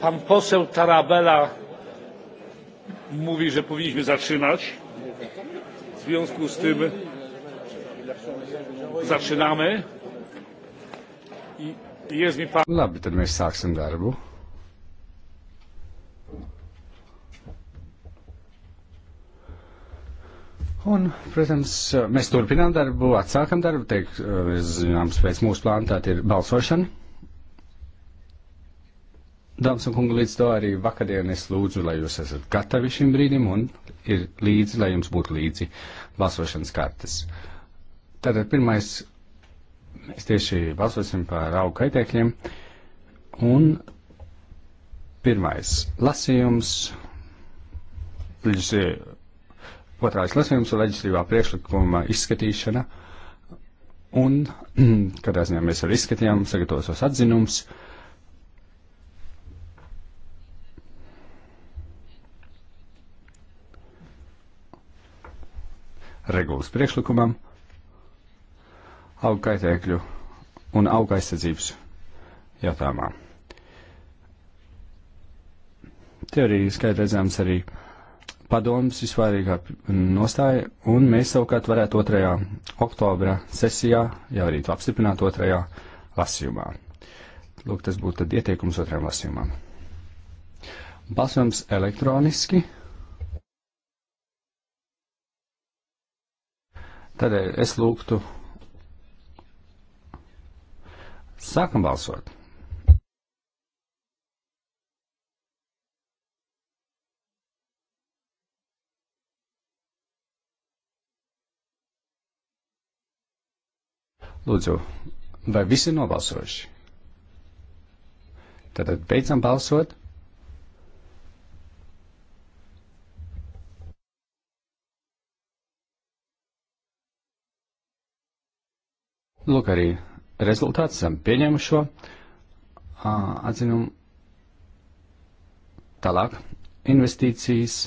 Pan poseł Tarabella mówi, że powinniśmy zaczynać. W związku z tym zaczynamy. I jest mi pan... Labi, tad mēs sāksim darbu. Un, protams, mēs turpinām darbu, atsākam darbu, tiek, eh, zināms, pēc mūsu plāna tā ir balsošana. Dāmas un kungi, līdz to arī vakardien es lūdzu, lai jūs esat gatavi šim brīdim un ir līdzi, lai jums būtu līdzi balsošanas kartes. Tātad pirmais, mēs tieši balsosim par augu kaitēkļiem un pirmais lasījums. Līdz, otrais lasījums un leģislīvā priekšlikuma izskatīšana. Un, kad aizņē mēs arī izskatījām, sagatavotos atzinums. Regulas priekšlikumam, augaitēkļu un auga aizsardzības jautājumā. Teorija skaidrēdzams arī. arī padomas visvairīgā nostāja, un mēs savukārt varētu 2. oktobra sesijā jau arī to apstiprināt 2. lasījumā. Lūk, tas būtu tad ieteikums 2. lasījumam. Balsojums elektroniski. Tādēļ es lūgtu. Sākam balsot! Lūdzu, vai visi ir nobalsojuši? Tad beidzam balsot. Lūk, arī rezultāts esam pieņēmuši šo atzinumu. Tālāk investīcijas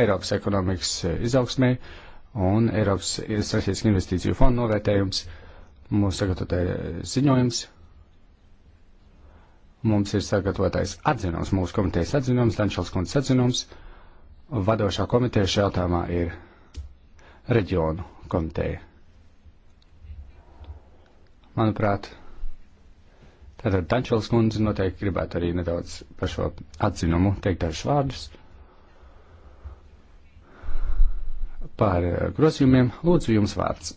Eiropas ekonomikas izaugsmē. Uh, un Eiropas Strateģiskā investīciju fonda novērtējums, mūsu sagatavotais ziņojums. Mums ir sagatavotais atzinums, mūsu komitejas atzinums, Dančels kundzes atzinums. Vadošā komiteja šajā jautājumā ir reģionu komiteja. Manuprāt, tātad Dančels kundze noteikti gribētu arī nedaudz par šo atzinumu teikt dažus vārdus. par eh, grozījumiem. Lūdzu, jums vārds.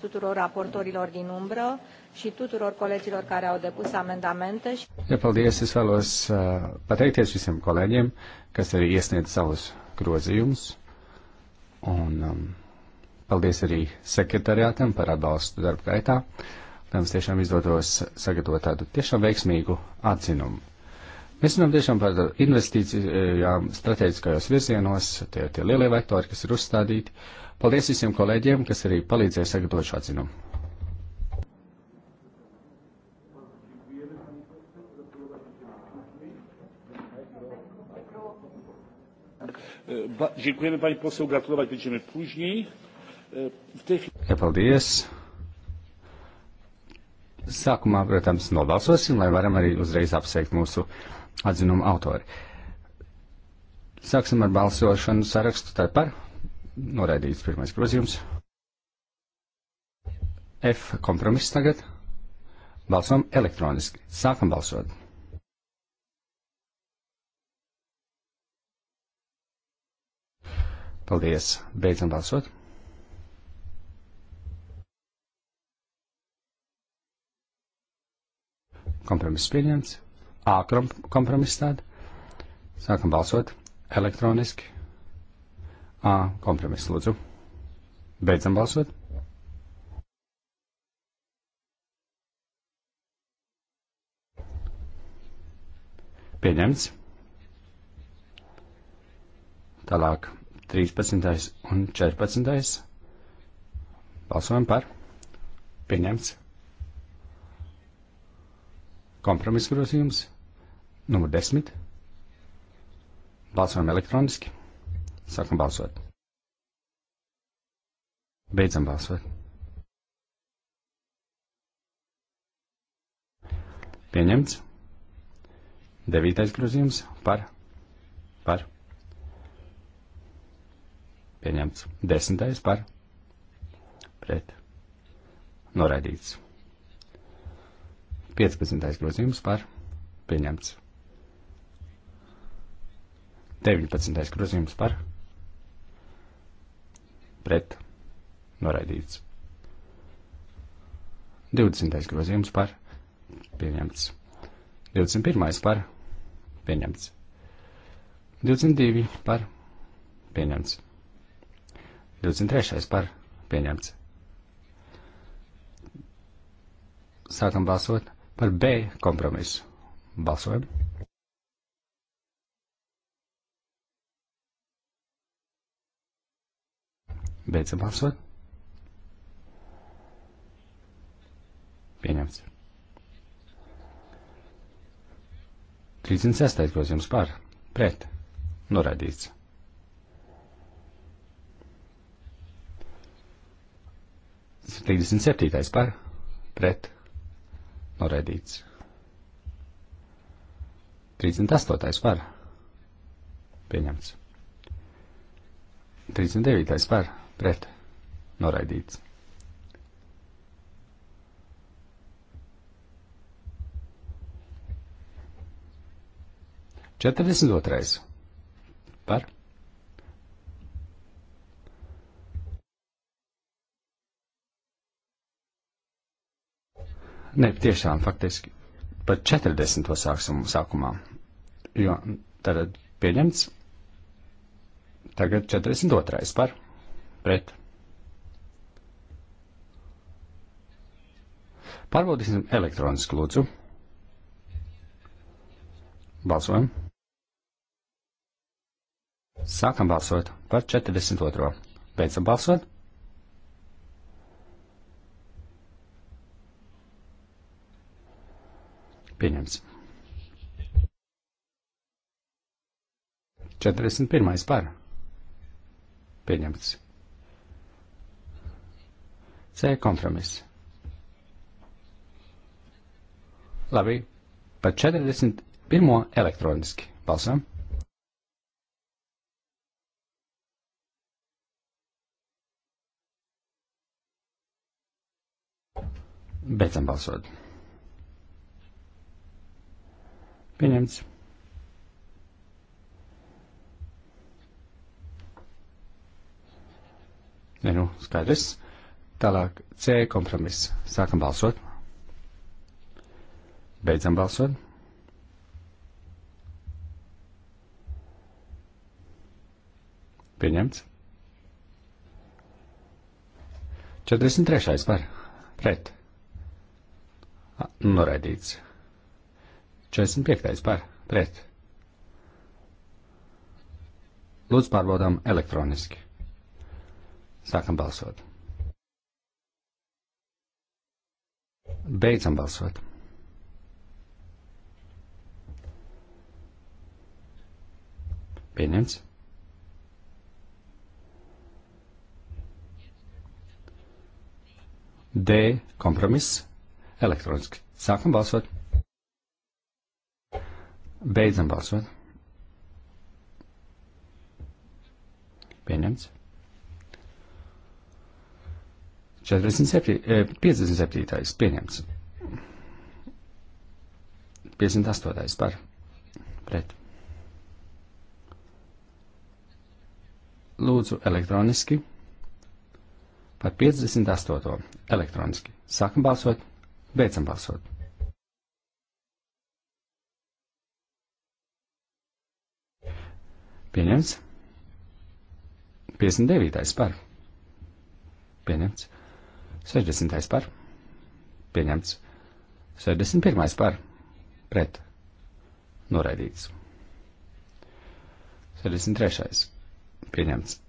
tuturor raportorilor din umbră și tuturor colegilor care au depus amendamente. Ja, paldies, es vēlos uh, pateikties visiem kolēģiem, kas arī iesniedz savus grozījumus. Un um, paldies arī sekretariātam par atbalstu darba gaitā. Lai mums tiešām izdotos sagatavot tādu tiešām veiksmīgu atzinumu. Mēs runājam tiešām par investīcijām strateģiskajos virzienos, tie ir tie lielie vektori, kas ir uzstādīti. Paldies visiem kolēģiem, kas arī palīdzēja sagatavot šo atzinumu. Dziękujemy Pani Poseł, gratulować będziemy później. E, w tej chwili... Ja, paldies. Sākumā, protams, nobalsosim, lai varam arī uzreiz apsveikt mūsu atzinuma autori. Sāksim ar balsošanu sarakstu. Tā par noraidīts pirmais grozījums. F kompromiss tagad. Balsam elektroniski. Sākam balsot. Paldies. Beidzam balsot. Kompromiss pieņemts. A kompromiss tāda. Sākam balsot elektroniski. A kompromiss lūdzu. Beidzam balsot. Pieņemts. Tālāk 13. un 14. Balsojam par. Pieņemts. Kompromisa grozījums numur 10. Balsojam elektroniski. Sākam balsot. Beidzam balsot. Pieņemts. Devītais grozījums par. Par. Pieņemts. Desmitais par. Pret. Noraidīts. 15. grozījums par pieņemts. 19. grozījums par pret noraidīts. 20. grozījums par pieņemts. 21. par pieņemts. 22. par pieņemts. 23. par pieņemts. Sākam balsot par B kompromisu. Balsojam! Beidzam balsot. Pieņemts. 36. grozījums par, pret, noraidīts. Trīsdesmit septītais par, pret, Noraidīts. 38. par. Pieņemts. 39. par. Pret. Noraidīts. Četrdesmit otrais par ne, tiešām faktiski par 40. sāksumu sākumā, jo tad pieņemts tagad 42. par pret. Pārbaudīsim elektronisku lūdzu. Balsojam. Sākam balsot par 42. Beidzam balsot. Pieņemts. 41. par. Pieņemts. C kompromiss. Labi, par 41. elektroniski balsam. Beidzam balsot. Pieņemts. Nē, nu, skaidrs. Tālāk C kompromiss. Sākam balsot. Beidzam balsot. Pieņemts. 43. par. Pret. Noraidīts. 45. par pret. Lūdzu, pārbaudām elektroniski. Sākam balsot. Beidzam balsot. Pieņemts. D kompromiss elektroniski. Sākam balsot. Beidzam balsot. Pieņemts. 47, 57. Eh, pieņemts. 58. par pret. Lūdzu elektroniski par 58. elektroniski. Sākam balsot, beidzam balsot. Pieņemts. 59. par. Pieņemts. 60. par. Pieņemts. 61. par. Pret. Noraidīts. 63. Pieņemts.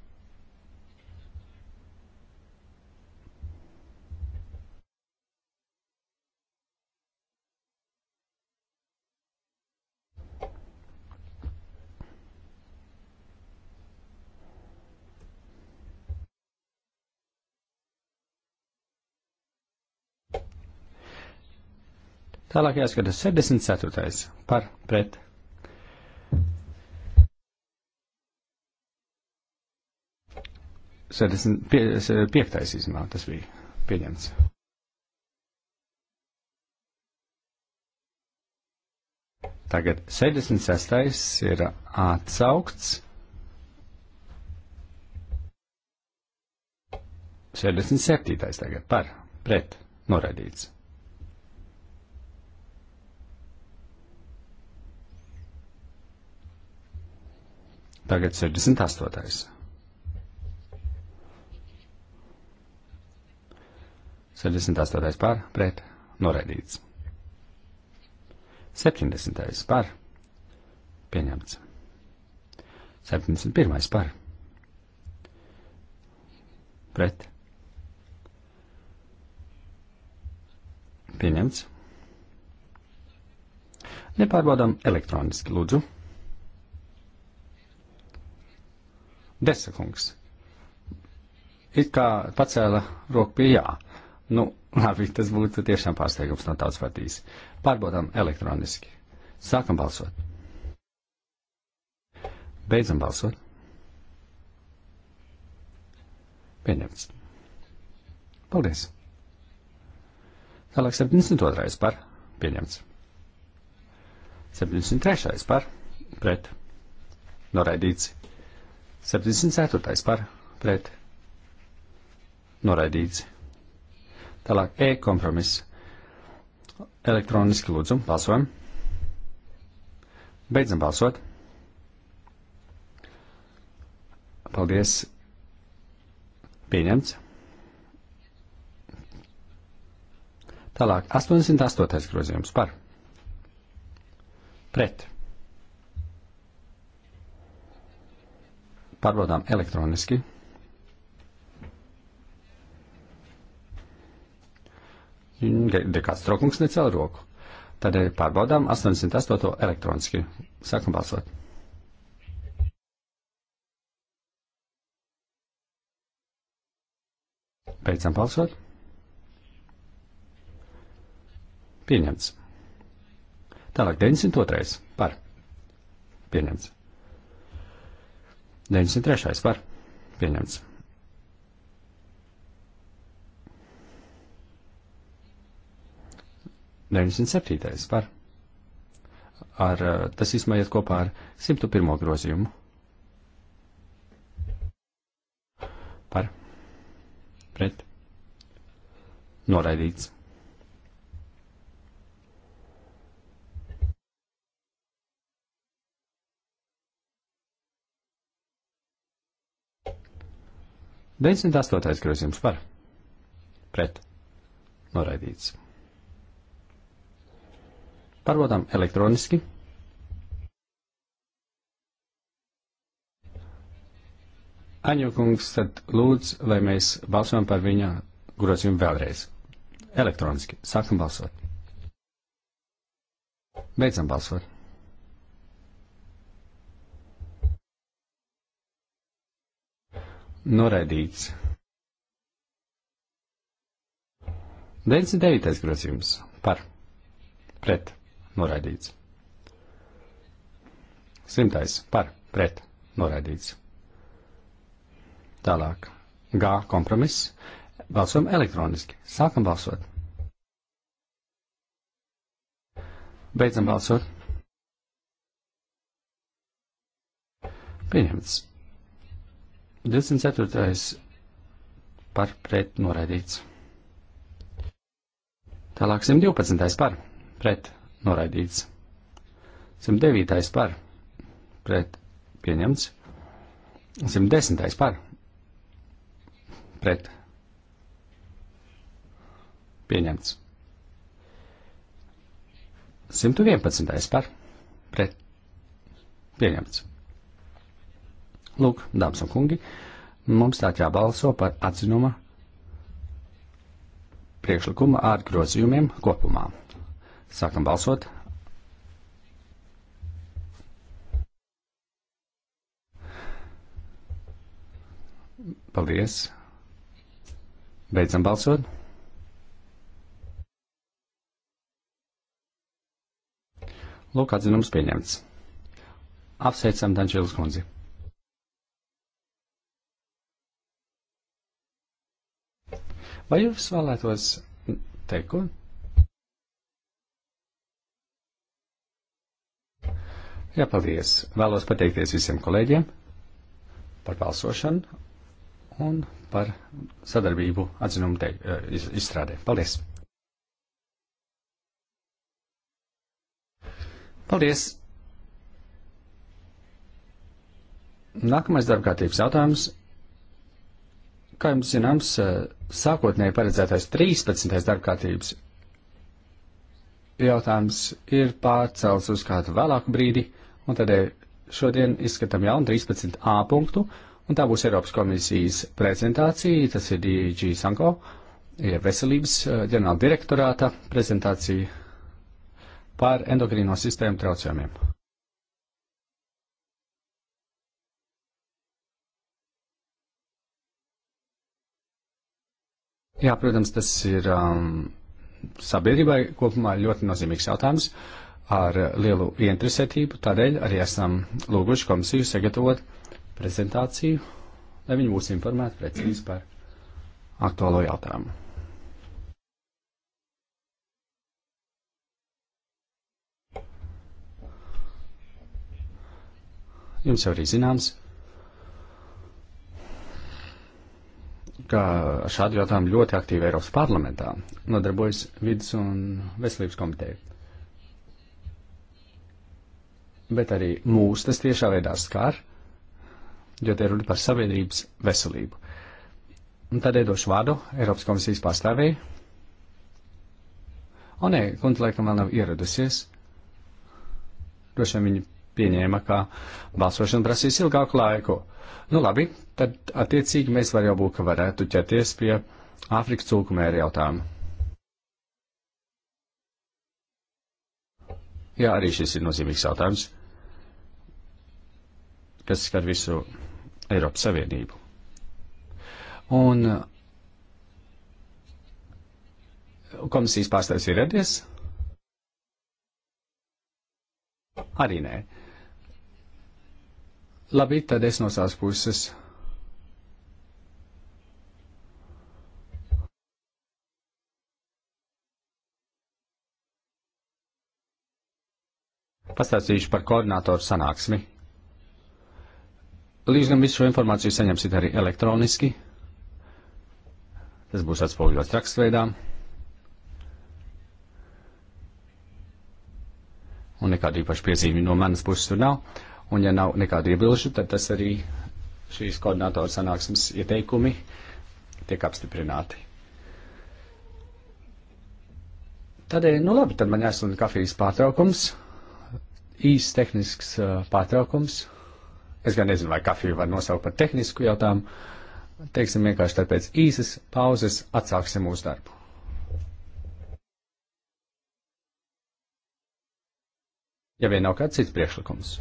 Tālāk jāskatās 74. par pret. Pie, piektais izmā, tas bija pieņemts. Tagad 76. ir atsaukts. 77. tagad par, pret, noraidīts. Tagad 68. 68. par, pret, noraidīts. 70. par, pieņemts. 71. par, pret, pieņemts. Nepārbaudām elektroniski, lūdzu. Desakungs. It kā pacēla roku pie jā. Nu, labi, tas būtu tiešām pārsteigums no tautas partijas. Pārbaudām elektroniski. Sākam balsot. Beidzam balsot. Pieņemts. Paldies. Tālāk 72. par. Pieņemts. 73. par. Pret. Noraidīts. 74. par pret noraidīts. Tālāk E kompromiss. Elektroniski lūdzu, balsojam. Beidzam balsot. Paldies. Pieņemts. Tālāk 88. grozījums par pret Pārbaudām elektroniski. Dekāds trokungs necēla roku. Tādēļ pārbaudām 88. elektroniski. Sākam balsot. Beidzam balsot. Pieņemts. Tālāk 902. par. Pieņemts. 93. var pieņemts. Deviņdesmit septītais var. Ar, eh, tas īsumā iet kopā ar 101. grozījumu. Par. Pret. Noraidīts. 98. grozījums par. Pret. Noraidīts. Pārbaudām elektroniski. Aņukungs tad lūdz, lai mēs balsojam par viņa grozījumu vēlreiz. Elektroniski. Sākam balsot. Beidzam balsot. Noraidīts. 99. grozījums par pret noraidīts. 100. par pret noraidīts. Tālāk. G kompromiss. Balsojam elektroniski. Sākam balsot. Beidzam balsot. Pieņemts. 24. par pret noraidīts. Tālāk 112. par pret noraidīts. 109. par pret pieņemts. 110. par pret pieņemts. 111. par pret pieņemts. Lūk, dāmas un kungi, mums tā jābalso par atzinuma priekšlikuma ar grozījumiem kopumā. Sākam balsot. Paldies. Beidzam balsot. Lūk, atzinums pieņemts. Apsveicam Dančēlas kundzi. Vai jūs vēlētos teikt ko? Jā, paldies. Vēlos pateikties visiem kolēģiem par balsošanu un par sadarbību atzinumu te, eh, iz, izstrādē. Paldies! Paldies! Nākamais darbkārtības jautājums Kā jums zināms, eh, sākotnēji paredzētais 13. darbkārtības jautājums ir pārcelts uz kādu vēlāku brīdi, un tādēļ eh, šodien izskatām jaunu 13a punktu, un tā būs Eiropas komisijas prezentācija, tas ir DG Sanko, ir veselības eh, ģenerāla direktorāta prezentācija par endokrīno sistēmu traucējumiem. Jā, protams, tas ir um, sabiedrībai kopumā ļoti nozīmīgs jautājums ar lielu ieinteresētību. Tādēļ arī esam lūguši komisiju sagatavot prezentāciju, lai viņi būs informēti precīzi par aktuālo jautājumu. Jums jau ir zināms, ka ar šādu jautājumu ļoti aktīvi Eiropas parlamentā nodarbojas vidas un veselības komiteja. Bet arī mūs tas tiešā veidā skar, jo te runa par sabiedrības veselību. Un tad iedošu vārdu Eiropas komisijas pārstāvēju. O nē, kundze laikam vēl nav ieradusies. Droši vien viņa pieņēma, ka balsošana prasīs ilgāku laiku. Nu labi, tad attiecīgi mēs var jau būt, ka varētu ķerties pie Āfrikas cūkumēra jautājuma. Jā, arī šis ir nozīmīgs jautājums, kas skar visu Eiropas Savienību. Un uh, komisijas pārstāvis ir radies? Arī nē. Labi, tad es no savas puses. Pastāstīšu par koordinātoru sanāksmi. Līdz tam visu šo informāciju saņemsiet arī elektroniski. Tas būs atspoguļots rakstveidā. Un nekādu īpašu piezīmi no manas puses tur nav. Un, ja nav nekādu iebilžu, tad tas arī šīs koordinātoru sanāksmes ieteikumi tiek apstiprināti. Tādēļ, nu labi, tad man jāsaka kafijas pārtraukums, īsts tehnisks pārtraukums. Es gan nezinu, vai kafiju var nosaukt par tehnisku jautājumu. Teiksim vienkārši tad pēc īsas pauzes atsāksim mūsu darbu. Ja vien nav kāds cits priekšlikums.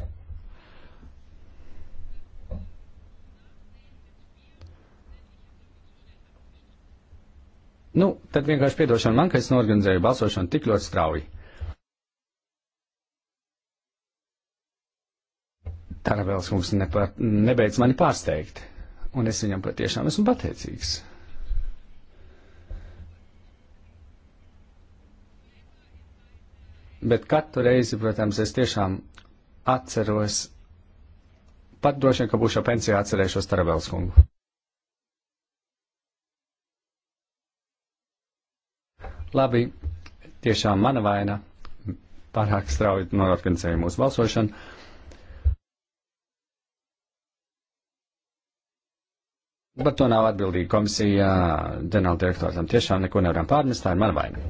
Nu, tad vienkārši piedošana man, ka es norganizēju balsošanu tik ļoti strauji. Taravēls kungs nepār, nebeidz mani pārsteigt, un es viņam patiešām esmu pateicīgs. Bet katru reizi, protams, es tiešām atceros, pat droši vien, ka būšu pensijā atcerēšos Taravēls kungu. Labi, tiešām mana vaina pārāk strauji norganizēja mūsu balsošanu. Par to nav atbildīga komisija, ģenerāla direktora tam tiešām neko nevaram pārmest, tā ir mana vaina.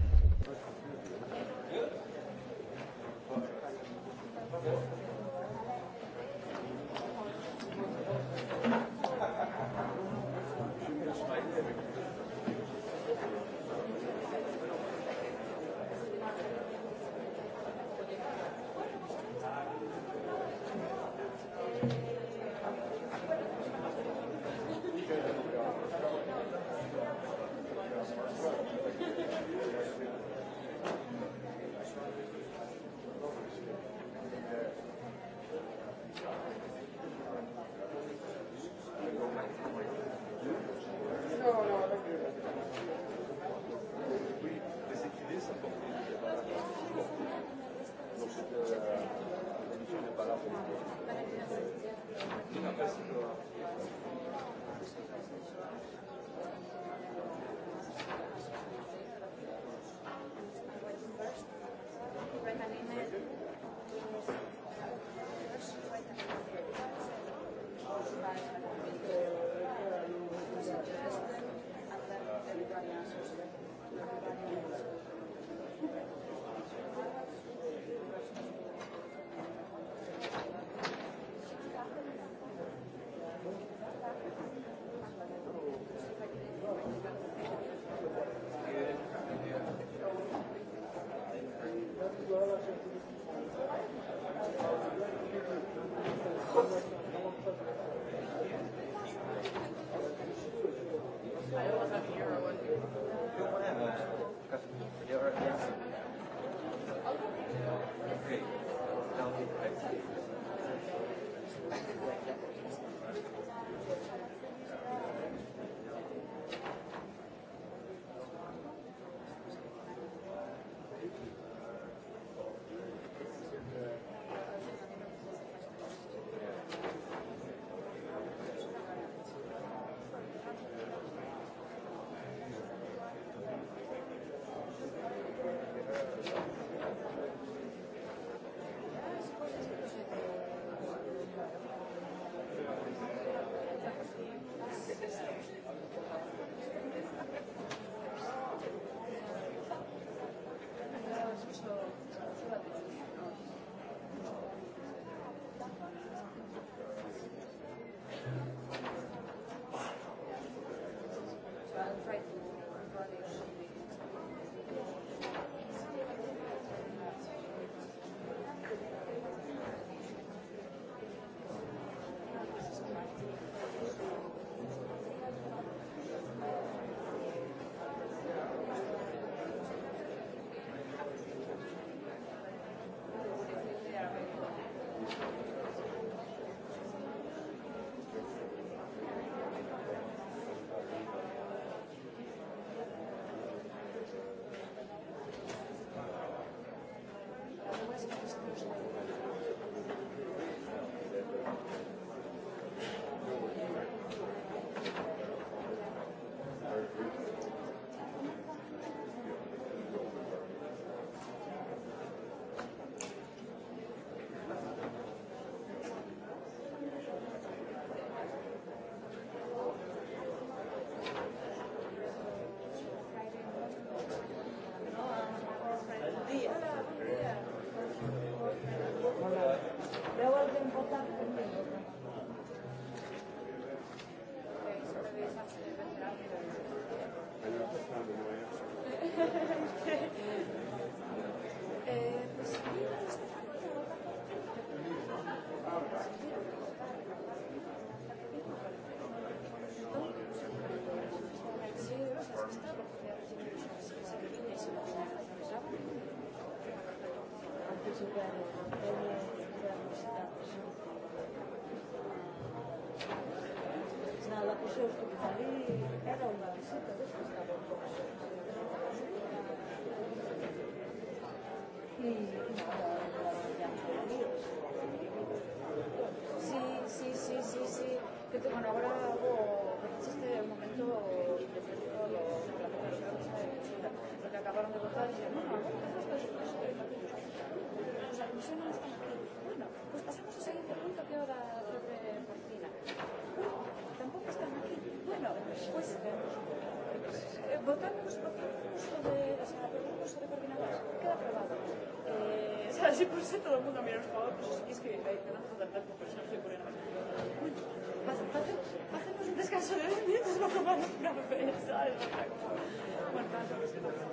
Sí, por eso todo el mundo mira los jugadores. Y es que hay ganas de hablar con personas que ponen más. Hacemos un descanso de 10 minutos para tomar un café, ¿sabes? Bueno, tanto que se lo había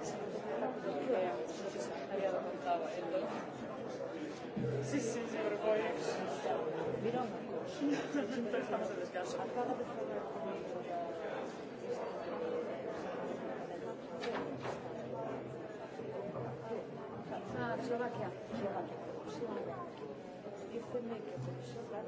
contado. Sí, sí, sí, pero voy. Mira una cosa. Estamos en descanso. Acaba de hablar con mi Slovakia. Slovakia. If we make it Slovak,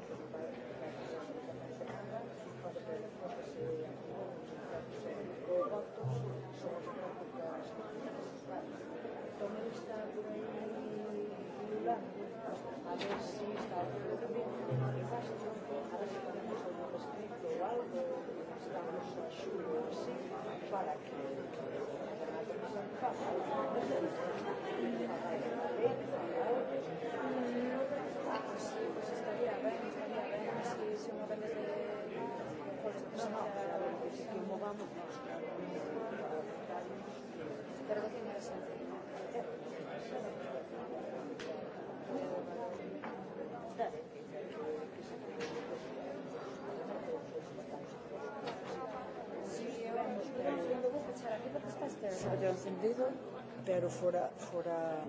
το μέλος θα δουλειά a ver si está haciendo también el desastre, ahora si ponemos algún respeto o algo, damos ayuda así para que la persona pase entendido pero fora, fora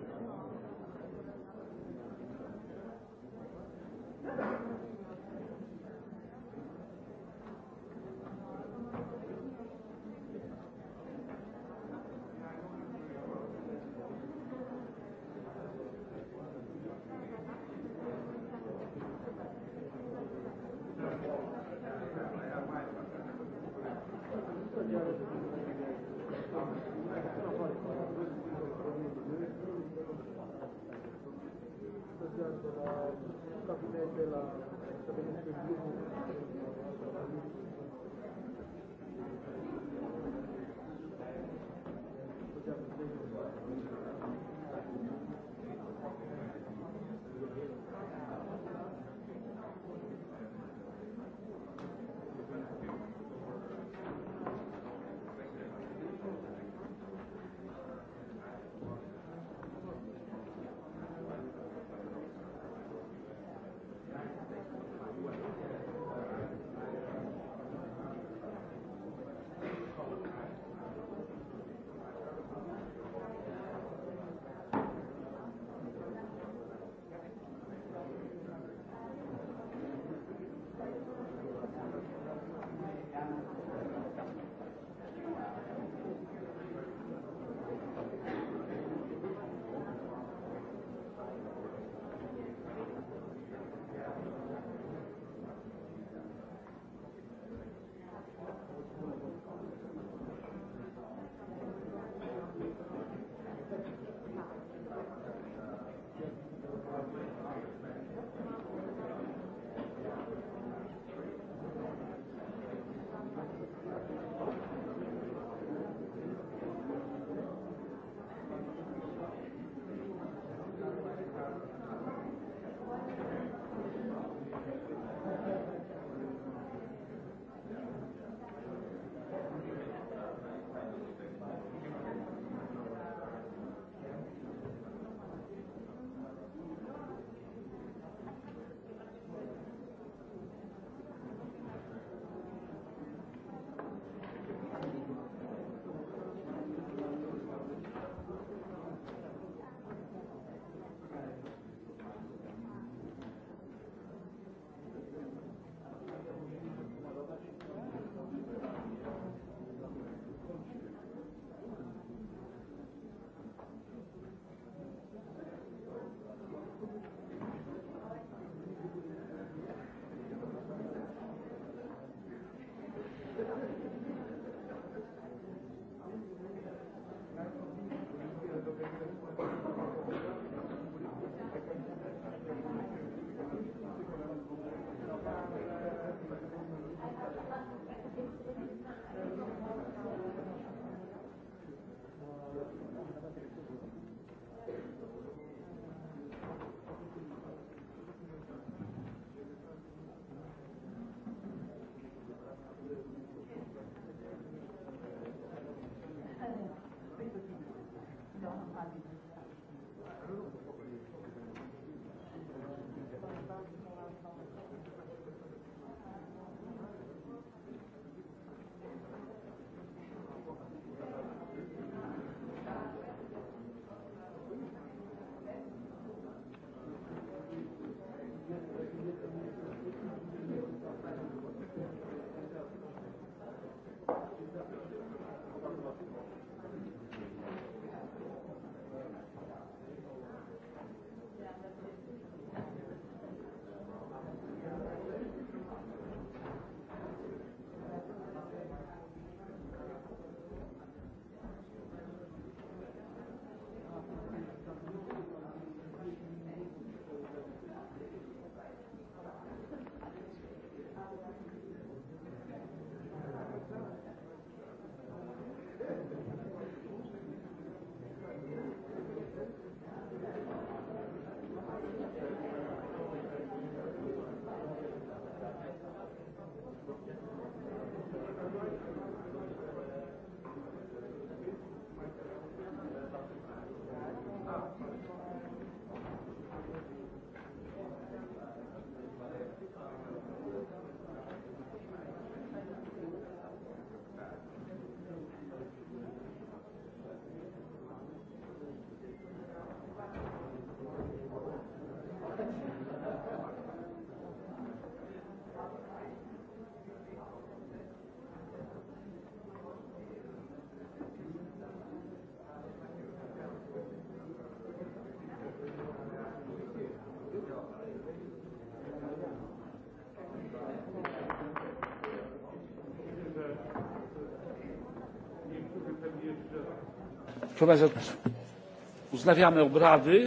Uznawiamy obrady.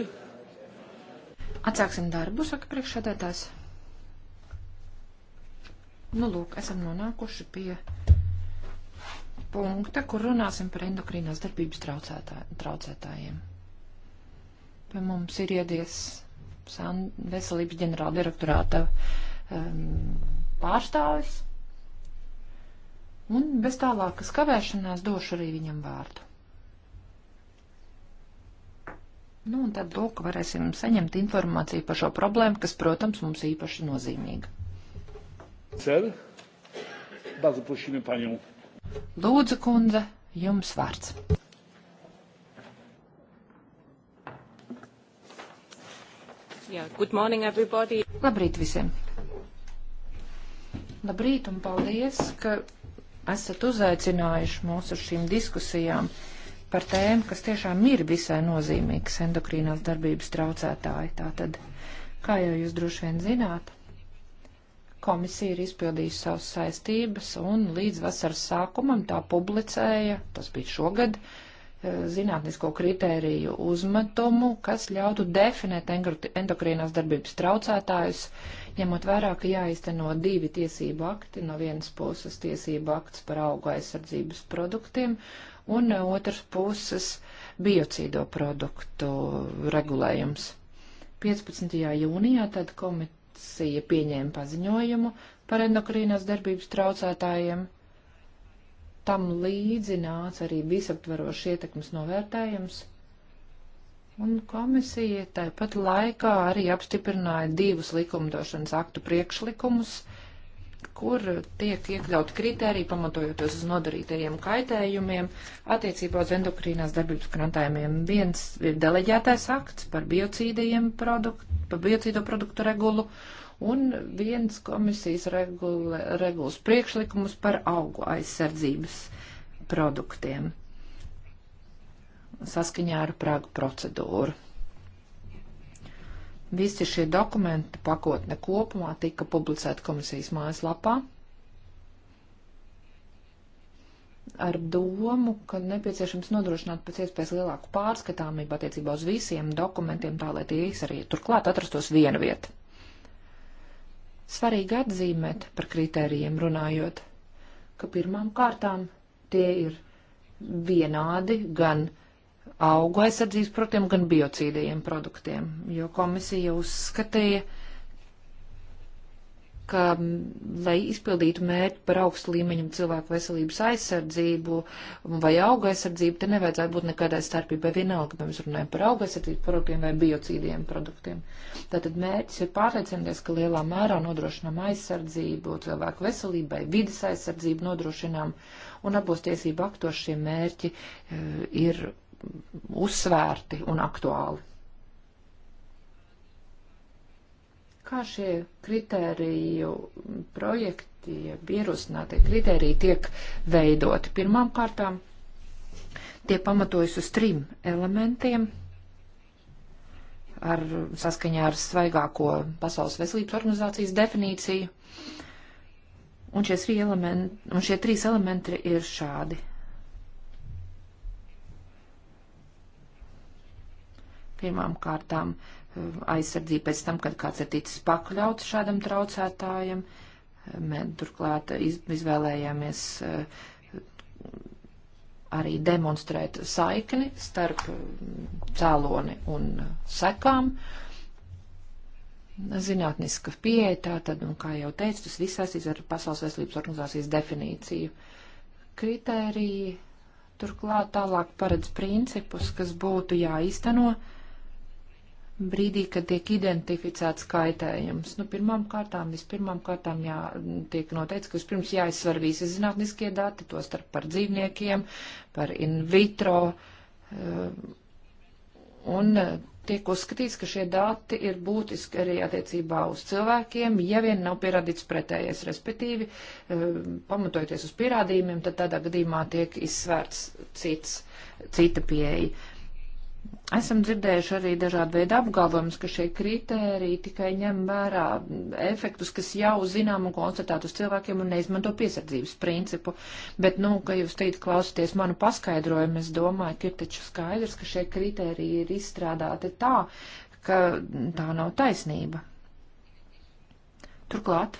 Atsāksim darbu, saka priekšsēdētājs. Nu, lūk, esam nonākuši pie punkta, kur runāsim par endokrīnās darbības traucētā, traucētājiem. Pie mums ir iedies San veselības ģenerāla direktorāta um, pārstāvis. Un bez tālākas kavēšanās došu arī viņam vārdu. tad, lūk, varēsim saņemt informāciju par šo problēmu, kas, protams, mums īpaši nozīmīga. Cer, bazu pušīmi paņu. Lūdzu, kundze, jums vārds. Yeah, good morning, everybody. Labrīt visiem. Labrīt un paldies, ka esat uzaicinājuši mūs uz šīm diskusijām. Uh, par tēmu, kas tiešām ir visai nozīmīgs endokrīnās darbības traucētāji. Tātad, kā jau jūs droši vien zināt, komisija ir izpildījusi savas saistības un līdz vasaras sākumam tā publicēja, tas bija šogad, eh, zinātnisko kritēriju uzmetumu, kas ļautu definēt endokrīnās darbības traucētājus, ņemot vērā, ka jāizteno divi tiesību akti, no vienas puses tiesību akts par auga aizsardzības produktiem un no uh, otras puses biocīdo produktu regulējums. 15. jūnijā tad komisija pieņēma paziņojumu par endokrīnās darbības traucētājiem. Tam līdzi nāca arī visaptvarošs ietekmes novērtējums. Un komisija tāpat laikā arī apstiprināja divus likumdošanas aktu priekšlikumus, uh, kur tiek iekļauti kriteriji, pamatojoties uz nodarītajiem kaitējumiem attiecībā uz endokrīnās darbības krantājumiem. Viens ir deleģētais akts par biocīdiem produktu, par biocīdo produktu regulu, un viens komisijas regula, regulas priekšlikumus par augu aizsardzības produktiem saskaņā ar Pragu procedūru. Visi šie dokumenti pakotne kopumā tika publicēta komisijas mājaslapā ar domu, ka nepieciešams nodrošināt pēc iespējas lielāku pārskatāmību attiecībā uz visiem dokumentiem, tā lai tie visi arī turklāt atrastos viena vieta. Svarīgi atzīmēt par kritērijiem runājot, ka pirmām kārtām tie ir vienādi gan uh, augu aizsardzības produktiem, gan biocīdajiem produktiem, jo komisija uzskatīja, ka, lai izpildītu mērķi par augstu līmeņu cilvēku veselības aizsardzību vai auga aizsardzību, te nevajadzētu būt nekādai starpībai vienalga, vai mēs runājam par auga aizsardzības produktiem vai biocīdiem produktiem. Tātad mērķis ir pārliecināties, ka lielā mērā nodrošinām aizsardzību cilvēku veselībai, vidas aizsardzību nodrošinām, un abos tiesību aktos šie mērķi e, ir uzsvērti un aktuāli. Kā šie kritēriju projekti, jeb ierosinātie kritēriji tiek veidoti? Pirmām kārtām tie pamatojas uz trim elementiem ar saskaņā ar svaigāko Pasaules veselības organizācijas definīciju. Un šie, elementi, un šie trīs elementi ir šādi. Pirmām kārtām eh, aizsardzība pēc tam, kad kāds ir ticis pakļauts šādam traucētājam. Eh, mēs turklāt izvēlējāmies eh, arī demonstrēt saikni starp cēloni un sekām. Zinātniska pieeja tā tad, un kā jau teicu, tas viss saistīts ar Pasaules veselības organizācijas definīciju. Kritēriji turklāt tālāk paredz principus, kas būtu jāīsteno. Ja brīdī, kad tiek identificēts kaitējums. Nu, pirmām kārtām, vispirmām kārtām jā, tiek noteikts, ka vispirms jāizsver visi zinātniskie dati, to starp par dzīvniekiem, par in vitro, eh, un eh, tiek uzskatīts, ka šie dati ir būtiski arī attiecībā uz cilvēkiem, ja vien nav pierādīts pretējais, respektīvi, eh, pamatojoties uz pierādījumiem, tad tādā gadījumā tiek izsvērts cits, cita pieeja Esam dzirdējuši arī dažādu veidu apgalvojumus, ka šie kritēriji tikai ņem vērā efektus, kas jau zinām un konstatēt uz cilvēkiem un neizmanto piesardzības principu. Bet, nu, ka jūs teikt klausoties manu paskaidrojumu, es domāju, ka ir taču skaidrs, ka šie kritēriji ir izstrādāti tā, ka tā nav taisnība. Turklāt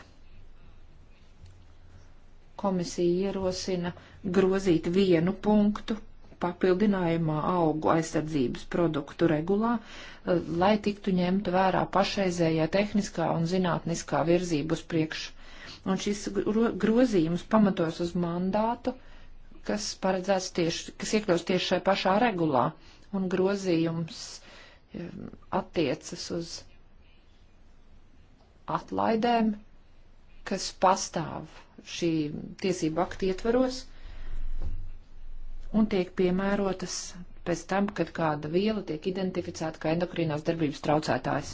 komisija ierosina grozīt vienu punktu papildinājumā augu aizsardzības produktu regulā, eh, lai tiktu ņemta vērā pašreizējā tehniskā un zinātniskā virzība uz priekšu. Un šis grozījums pamatos uz mandātu, kas paredzēts tieši, kas iekļaus tieši šai pašā regulā, un grozījums eh, attiecas uz atlaidēm, kas pastāv šī tiesība akti ietvaros un tiek piemērotas pēc tam, kad kāda viela tiek identificēta kā endokrinās darbības traucētājs.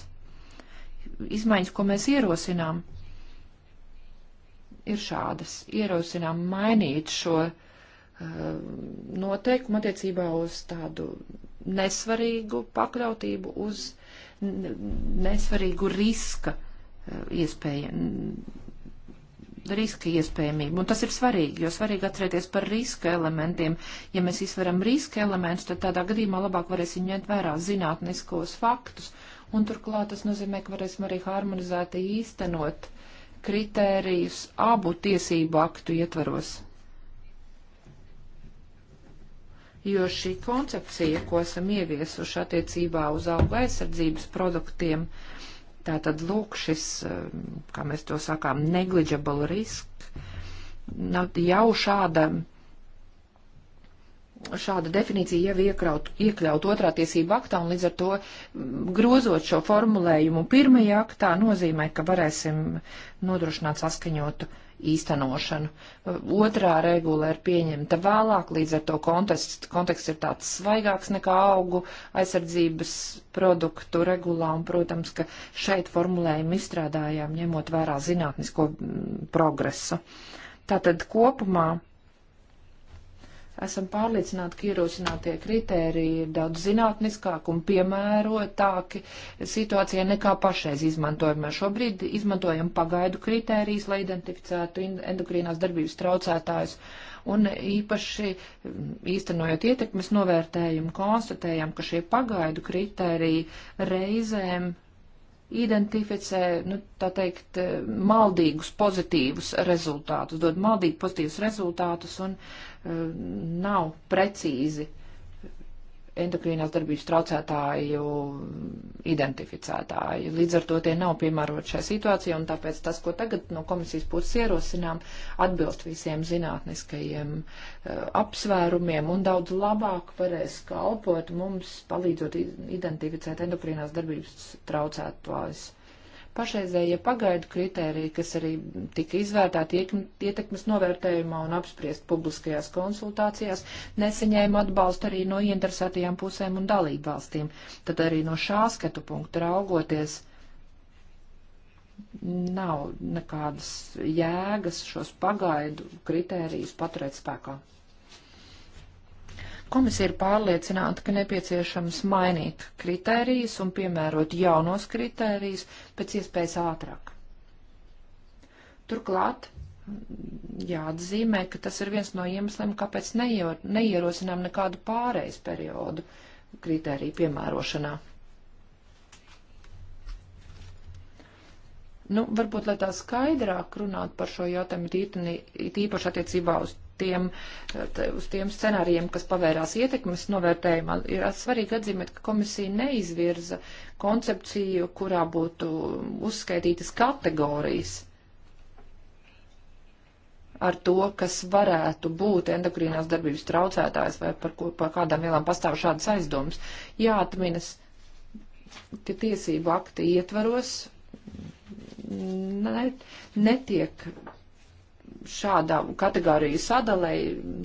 Izmaiņas, ko mēs ierosinām, ir šādas. Ierosinām mainīt šo uh, noteikumu attiecībā uz tādu nesvarīgu pakļautību, uz nesvarīgu riska uh, iespēju riska iespējamību. Un tas ir svarīgi, jo svarīgi atcerēties par riska elementiem. Ja mēs izveram riska elementus, tad tādā gadījumā labāk varēsim ņemt vērā zinātniskos faktus. Un turklāt tas nozīmē, ka varēsim arī harmonizēti īstenot kritērijus abu tiesību aktu ietvaros. Jo šī koncepcija, ko esam ieviesuši attiecībā uz auga aizsardzības produktiem, uh, Tātad, lūk, šis, um, kā mēs to sakām, negligible risk, nu, jau šāda, šāda definīcija jau iekraut, iekļaut otrā tiesība aktā, un līdz ar to mm, grozot šo formulējumu pirmajā aktā nozīmē, ka varēsim nodrošināt saskaņotu uh, īstenošanu. Otrā regula ir pieņemta vēlāk, līdz ar to konteksts, konteksts ir tāds svaigāks nekā augu aizsardzības produktu regulā, un, protams, ka šeit formulējumu izstrādājām ņemot vērā zinātnisko progresu. Tātad kopumā Esam pārliecināti, ka ierosinātie kritēriji ir daudz zinātniskāk un piemērotāki situācijai nekā pašreiz izmantojamā. Šobrīd izmantojam pagaidu kritērijas, lai identificētu endokrīnās darbības traucētājus un īpaši mm, īstenojot ietekmes novērtējumu, konstatējam, ka šie pagaidu kritēriji reizēm identificē, nu, tā teikt, maldīgus pozitīvus rezultātus, dod maldīgi pozitīvus rezultātus un uh, nav precīzi uh, endokrīnās darbības traucētāju identificētāji. Līdz ar to tie nav piemēroti šai situācijai, un tāpēc tas, ko tagad no komisijas puses ierosinām, atbilst visiem zinātniskajiem uh, apsvērumiem un daudz labāk varēs kalpot mums, palīdzot identificēt endokrīnās darbības traucētājus. Pašreizējie pagaidu kritēriji, kas arī tika izvērtēti ietekmes novērtējumā un apspriest publiskajās konsultācijās, nesaņēma atbalstu arī no ieinteresētajām pusēm un dalību valstīm. Tad arī no šā skatu punkta raugoties nav nekādas jēgas šos pagaidu kritērijus paturēt spēkā. Komisija ir pārliecināta, ka nepieciešams mainīt kritērijas un piemērot jaunos kritērijas pēc iespējas ātrāk. Turklāt jāatzīmē, ka tas ir viens no iemesliem, kāpēc neierosinām nekādu pārejas periodu kritēriju piemērošanā. Nu, varbūt, lai tā skaidrāk runātu par šo jautājumu, tīpaši attiecībā uz tiem, uz tiem scenārijiem, kas pavērās ietekmes novērtējumā, ir svarīgi atzīmēt, ka komisija neizvirza koncepciju, kurā būtu uzskaitītas kategorijas ar to, kas varētu būt endokrīnās darbības traucētājs vai par, ko, par kādām vielām pastāv šādas aizdomas. Jāatminas, ka tiesību akti ietvaros ne, netiek šādā kategoriju sadalē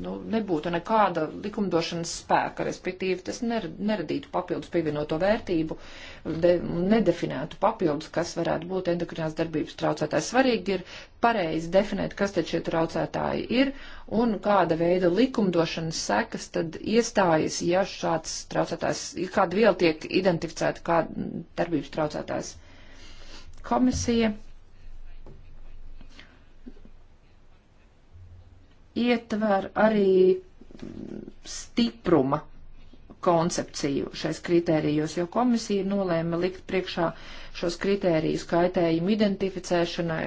nu, nebūtu nekāda likumdošanas spēka, respektīvi tas neradītu papildus pievienoto vērtību, de, nedefinētu papildus, kas varētu būt endokrinās darbības traucētājs. Svarīgi ir pareizi definēt, kas tad šie traucētāji ir un kāda veida likumdošanas sekas tad iestājas, ja šāds traucētājs, kāda viela tiek identificēta kā darbības traucētājs. Komisija ietver arī stipruma koncepciju šais kritērijos, jo komisija nolēma likt priekšā šos kritērijus kaitējumu identificēšanai,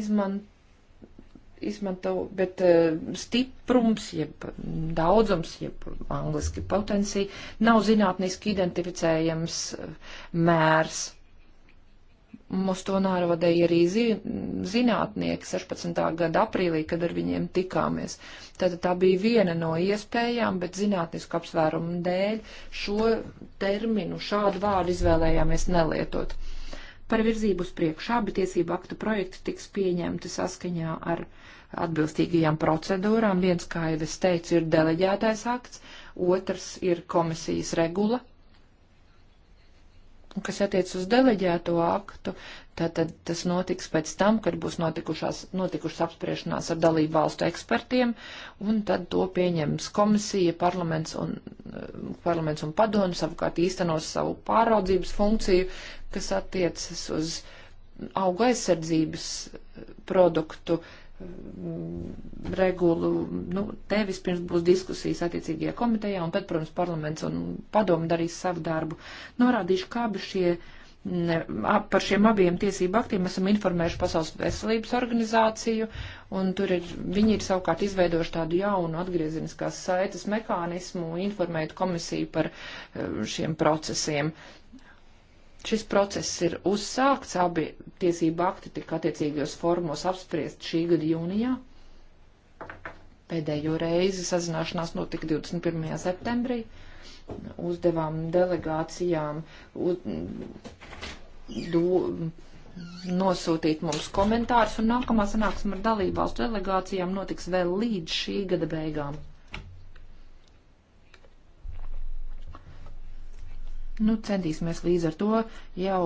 izman, izmanto, bet uh, stiprums, jeb daudzums, jeb angliski potencija nav zinātniski identificējams eh, mērs. Mums to nārvadēja arī zi, zinātnieki 16. gada aprīlī, kad ar viņiem tikāmies. Tātad tā bija viena no iespējām, bet zinātnisku apsvērumu dēļ šo terminu, šādu vārdu izvēlējāmies nelietot. Par virzību uz priekšu abi tiesību aktu projekti tiks pieņemti saskaņā ar atbilstīgajām procedūrām. Viens, kā jau es teicu, ir deleģētais akts, otrs ir komisijas regula kas attiec uz deleģēto aktu, tātad tas notiks pēc tam, kad būs notikušas apspriešanās ar dalību valstu ekspertiem, un tad to pieņems komisija, parlaments un, parlaments un padomu, savukārt īstenos savu pāraudzības funkciju, kas attiecas uz auga aizsardzības produktu uh, Mm, regulu, nu, te vispirms būs diskusijas attiecīgajā komitejā, un pēc, protams, parlaments un padomu darīs savu darbu. Norādīšu, kā bija šie, ne, par šiem abiem tiesību aktiem esam informējuši Pasaules veselības organizāciju, un tur ir, viņi ir savukārt izveidojuši tādu jaunu atgriezeniskās saites mekānismu, informēt komisiju par eh, šiem procesiem. Šis process ir uzsākts, abi tiesība akti tika attiecīgajos formos apspriest šī gada jūnijā. Pēdējo reizi sazināšanās notika 21. septembrī. Uzdevām delegācijām uz, do, nosūtīt mums komentārus, un nākamā sanāksme ar dalībvalstu delegācijām notiks vēl līdz šī gada beigām. Nu, centīsimies līdz ar to jau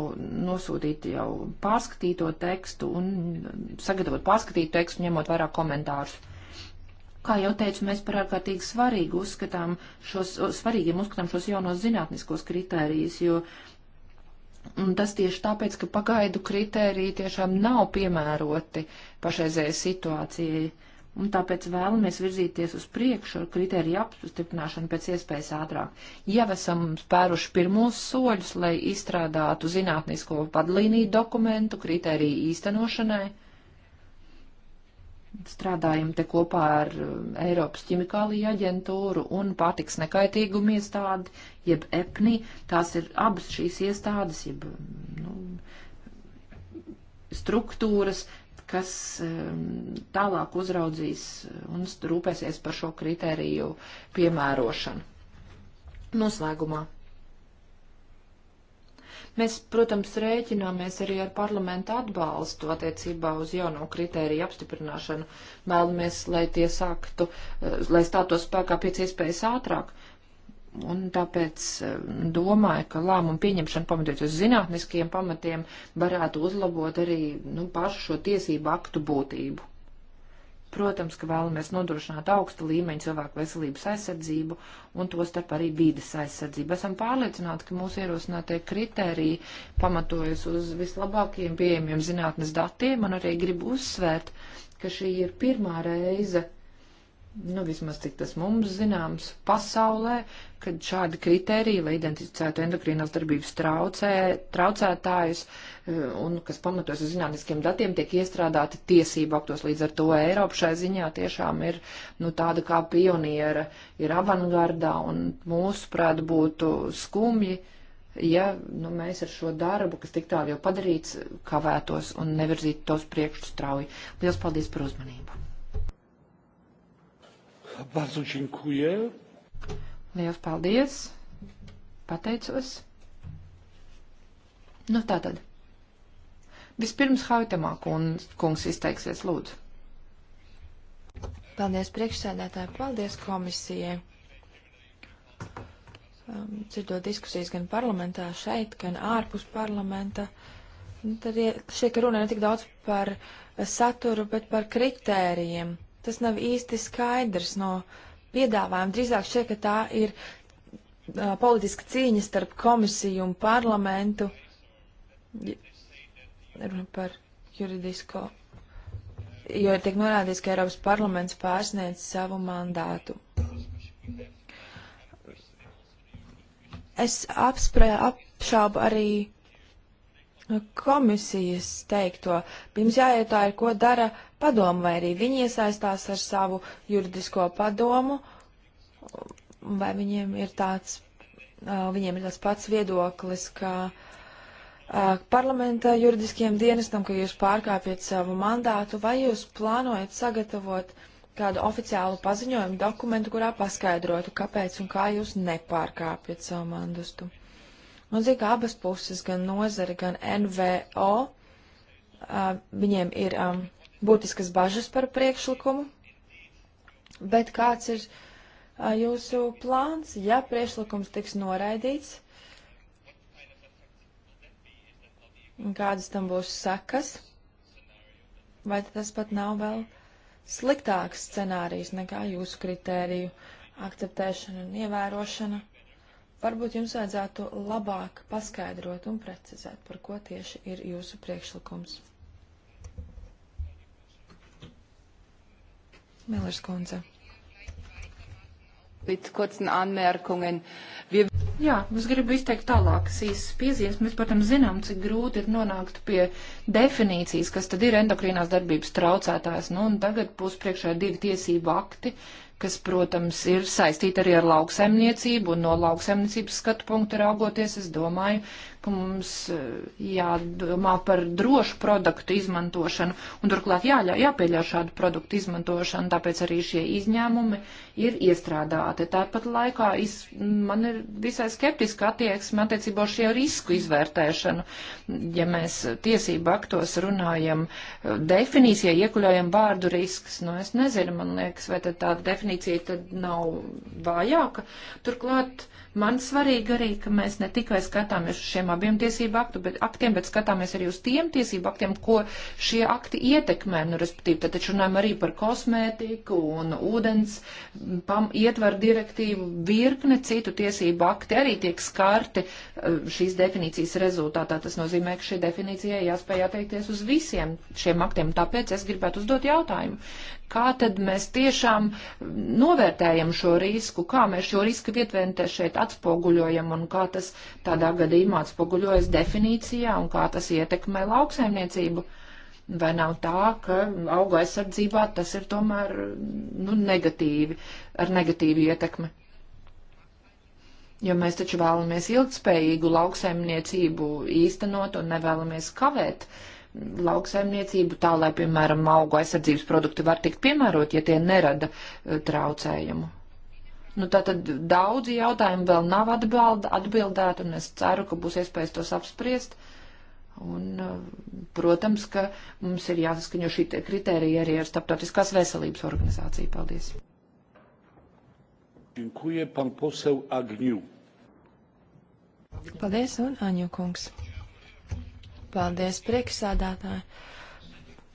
nosūtīt jau pārskatīto tekstu un sagatavot pārskatītu tekstu, ņemot vairāk komentārus. Kā jau teicu, mēs par ārkārtīgi svarīgi uzskatām šos, svarīgiem uzskatām šos jaunos zinātniskos kritērijus, jo un tas tieši tāpēc, ka pagaidu kritēriji tiešām nav piemēroti pašreizējai situācijai. Uh, un tāpēc vēlamies virzīties uz priekšu ar kritēriju apstiprināšanu pēc iespējas ātrāk. Jau esam spēruši pirmos soļus, lai izstrādātu zinātnisko padlīniju dokumentu kritēriju īstenošanai. Strādājam te kopā ar eh, Eiropas ķimikāliju aģentūru un pārtiks nekaitīgumu iestādi, jeb EPNI. Tās ir abas šīs iestādes, jeb nu, struktūras, kas ehm, tālāk uzraudzīs un rūpēsies par šo kritēriju piemērošanu. Noslēgumā. Mēs, protams, rēķināmies arī ar parlamentu atbalstu attiecībā uz jauno kritēriju apstiprināšanu. Vēlamies, lai tie sāktu, eh, lai stātos spēkā pēc iespējas ātrāk. Uh, Un tāpēc eh, domāju, ka lēmumu pieņemšana pamatot uz zinātniskiem pamatiem varētu uzlabot arī nu, pašu šo tiesību aktu būtību. Protams, ka vēlamies nodrošināt augsta līmeņa cilvēku veselības aizsardzību un to starp arī vīdes aizsardzību. Esam pārliecināti, ka mūsu ierosinātie kriteriji pamatojas uz vislabākajiem pieejamiem zinātnes datiem un arī gribu uzsvērt, ka šī ir pirmā reize nu, vismaz cik tas mums zināms, pasaulē, kad šādi kriteriji, lai identificētu endokrīnās darbības traucē, traucētājus e, un kas pamatojas uz zinātniskiem datiem, tiek iestrādāti tiesību aktos. Līdz ar to Eiropa šai ziņā tiešām ir nu, tāda kā pioniera, ir avangardā un mūsuprāt būtu skumji, ja nu, mēs ar šo darbu, kas tik tālu jau padarīts, kavētos un nevirzītu tos priekšstāvju. Lielas paldies par uzmanību! Bardzo dziękuję. Liels paldies. Pateicos. Nu tā tad. Vispirms Haitamā kungs izteiksies, lūdzu. Paldies priekšsēdētāji, paldies komisijai. Um, Cirdot diskusijas gan parlamentā šeit, gan ārpus parlamenta. Tad šie, ka runa ir tik daudz par saturu, bet par kritērijiem tas nav īsti skaidrs no piedāvājuma. Drīzāk šķiet, ka tā ir uh, politiska cīņa starp komisiju un parlamentu runa par juridisko, jo tiek norādīts, ka Eiropas parlaments pārsniedz savu mandātu. Es apsprē, apšaubu arī komisijas teikto. Pirms jāietāja, ko dara padomu, vai arī viņi iesaistās ar savu juridisko padomu, vai viņiem ir tāds, viņiem ir tāds pats viedoklis, ka parlamenta juridiskiem dienestam, ka jūs pārkāpjat savu mandātu, vai jūs plānojat sagatavot kādu oficiālu paziņojumu dokumentu, kurā paskaidrotu, kāpēc un kā jūs nepārkāpjat savu mandustu. Man zina, ka abas puses, gan nozare, gan NVO, uh, viņiem ir um, būtiskas bažas par priekšlikumu. Bet kāds ir uh, jūsu plāns, ja priekšlikums tiks noraidīts? Kādas tam būs sekas? Vai tas pat nav vēl sliktāks scenārijs nekā jūsu kritēriju akceptēšana un ievērošana? Varbūt jums vajadzētu labāk paskaidrot un precizēt, par ko tieši ir jūsu priekšlikums. Millers kundze. Jā, es gribu izteikt tālākas īsas piezīmes. Mēs, protams, zinām, cik grūti ir nonākt pie definīcijas, kas tad ir endokrīnās darbības traucētājs. Nu, un tagad būs priekšā divi tiesību akti, kas, protams, ir saistīta arī ar lauksaimniecību, un no lauksaimniecības skatu punktu raugoties, es domāju, ka mums eh, jādomā par drošu produktu izmantošanu un turklāt jāļa, jāpieļauj šādu produktu izmantošanu, tāpēc arī šie izņēmumi ir iestrādāti. Tāpat laikā iz, man ir visai skeptiska attieksme attiecībā uz šo risku izvērtēšanu. Ja mēs tiesību aktos runājam eh, definīcijai, iekļaujam vārdu risks, nu es nezinu, man liekas, vai tad tā definīcija tad nav vājāka. Turklāt Man svarīgi arī, ka mēs ne tikai skatāmies uz šiem abiem tiesību aktu, bet, aktiem, bet skatāmies arī uz tiem tiesību aktiem, ko šie akti ietekmē. Nu, respektīvi, tad taču runājam arī par kosmētiku un ūdens pam, ietvaru direktīvu. Virkne citu tiesību akti arī tiek skarti eh, šīs definīcijas rezultātā. Tas nozīmē, ka šī definīcija jāspēj attiekties uz visiem šiem aktiem. Tāpēc es gribētu uzdot jautājumu kā tad mēs tiešām novērtējam šo risku, kā mēs šo risku vietventē šeit atspoguļojam un kā tas tādā gadījumā atspoguļojas definīcijā un kā tas ietekmē lauksaimniecību. Vai nav tā, ka auga aizsardzībā tas ir tomēr nu, negatīvi, ar negatīvu ietekmi? Jo mēs taču vēlamies ilgspējīgu lauksaimniecību īstenot un nevēlamies kavēt uh, lauksaimniecību tā, lai, piemēram, augu aizsardzības produkti var tikt piemērot, ja tie nerada e, traucējumu. Nu, tātad daudzi jautājumi vēl nav atbild, atbildēti, un es ceru, ka būs iespējas tos apspriest. Un, e, protams, ka mums ir jāsaskaņo šī kritērija arī ar Starptautiskās veselības organizāciju. Paldies! Dziękuję, pan poseł Agniu. Paldies, un Aņu kungs. Paldies, priekšsādātāji.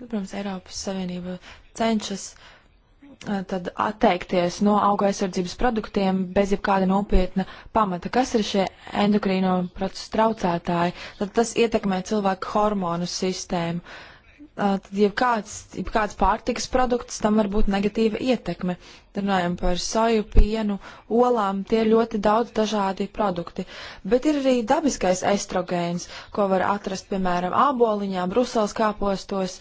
Protams, Eiropas Savienība cenšas eh, tad atteikties no auga aizsardzības produktiem bez jebkāda nopietna pamata. Kas ir šie endokrīno procesu traucētāji? Tad tas ietekmē cilvēku hormonu sistēmu tad ja kāds, ja kāds pārtikas produkts, tam var būt negatīva ietekme. Runājam par soju, pienu, olām, tie ir ļoti daudz dažādi produkti. Bet ir arī dabiskais estrogēns, ko var atrast, piemēram, āboliņā, brusels kāpostos,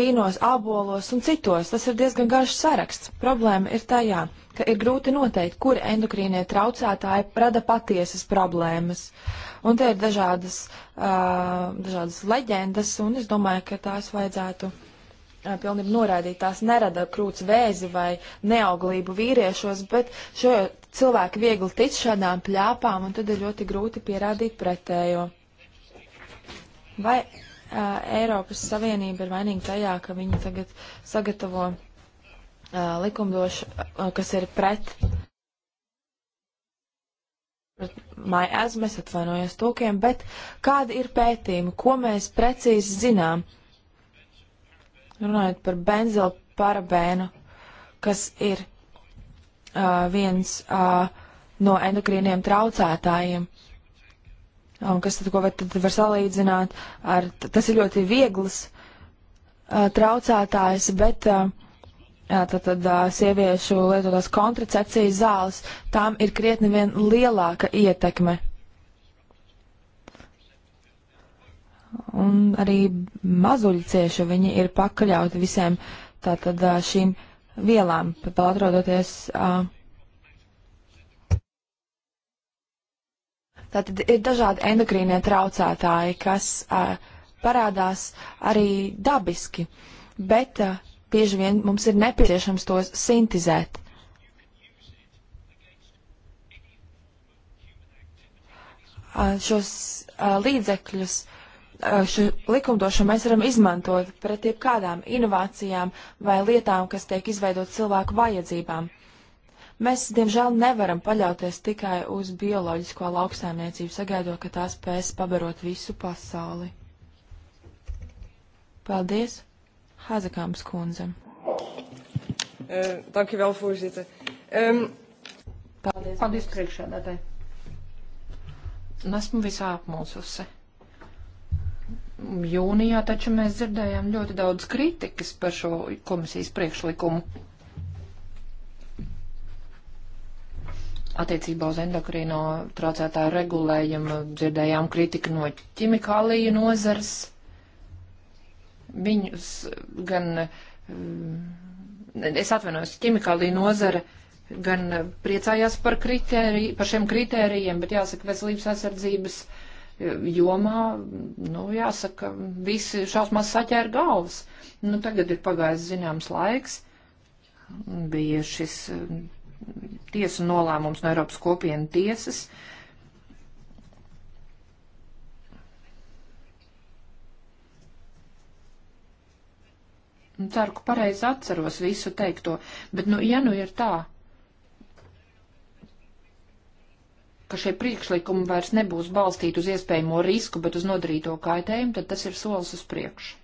vīnos, ābolos un citos. Tas ir diezgan garš saraksts. Problēma ir tajā, ka ir grūti noteikt, kur endokrīnie traucētāji rada patiesas problēmas. Un te ir dažādas, uh, dažādas leģendas, un es domāju, ka tās vajadzētu uh, pilnībā norādīt. Tās nerada krūts vēzi vai neauglību vīriešos, bet šo cilvēku viegli tic šādām pļāpām, un tad ir ļoti grūti pierādīt pretējo. Vai uh, Eiropas Savienība ir vainīga tajā, ka viņi tagad sagatavo uh, likumdošu, uh, kas ir pret, pret māju ezmes, atvainojos tūkiem, bet kādi ir pētījumi, ko mēs precīzi zinām? Runājot par benzelu parabēnu, kas ir uh, viens uh, no endokrīniem traucētājiem. Un kas tad, ko var, tad var salīdzināt ar, tas ir ļoti vieglas uh, traucētājs, bet uh, Tātad sieviešu lietotās kontracepcijas zāles, tām ir krietni vien lielāka ietekme. Un arī mazuļi cieši viņi ir pakaļauti visiem tātad šīm vielām, pat vēl atrodoties. Tātad ir dažādi endokrīnie traucētāji, kas parādās arī dabiski, bet bieži vien mums ir nepieciešams tos sintizēt. Šos līdzekļus, šo likumdošanu mēs varam izmantot pret jebkādām inovācijām vai lietām, kas tiek izveidot cilvēku vajadzībām. Mēs, diemžēl, nevaram paļauties tikai uz bioloģisko lauksēmniecību, sagaidot, ka tā spēs pabarot visu pasauli. Paldies! Hazekāms kundze. Uh, Danki vēl, Fūžita. Um, Paldies. Paldies priekšādātāji. Esmu visā apmulsusi. Jūnijā taču mēs dzirdējām ļoti daudz kritikas par šo komisijas priekšlikumu. Attiecībā uz endokrīno traucētāju regulējumu dzirdējām kritiku no ķimikāliju nozars Viņus gan, eh, es atvainojos, ķimikālī nozara gan priecājās par, kritēri, par šiem kritērijiem, bet jāsaka, veselības aizsardzības eh, jomā, nu, jāsaka, visi šausmās saķēra galvas. Nu, tagad ir pagājis zināms laiks. Bija šis eh, tiesu nolēmums no Eiropas kopienu tiesas. Uh, Ceru, ka pareizi atceros visu teikto, bet, nu, ja nu ir tā, ka šie priekšlikumi vairs nebūs balstīti uz iespējamo risku, bet uz nodarīto kaitējumu, tad tas ir solis uz priekšu.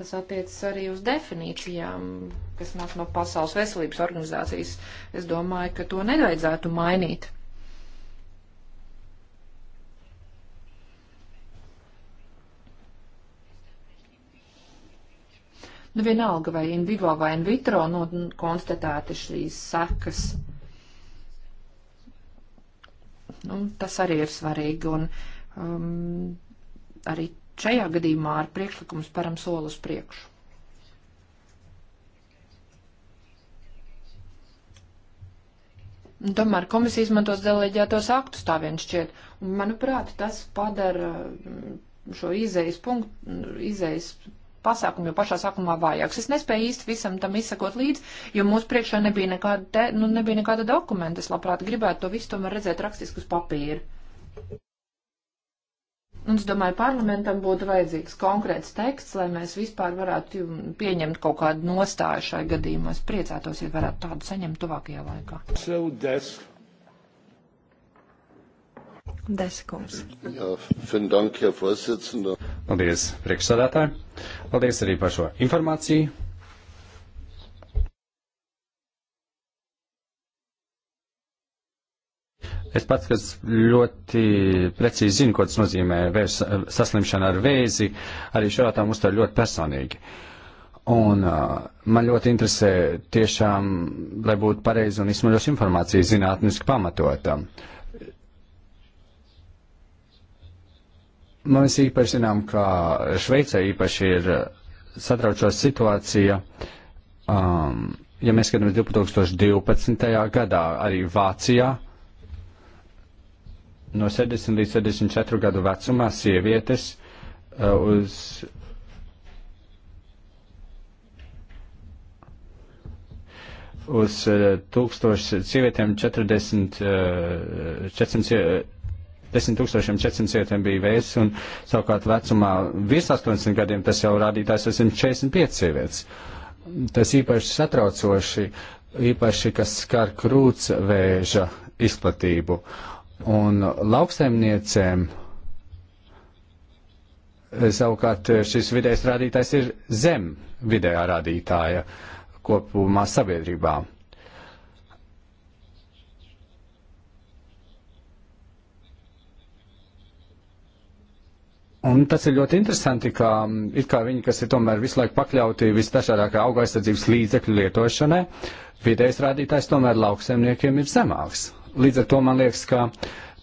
Tas attiecas arī uz definīcijām, kas nāk no Pasaules veselības organizācijas. Es domāju, ka to nevajadzētu mainīt. Nu, vienalga vai in vivo vai in vitro nu, konstatēti šīs sekas. Nu, tas arī ir svarīgi. Un, um, arī šajā gadījumā ar priekšlikumu speram soli uz priekšu. Un tomēr komisija izmantos deleģētos aktus tā vien šķiet. Un, manuprāt, tas padara mm, šo izējas punktu, izējas pasākumu jau pašā sākumā vājāks. Es nespēju īsti visam tam izsakot līdzi, jo mūsu priekšā nebija nekāda, te, nu, nebija nekāda dokumenta. Es labprāt gribētu to visu tomēr redzēt rakstisku uz papīra. Un es domāju, parlamentam būtu vajadzīgs konkrēts teksts, lai mēs vispār varētu pieņemt kaut kādu nostāju šai gadījumā. Es priecātos, ja varētu tādu saņemt tuvākajā laikā. So desk. Desekums. Paldies, priekšsādātāji. Paldies arī par šo informāciju. Es pats, kas ļoti precīzi zinu, ko tas nozīmē vērs, saslimšana ar vēzi, arī šo jautājumu uztver ļoti personīgi. Un uh, man ļoti interesē tiešām, lai būtu pareizi un izsmaļos informācijas zinātniski pamatotam. Uh, Mēs īpaši zinām, ka Šveicē īpaši ir eh, satraucoša situācija. Um, ja mēs skatāmies 2012. gadā, arī Vācijā no 70 līdz 74 gadu vecumā sievietes uh, uz. Uz uh, eh, tūkstošu sievietēm 40, uh, 400 10,400 vietiem bija vēsts, un savukārt vecumā virs 80 gadiem tas jau rādītājs ir 145 sievietes. Tas īpaši satraucoši, īpaši, kas skar krūts vēža izplatību. Un lauksaimniecēm savukārt šis vidējais rādītājs ir zem vidējā rādītāja kopumā sabiedrībā. Un tas ir ļoti interesanti, ka mm, it kā viņi, kas ir tomēr visu laiku pakļauti visdažādākā auga aizsardzības līdzekļu lietošanai, vidējais rādītājs tomēr lauksemniekiem ir zemāks. Līdz ar to man liekas, ka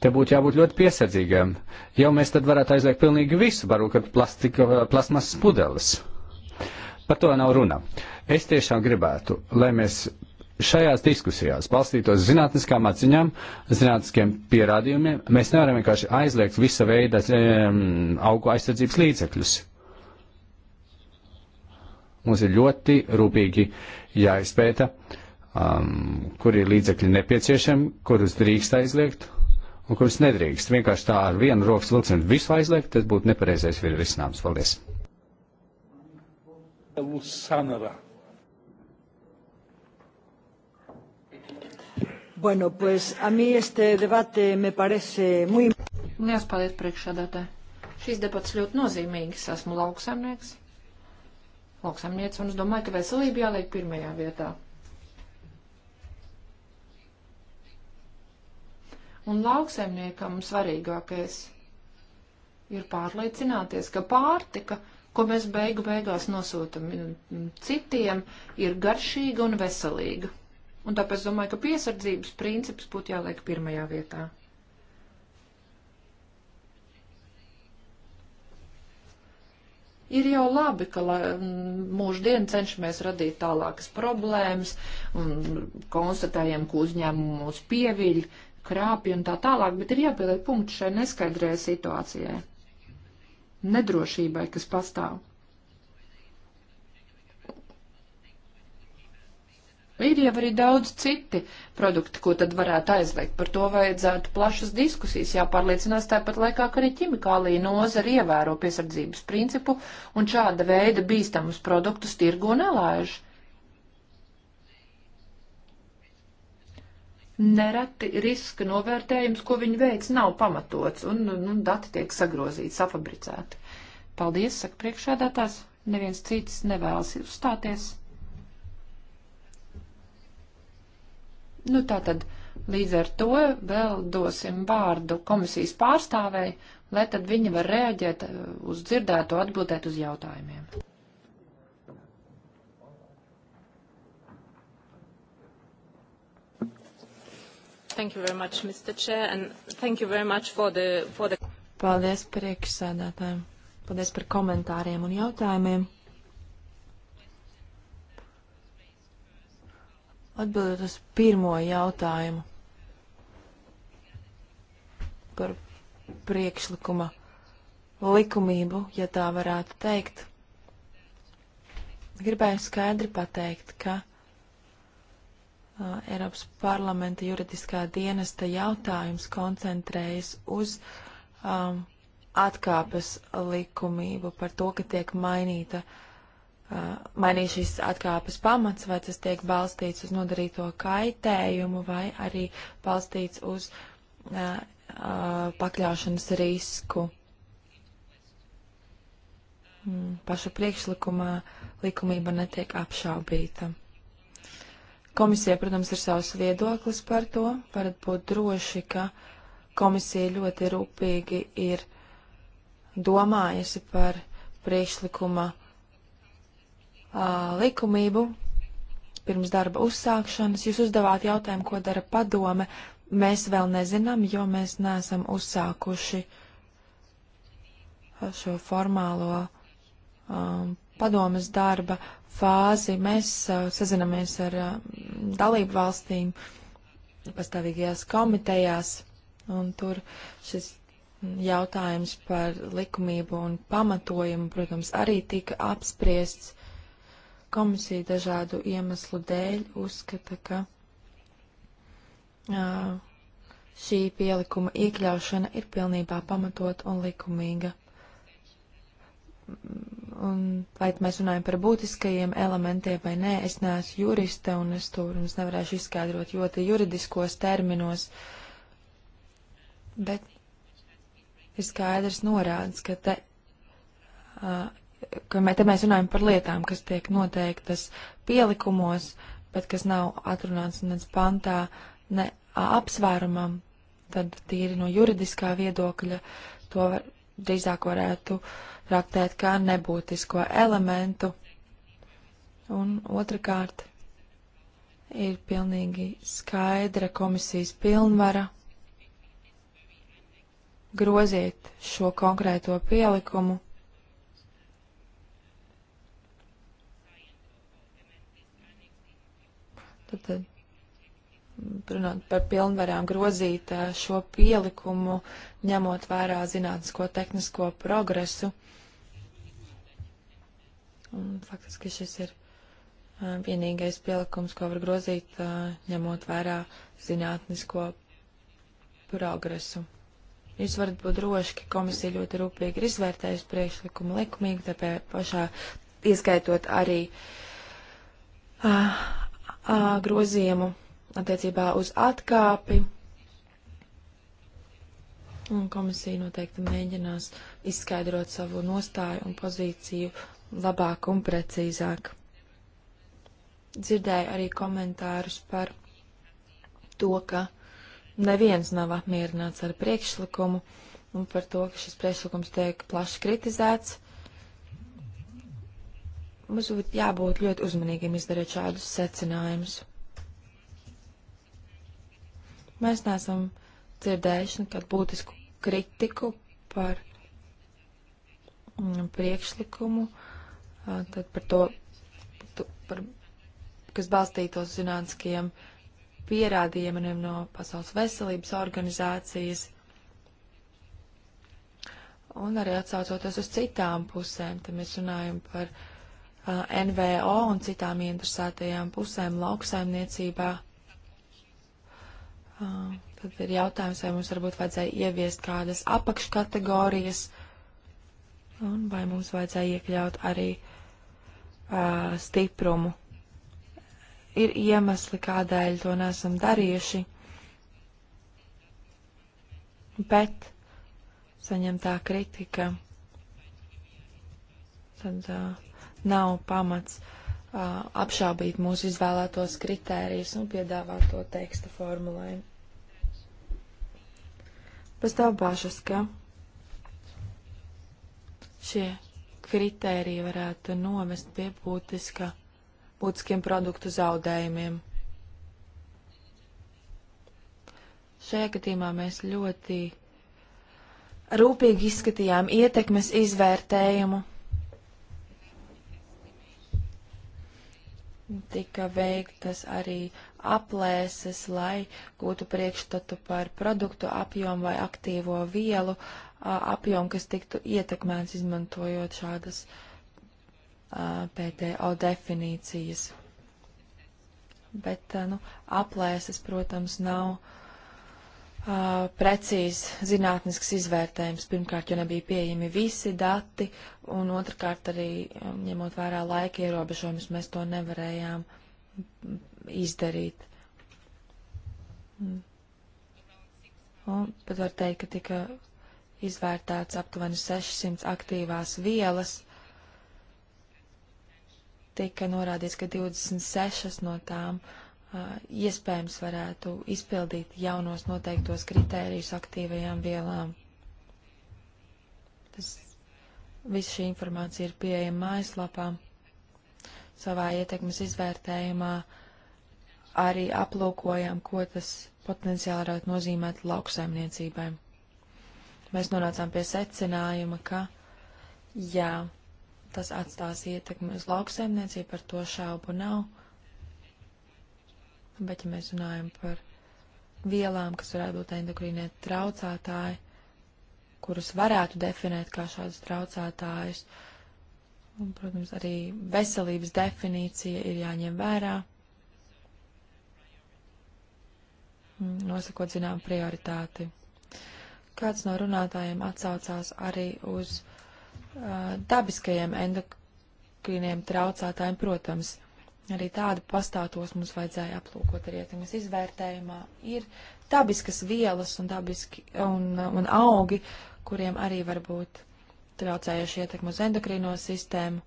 te būtu jābūt ļoti piesardzīgiem. Jau mēs tad varētu aizliegt pilnīgi visu, varbūt plastika, plasmasas pudeles. Par to nav runa. Es tiešām gribētu, lai mēs šajās diskusijās balstītos zinātniskām atziņām, zinātniskiem pierādījumiem. Mēs nevaram vienkārši aizliegt visa veida um, augu aizsardzības līdzekļus. Mums ir ļoti rūpīgi jāizpēta, um, kur ir līdzekļi nepieciešami, kurus drīkst aizliegt un kurus nedrīkst. Vienkārši tā ar vienu rokas vilcienu visu aizliegt, tas būtu nepareizais risinājums. Paldies! Sanara. Bueno, pues a mí este debate me parece muy. Lielas paldies priekšādātē. Šīs debats ļoti nozīmīgs. Esmu lauksamnieks. Lauksamniec, un es domāju, ka veselība jāliek pirmajā vietā. Un lauksaimniekam svarīgākais ir pārliecināties, ka pārtika, ko mēs beigu beigās nosūtam mm, mm, citiem, ir garšīga un veselīga. Un tāpēc domāju, ka piesardzības princips būtu jāliek pirmajā vietā. Ir jau labi, ka la, mūždien cenšamies radīt tālākas problēmas un konstatējam, ka uzņēmumu mūs pieviļ, krāpja un tā tālāk, bet ir jāpieliek punkts šai neskaidrajai situācijai, nedrošībai, kas pastāv. Ir jau arī daudz citi produkti, ko tad varētu aizliegt. Par to vajadzētu plašas diskusijas, jāpārliecinās tāpat laikā, ka arī ķimikālija nozara ievēro piesardzības principu un šāda veida bīstamus produktus tirgo nelaiž. Nereti riska novērtējums, ko viņi veic, nav pamatots, un nu, dati tiek sagrozīti, safabricēti. Paldies, saka priekšādātās, neviens cits nevēlas uzstāties. Nu, tā tad līdz ar to vēl dosim vārdu komisijas pārstāvēji, lai tad viņi var reaģēt eh, uz dzirdēto, atbildēt uz jautājumiem. Thank you very much, Mr. Chair, and thank you very much for the... For the... Paldies priekšsēdētājiem. Paldies par komentāriem un jautājumiem. Atbildot uz pirmo jautājumu par priekšlikuma likumību, ja tā varētu teikt, gribēju skaidri pateikt, ka uh, Eiropas parlamenta juridiskā dienesta jautājums koncentrējas uz um, atkāpes likumību par to, ka tiek mainīta uh, Uh, mainīs šis atkāpes pamats, vai tas tiek balstīts uz nodarīto kaitējumu, vai arī balstīts uz uh, uh, pakļaušanas risku. Mm, paša priekšlikumā likumība netiek apšaubīta. Komisija, protams, ir savs viedoklis par to. Varat būt droši, ka komisija ļoti rūpīgi ir domājusi par priekšlikuma likumību pirms darba uzsākšanas. Jūs uzdevāt jautājumu, ko dara padome. Mēs vēl nezinām, jo mēs neesam uzsākuši šo formālo um, padomas darba fāzi. Mēs uh, sazinamies ar uh, dalību valstīm, pastāvīgajās komitejās, un tur šis jautājums par likumību un pamatojumu, protams, arī tika apspriests Komisija dažādu iemeslu dēļ uzskata, ka uh, šī pielikuma iekļaušana ir pilnībā pamatot un likumīga. Un, vai mēs runājam par būtiskajiem elementiem vai nē, es neesmu juriste un es to, protams, nevarēšu izskaidrot ļoti juridiskos terminos, bet ir skaidrs norādes, ka te uh, ka mē, te mēs runājam par lietām, kas tiek noteiktas pielikumos, bet kas nav atrunāts nec pantā, ne apsvērumam, tad tīri no juridiskā viedokļa to var, drīzāk varētu traktēt kā nebūtisko elementu. Un otrkārt, ir pilnīgi skaidra komisijas pilnvara groziet šo konkrēto pielikumu Tad, eh, runāt par pilnvarām grozīt eh, šo pielikumu, ņemot vērā zinātnisko tehnisko progresu. Un, faktiski šis ir eh, vienīgais pielikums, ko var grozīt, ņemot vērā zinātnisko progresu. Jūs varat būt droši, ka komisija ļoti rūpīgi ir izvērtējusi priekšlikumu likumīgi, tāpēc pašā ieskaitot arī uh, grozījumu attiecībā uz atkāpi. Un komisija noteikti mēģinās izskaidrot savu nostāju un pozīciju labāk un precīzāk. Dzirdēju arī komentārus par to, ka neviens nav apmierināts ar priekšlikumu un par to, ka šis priekšlikums tiek plaši kritizēts. Mums būtu jābūt ļoti uzmanīgiem izdarīt šādus secinājumus. Mēs neesam dzirdējuši nekādu būtisku kritiku par mm, priekšlikumu, tad par to, par, kas balstītos zinātniskiem pierādījumiem no Pasaules veselības organizācijas, un arī atsaucoties uz citām pusēm, tad mēs runājam par uh, Uh, NVO un citām interesētajām pusēm lauksaimniecībā. Uh, tad ir jautājums, vai mums varbūt vajadzēja ieviest kādas apakškategorijas, un vai mums vajadzēja iekļaut arī uh, stiprumu. Ir iemesli, kādēļ to nesam darījuši, bet saņemtā kritika. Tad, uh, nav pamats uh, apšaubīt mūsu izvēlētos kritērijus un piedāvāt to teksta formulējumu. Pastāv bažas, ka šie kritēriji varētu novest pie būtiska, būtiskiem produktu zaudējumiem. Šajā gadījumā mēs ļoti rūpīgi izskatījām ietekmes izvērtējumu tika veiktas arī aplēses, lai gūtu priekšstatu par produktu apjomu vai aktīvo vielu apjomu, kas tiktu ietekmēts izmantojot šādas a, PTO definīcijas. Bet, a, nu, aplēses, protams, nav Uh, precīzs zinātnisks izvērtējums. Pirmkārt, jo nebija pieejami visi dati, un otrkārt arī um, ņemot vērā laika ierobežojumus, mēs to nevarējām izdarīt. Mm. Un pat var teikt, ka tika izvērtēts aptuveni 600 aktīvās vielas. Tika norādīts, ka 26 no tām uh, iespējams varētu izpildīt jaunos noteiktos kritērijus aktīvajām vielām. Tas, visa šī informācija ir pieejama mājaslapā. Savā ietekmes izvērtējumā arī aplūkojām, ko tas potenciāli varētu nozīmēt lauksaimniecībai. Mēs nonācām pie secinājuma, ka jā, tas atstās ietekmi uz lauksaimniecību, par to šaubu nav Bet, ja mēs runājam par vielām, kas varētu būt endokrīnie traucētāji, kurus varētu definēt kā šādus traucētājus, un, protams, arī veselības definīcija ir jāņem vērā, mm, nosakot zinām prioritāti. Kāds no runātājiem atsaucās arī uz uh, dabiskajiem endokrīniem traucētājiem, protams, Arī tādi pastātos mums vajadzēja aplūkot arī ietekmes izvērtējumā. Ir dabiskas vielas un, dabiski, un, un augi, kuriem arī var būt traucējuši ietekmi uz endokrīno sistēmu.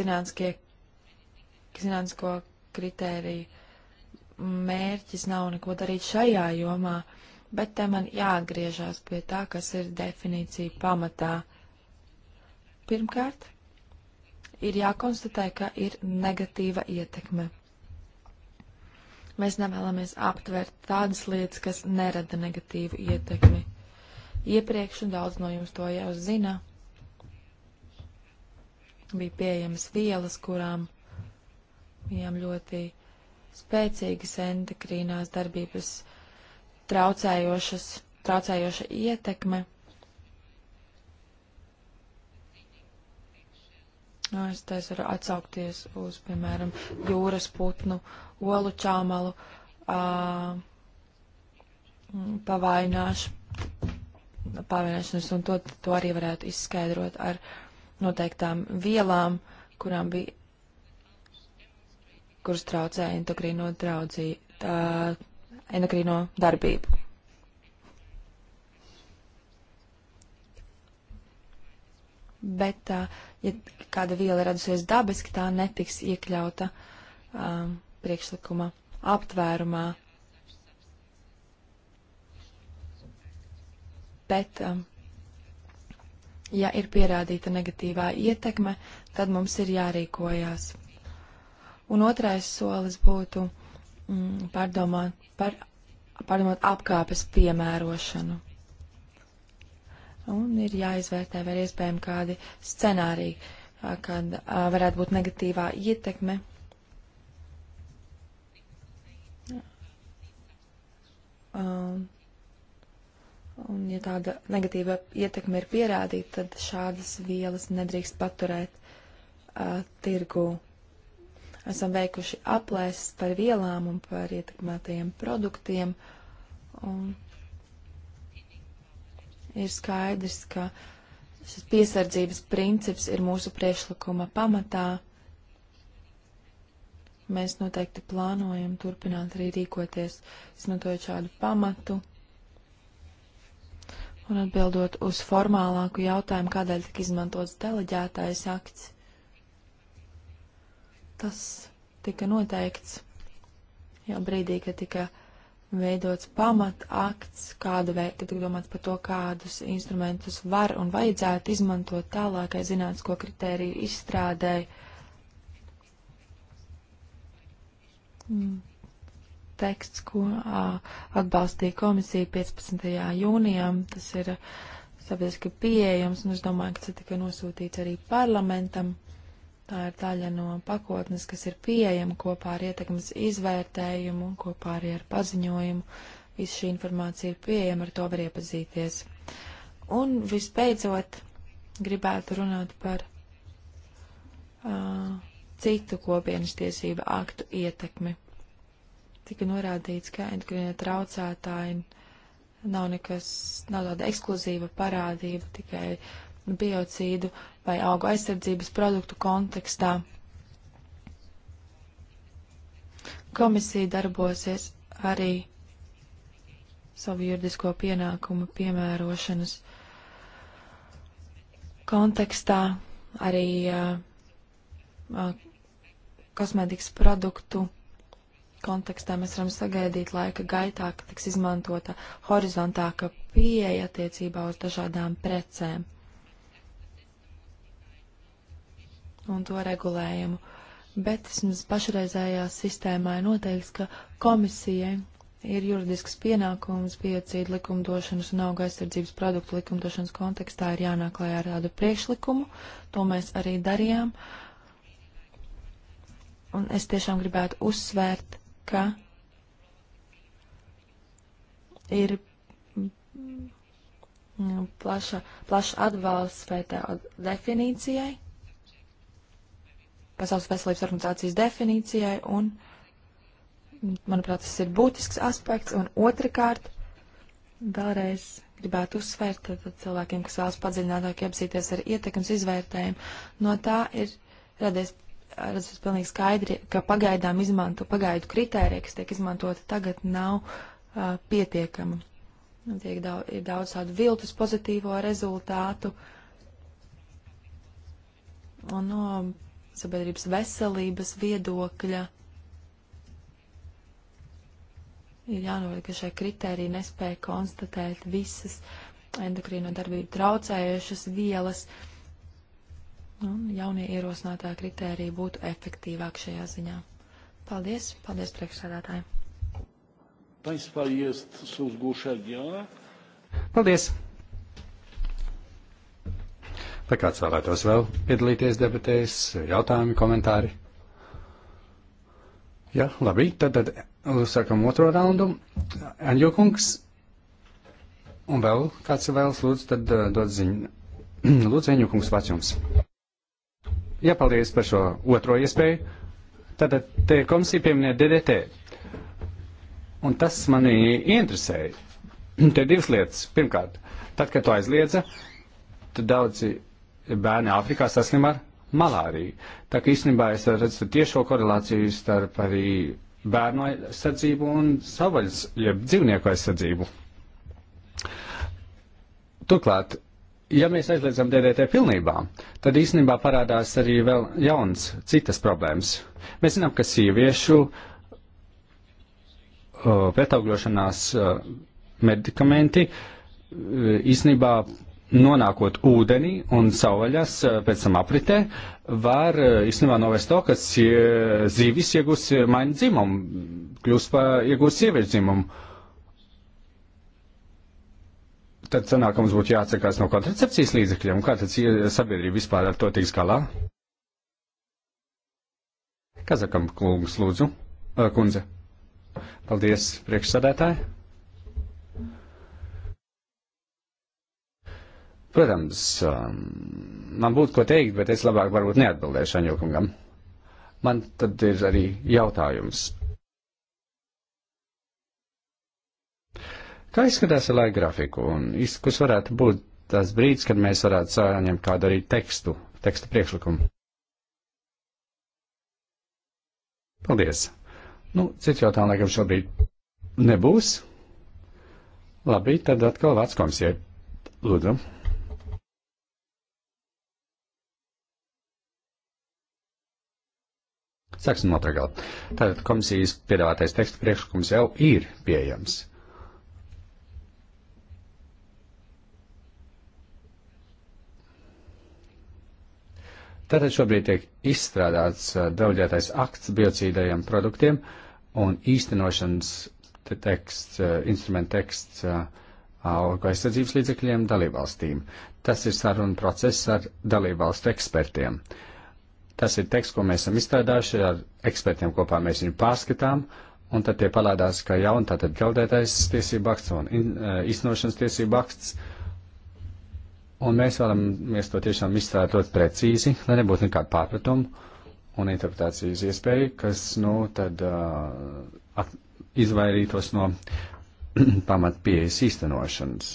Zinātniskie, zinātnisko kritēriju mērķis nav neko darīt šajā jomā, bet te man jāatgriežās pie tā, kas ir definīcija pamatā. Pirmkārt, ir jākonstatē, ka ir negatīva ietekme. Mēs nevēlamies aptvert tādas lietas, kas nerada negatīvu ietekmi. Iepriekš, un daudz no jums to jau zina, bija pieejamas vielas, kurām bijām ļoti spēcīgas endokrīnās darbības traucējošas, traucējoša ietekme paplašinājas, tā es varu atsaukties uz, piemēram, jūras putnu, olu čāmalu uh, mm, pavaināšu, pavaināšanas, un to, to arī varētu izskaidrot ar noteiktām vielām, kurām bija, kuras traucēja endokrīno draudzī, uh, endokrīno darbību. bet uh, ja kāda viela radusies dabiski, tā netiks iekļauta um, priekšlikuma aptvērumā. Bet, um, ja ir pierādīta negatīvā ietekme, tad mums ir jārīkojās. Un otrais solis būtu mm, pārdomāt par pārdomāt apkāpes piemērošanu. Un ir jāizvērtē vēl iespējami kādi scenāriji, kad varētu būt negatīvā ietekme. Um, un, ja tāda negatīva ietekme ir pierādīta, tad šādas vielas nedrīkst paturēt uh, tirgū. Esam veikuši aplēses par vielām un par ietekmētajiem produktiem. Un ir skaidrs, ka šis piesardzības princips ir mūsu priešlikuma pamatā. Mēs noteikti plānojam turpināt arī rīkoties, izmantojot šādu pamatu. Un atbildot uz formālāku jautājumu, kādēļ tika izmantots deleģētais akts, tas tika noteikts jau brīdī, kad tika veidots pamatakts, kādu veidu tiek domāts par to, kādus instrumentus var un vajadzētu izmantot tālākai zinātnisko kritēriju izstrādēji. Mm. Teksts, ko atbalstīja komisija 15. jūnijam, tas ir sabiedriski pieejams, un es domāju, ka tas tika nosūtīts arī parlamentam. Tā ir daļa no pakotnes, kas ir pieejama kopā ar ietekmes izvērtējumu, kopā arī ar paziņojumu. Viss šī informācija ir pieejama, ar to var iepazīties. Un visbeidzot, gribētu runāt par uh, citu kopienas tiesību aktu ietekmi. Tika norādīts, ka endokrinie traucētāji nav nekas, nav tāda ekskluzīva parādība, tikai biocīdu vai augu aizsardzības produktu kontekstā. Komisija darbosies arī savu juridisko pienākumu piemērošanas kontekstā, arī uh, uh, kosmētikas produktu kontekstā mēs varam sagaidīt laika gaitā, ka tiks izmantota horizontāka pieeja attiecībā uz dažādām precēm. un to regulējumu. Bet vismaz pašreizējā sistēmā ir noteikts, ka komisijai ir juridisks pienākums biocīdu likumdošanas un auga aizsardzības produktu likumdošanas kontekstā ir jānāklājā ar tādu priekšlikumu. To mēs arī darījām. Un es tiešām gribētu uzsvērt, ka ir plaša, plaša atbalsts vai tā definīcijai. Pasaules veselības organizācijas definīcijai, un, manuprāt, tas ir būtisks aspekts. Un otrkārt, vēlreiz gribētu uzsvērt tad, cilvēkiem, kas vēlas padziļinātāk iepazīties ar ietekmes izvērtējumu, no tā ir radies, radies pilnīgi skaidri, ka pagaidām izmanto pagaidu kritērija, kas tiek izmantota tagad, nav uh, pietiekama. Tiek daudz, ir daudz tādu viltus pozitīvo rezultātu. Un no sabiedrības veselības viedokļa. Ir jānorāda, ka šie kriteriji nespēja konstatēt visas endokrīno darbību traucējušas vielas. Un jaunie ierosinātā kritērija būtu efektīvāk šajā ziņā. Paldies, paldies priekšsēdētājiem. Paldies. Vai kāds vēlētos vēl piedalīties debatēs, jautājumi, komentāri? Jā, ja, labi, tad, tad sākam otro raundu. Anģo kungs, un vēl kāds vēlas lūdzu, tad eh, dod ziņu. lūdzu, Anģo kungs, vārds jums. Jā, ja, paldies par šo otro iespēju. Tātad te komisija pieminē DDT. Un tas mani interesēja. Te divas lietas. Pirmkārt, tad, kad to aizliedza, tad daudzi bērni Āfrikā saslim ar malāriju. Tā ka īstenībā es redzu tiešo korelāciju starp arī bērnu aizsardzību un savaļas, jeb dzīvnieku aizsardzību. Turklāt, ja mēs aizliedzam DDT pilnībā, tad īstenībā parādās arī vēl jauns citas problēmas. Mēs zinām, ka sieviešu uh, pretaugļošanās uh, medikamenti uh, īstenībā nonākot ūdenī un savvaļas eh, pēc tam apritē, var eh, īstenībā novērst to, ka zīvis iegūs maini dzimumu, kļūst par iegūst sieviešu dzimumu. Tad sanāk, ka mums būtu jāatsakās no kontracepcijas līdzekļiem. Kā tad sabiedrība vispār ar to tiks galā? Kazakam kungs, lūdzu, eh, kundze. Paldies, priekšsādētāji. Protams, um, man būtu ko teikt, bet es labāk varbūt neatbildēšu Aņokungam. Man tad ir arī jautājums. Kā izskatās ar laika grafiku un kas varētu būt tas brīdis, kad mēs varētu saņemt kādu arī tekstu, teksta priekšlikumu? Paldies! Nu, cits jautājums laikam šobrīd nebūs. Labi, tad atkal vārds komisijai. Lūdzu. Sāksim otrā galā. Tātad komisijas piedāvātais teksta priekšlikums jau ir pieejams. Tātad šobrīd tiek izstrādāts daudzētais akts biocīdajiem produktiem un īstenošanas teksts, instrumenta teksts auga aizsardzības līdzekļiem dalībvalstīm. Tas ir saruna process ar dalībvalstu ekspertiem. Uh, Tas ir teksts, ko mēs esam izstrādājuši ar ekspertiem kopā. Mēs viņu pārskatām, un tad tie parādās, ka jau un tātad graudētais tiesība akts un iznošanas e, tiesība akts. Un mēs vēlamies to tiešām izstrādāt precīzi, lai nebūtu nekādu pārpratumu un interpretācijas iespēju, kas, nu, tad uh, at, izvairītos no pamat pieejas īstenošanas.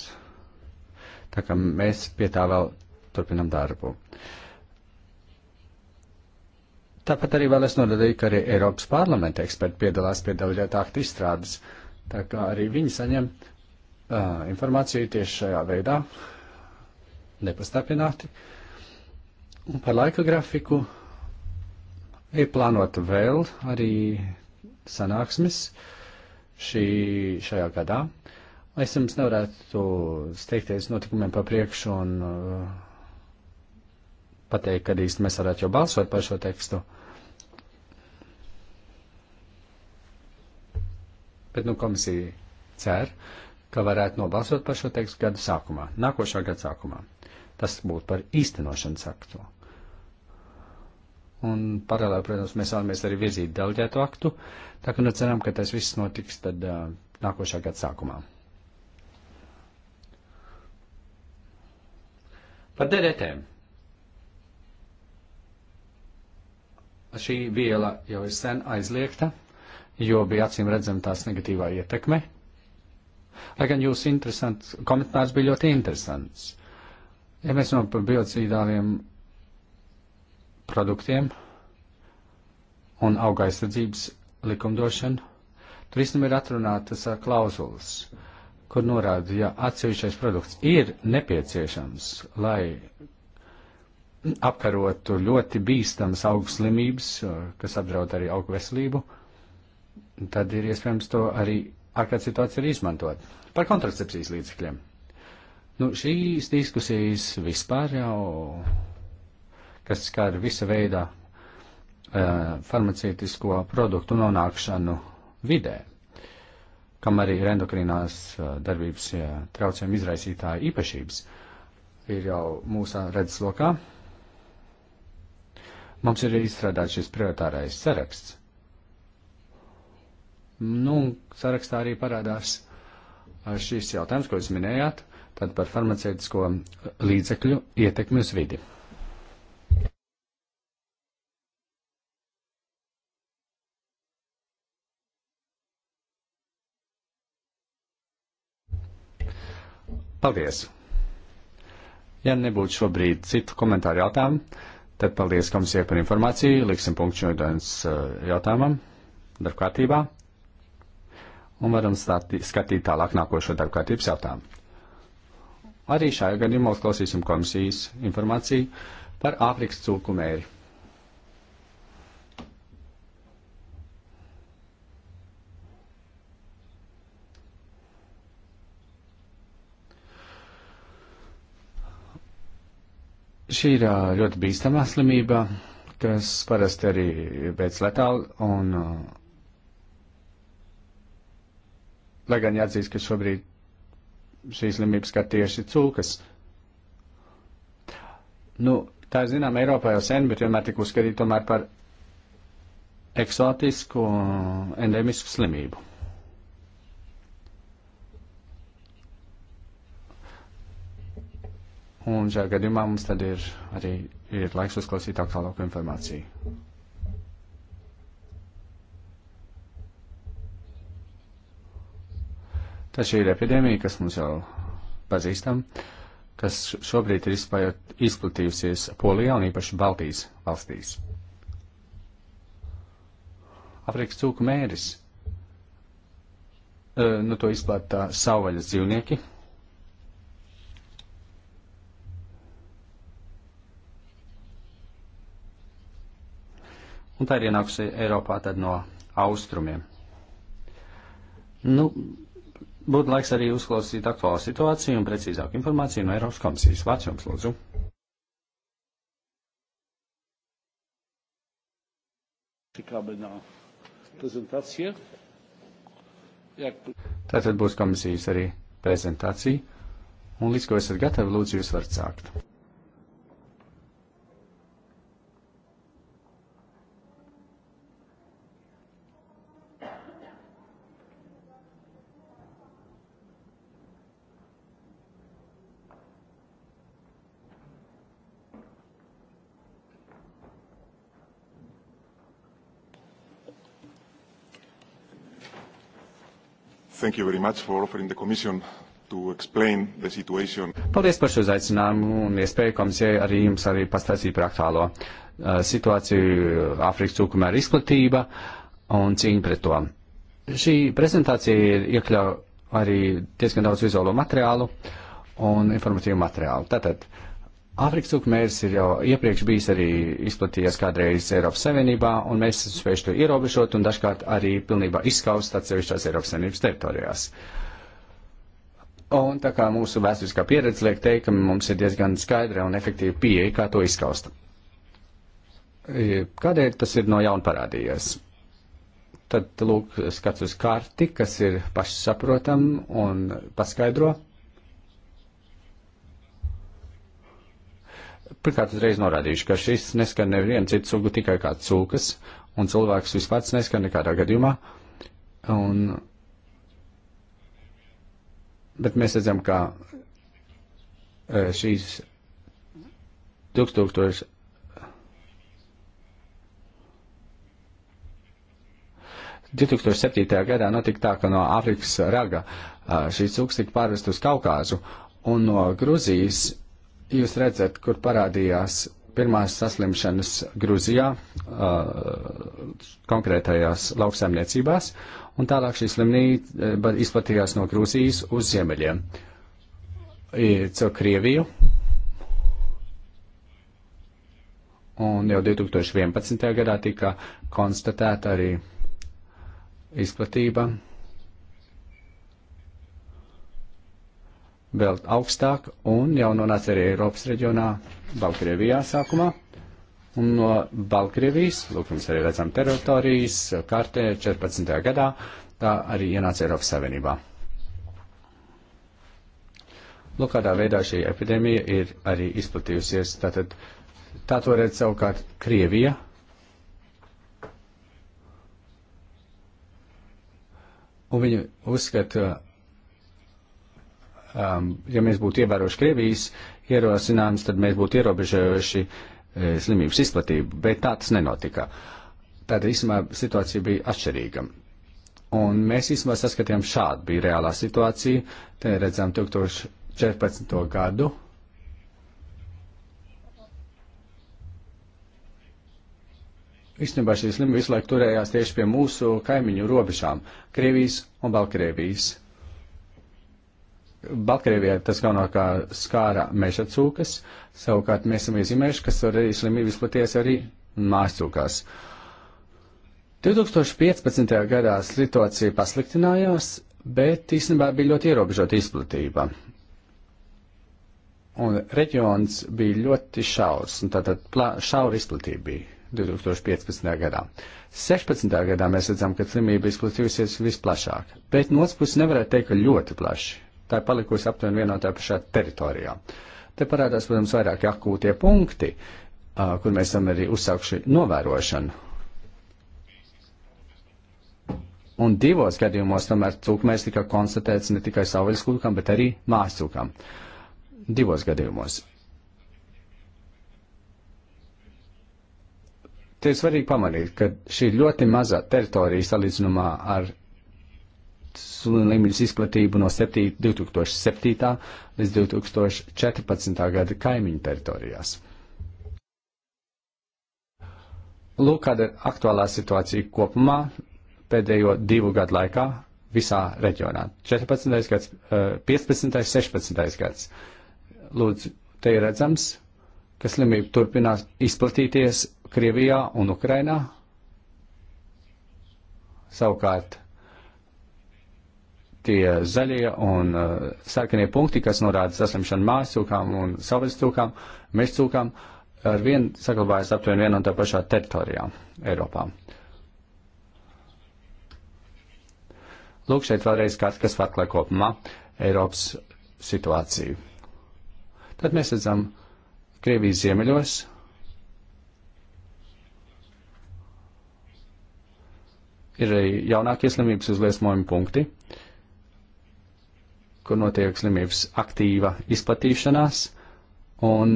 Tā kā mēs pie tā vēl turpinam darbu. Uh, Tāpat arī vēl es norādīju, ka arī Eiropas parlamenta eksperti piedalās pie daudzētā aktu izstrādes, tā kā arī viņi saņem uh, informāciju tieši šajā veidā, nepastāpināti. Un par laika grafiku ir plānota vēl arī sanāksmes šī, šajā gadā. Es jums nevarētu steigties notikumiem pa priekšu un uh, pateikt, kad īsti mēs varētu jau balsot par šo tekstu. bet nu komisija cer, ka varētu nobalsot par šo tekstu gada sākumā, nākošā gada sākumā. Tas būtu par īstenošanas aktu. Un paralēli, protams, mēs vēlamies arī virzīt delģētu aktu, tā ka nu ceram, ka tas viss notiks tad uh, nākošā gada sākumā. Par deretēm. Šī viela jau ir sen aizliegta, jo bija acīm redzama tās negatīvā ietekme. Lai gan jūsu interesants komentārs bija ļoti interesants. Ja mēs runājam par biocīdāliem produktiem un auga aizsardzības likumdošanu, tur īstenībā ir atrunātas klauzulas, kur norāda, ja atsevišķais produkts ir nepieciešams, lai apkarotu ļoti bīstamas augstslimības, kas apdraud arī augu veselību tad ir iespējams to arī ārkārtas situācija arī izmantot. Par kontracepcijas līdzekļiem. Nu, šīs diskusijas vispār jau, kas skar visa veida uh, eh, farmacētisko produktu nonākšanu vidē, kam arī ir endokrinās uh, eh, darbības uh, traucējuma izraisītāja īpašības, ir jau mūsu redzes lokā. Mums ir izstrādāts šis prioritārais saraksts Nu, sarakstā arī parādās šīs jautājums, ko jūs minējāt, tad par farmaceitisko līdzekļu ietekmi uz vidi. Paldies! Ja nebūtu šobrīd citu komentāru jautājumu, tad paldies komisijai par informāciju. Liksim punktu šodienas jautājumam, darbkārtībā un varam starti, skatīt tālāk nākošo darba kārtības jautājumu. Arī šajā gadījumā uzklausīsim komisijas informāciju par Āfrikas cūku mēri. Šī ir ļoti bīstama slimība, kas parasti arī veids letāli un uh, Lai gan jāatzīst, ka šobrīd šīs slimības kā tieši cūkas. Nu, tā ir zinām Eiropā jau sen, bet vienmēr tika uzskatīta tomēr par eksotisku endemisku slimību. Un šajā gadījumā mums tad ir arī ir laiks uzklausīt aktuālāko informāciju. Tā šī ir epidēmija, kas mums jau pazīstam, kas šobrīd ir izplatījusies Polijā un īpaši Baltijas valstīs. Afrikas cūku mēris. E, nu, to izplatīja savvaļas dzīvnieki, un tā ir ienākusi Eiropā tad no austrumiem. Nu, būtu laiks arī uzklausīt aktuālu situāciju un precīzāku informāciju no Eiropas komisijas. Vārds jums, lūdzu. Čekāme na prezentāciju. Tātad būs komisijas arī prezentācija. Un līdz ko esat gatavi, lūdzu, jūs varat sākt. Thank you very much for offering the Commission to explain the situation. Paldies par šo uzaicinājumu un iespēju komisijai arī jums arī pastāstīt par aktuālo uh, situāciju uh, Āfrikas cūkumēra izplatība un cīņa pret to. Šī prezentācija ir iekļauj arī diezgan daudz vizuālo materiālu un informatīvu materiālu. Tātad, uh, Āfrikas cukmērs ir jau iepriekš bijis arī izplatījies kādreiz Eiropas Savienībā, un mēs esam spējuši to ierobežot un dažkārt arī pilnībā izskaust atsevišķās Eiropas Savienības teritorijās. Un tā kā mūsu vēsturiskā pieredze liek teikt, ka mums ir diezgan skaidra un efektīva pieeja, kā to izskaust. E, kādēļ tas ir no jauna parādījies? Tad lūk skats uz karti, kas ir pašsaprotam un paskaidro Pirmkārt, uzreiz norādīšu, ka šis neskan nevienu citu sugu, tikai kā cūkas, un cilvēks vispār neskan nekādā gadījumā. Un, bet mēs redzam, ka e, šīs tūkstoši Tūkstoš... 2007. gadā notika tā, ka no Āfrikas raga e, šīs cūkas tika pārvest uz Kaukāzu, un no Gruzijas jūs redzat, kur parādījās pirmās saslimšanas Grūzijā, uh, konkrētajās lauksaimniecībās, un tālāk šī slimnīca izplatījās no Grūzijas uz ziemeļiem, caur Krieviju. Un jau 2011. gadā tika konstatēta arī izplatība vēl augstāk un jau nonāca arī Eiropas reģionā Balkrievijā sākumā. Un no Balkrievijas, lūk, mums arī redzam teritorijas kartē 14. gadā, tā arī ienāca Eiropas Savienībā. Lūk, kādā veidā šī epidēmija ir arī izplatījusies. Tātad tā to redz savukārt Krievija. Un viņi uzskata, um, ja mēs būtu ievērojuši Krievijas ierosinājumus, tad mēs būtu ierobežojuši e, slimības izplatību, bet tā tas nenotika. Tātad, īstenībā, situācija bija atšķirīga. Un mēs īstenībā saskatījām šādu bija reālā situācija. Te redzam 2014. gadu. Īstenībā šī slimība visu laiku turējās tieši pie mūsu kaimiņu robežām - Krievijas un Balkrievijas. Baltkrievijai tas galvenokārt skāra meža cūkas, savukārt mēs esam iezīmējuši, ka arī slimība izplaties arī mājascūkās. 2015. gadā situācija pasliktinājās, bet īstenībā bija ļoti ierobežota izplatība. Un reģions bija ļoti šaurs, un tātad šaura izplatība bija 2015. gadā. 16. gadā mēs redzam, ka slimība izplatījusies visplašāk, bet no otras puses nevarētu teikt, ka ļoti plaši tā ir palikusi aptuveni vienā tā pašā teritorijā. Te parādās, protams, vairāki akūtie punkti, kur mēs esam arī uzsākuši novērošanu. Un divos gadījumos tomēr cūkmēs tika konstatēts ne tikai savvaļas kūkam, bet arī māscūkam. Divos gadījumos. Te ir svarīgi pamanīt, ka šī ļoti mazā teritorija salīdzinumā ar slimības izplatību no 7, 2007. līdz 2014. gada kaimiņu teritorijās. Lūk, kāda ir aktuālā situācija kopumā pēdējo divu gadu laikā visā reģionā. 14. gads, 15. Eh, 16. gads. Lūdzu, te ir redzams, ka slimība turpinās izplatīties Krievijā un Ukrainā. Savukārt tie zaļie un uh, sarkanie punkti, kas norāda saslimšanu mājas cūkām un savas cūkām, meža cūkām, ar vienu saglabājas aptuveni vienā un tā pašā teritorijā Eiropā. Lūk, šeit vēlreiz kāds, kas atklāja kopumā Eiropas situāciju. Tad mēs redzam Krievijas ziemeļos. Ir arī jaunākie slimības uzliesmojumi punkti kur notiek slimības aktīva izplatīšanās, un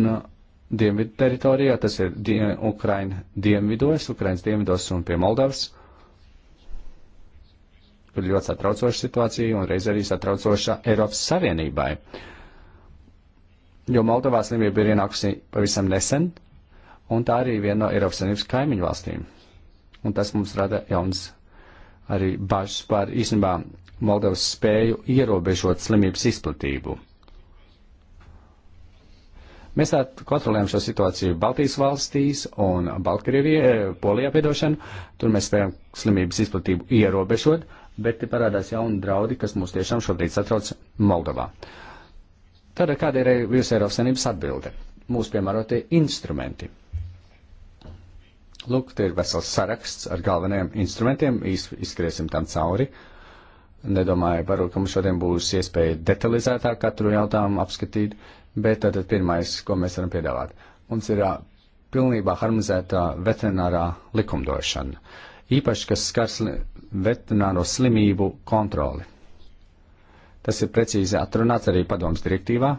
dienvidu teritorijā, tas ir die, Ukraina dienvidos, Ukrainas dienvidos un pie Moldavas, kur ļoti satraucoša situācija un reiz arī satraucoša Eiropas Savienībai. Jo Moldovā slimība ir ienākusi pavisam nesen, un tā arī viena no Eiropas Savienības kaimiņu valstīm. Un tas mums rada jauns arī bažas par īstenībā Moldovas spēju ierobežot slimības izplatību. Mēs tā kontrolējam šo situāciju Baltijas valstīs un Baltkrievijā, e, Polijā piedošanu. Tur mēs spējam slimības izplatību ierobežot, bet te parādās jauni draudi, kas mūs tiešām šobrīd satrauc Moldovā. Tad kāda ir jūsu Eiropas Savienības atbilde? Mūsu piemērotie instrumenti. Lūk, te ir vesels saraksts ar galvenajiem instrumentiem, Iz, izskriesim tam cauri. Uh, Nedomāju, varbūt, ka mums šodien būs iespēja detalizētāk katru jautājumu apskatīt, bet tad pirmais, ko mēs varam piedāvāt. Mums ir pilnībā harmonizēta veterinārā likumdošana, īpaši, kas skars veterināro slimību kontroli. Tas ir precīzi atrunāts arī padoms direktīvā,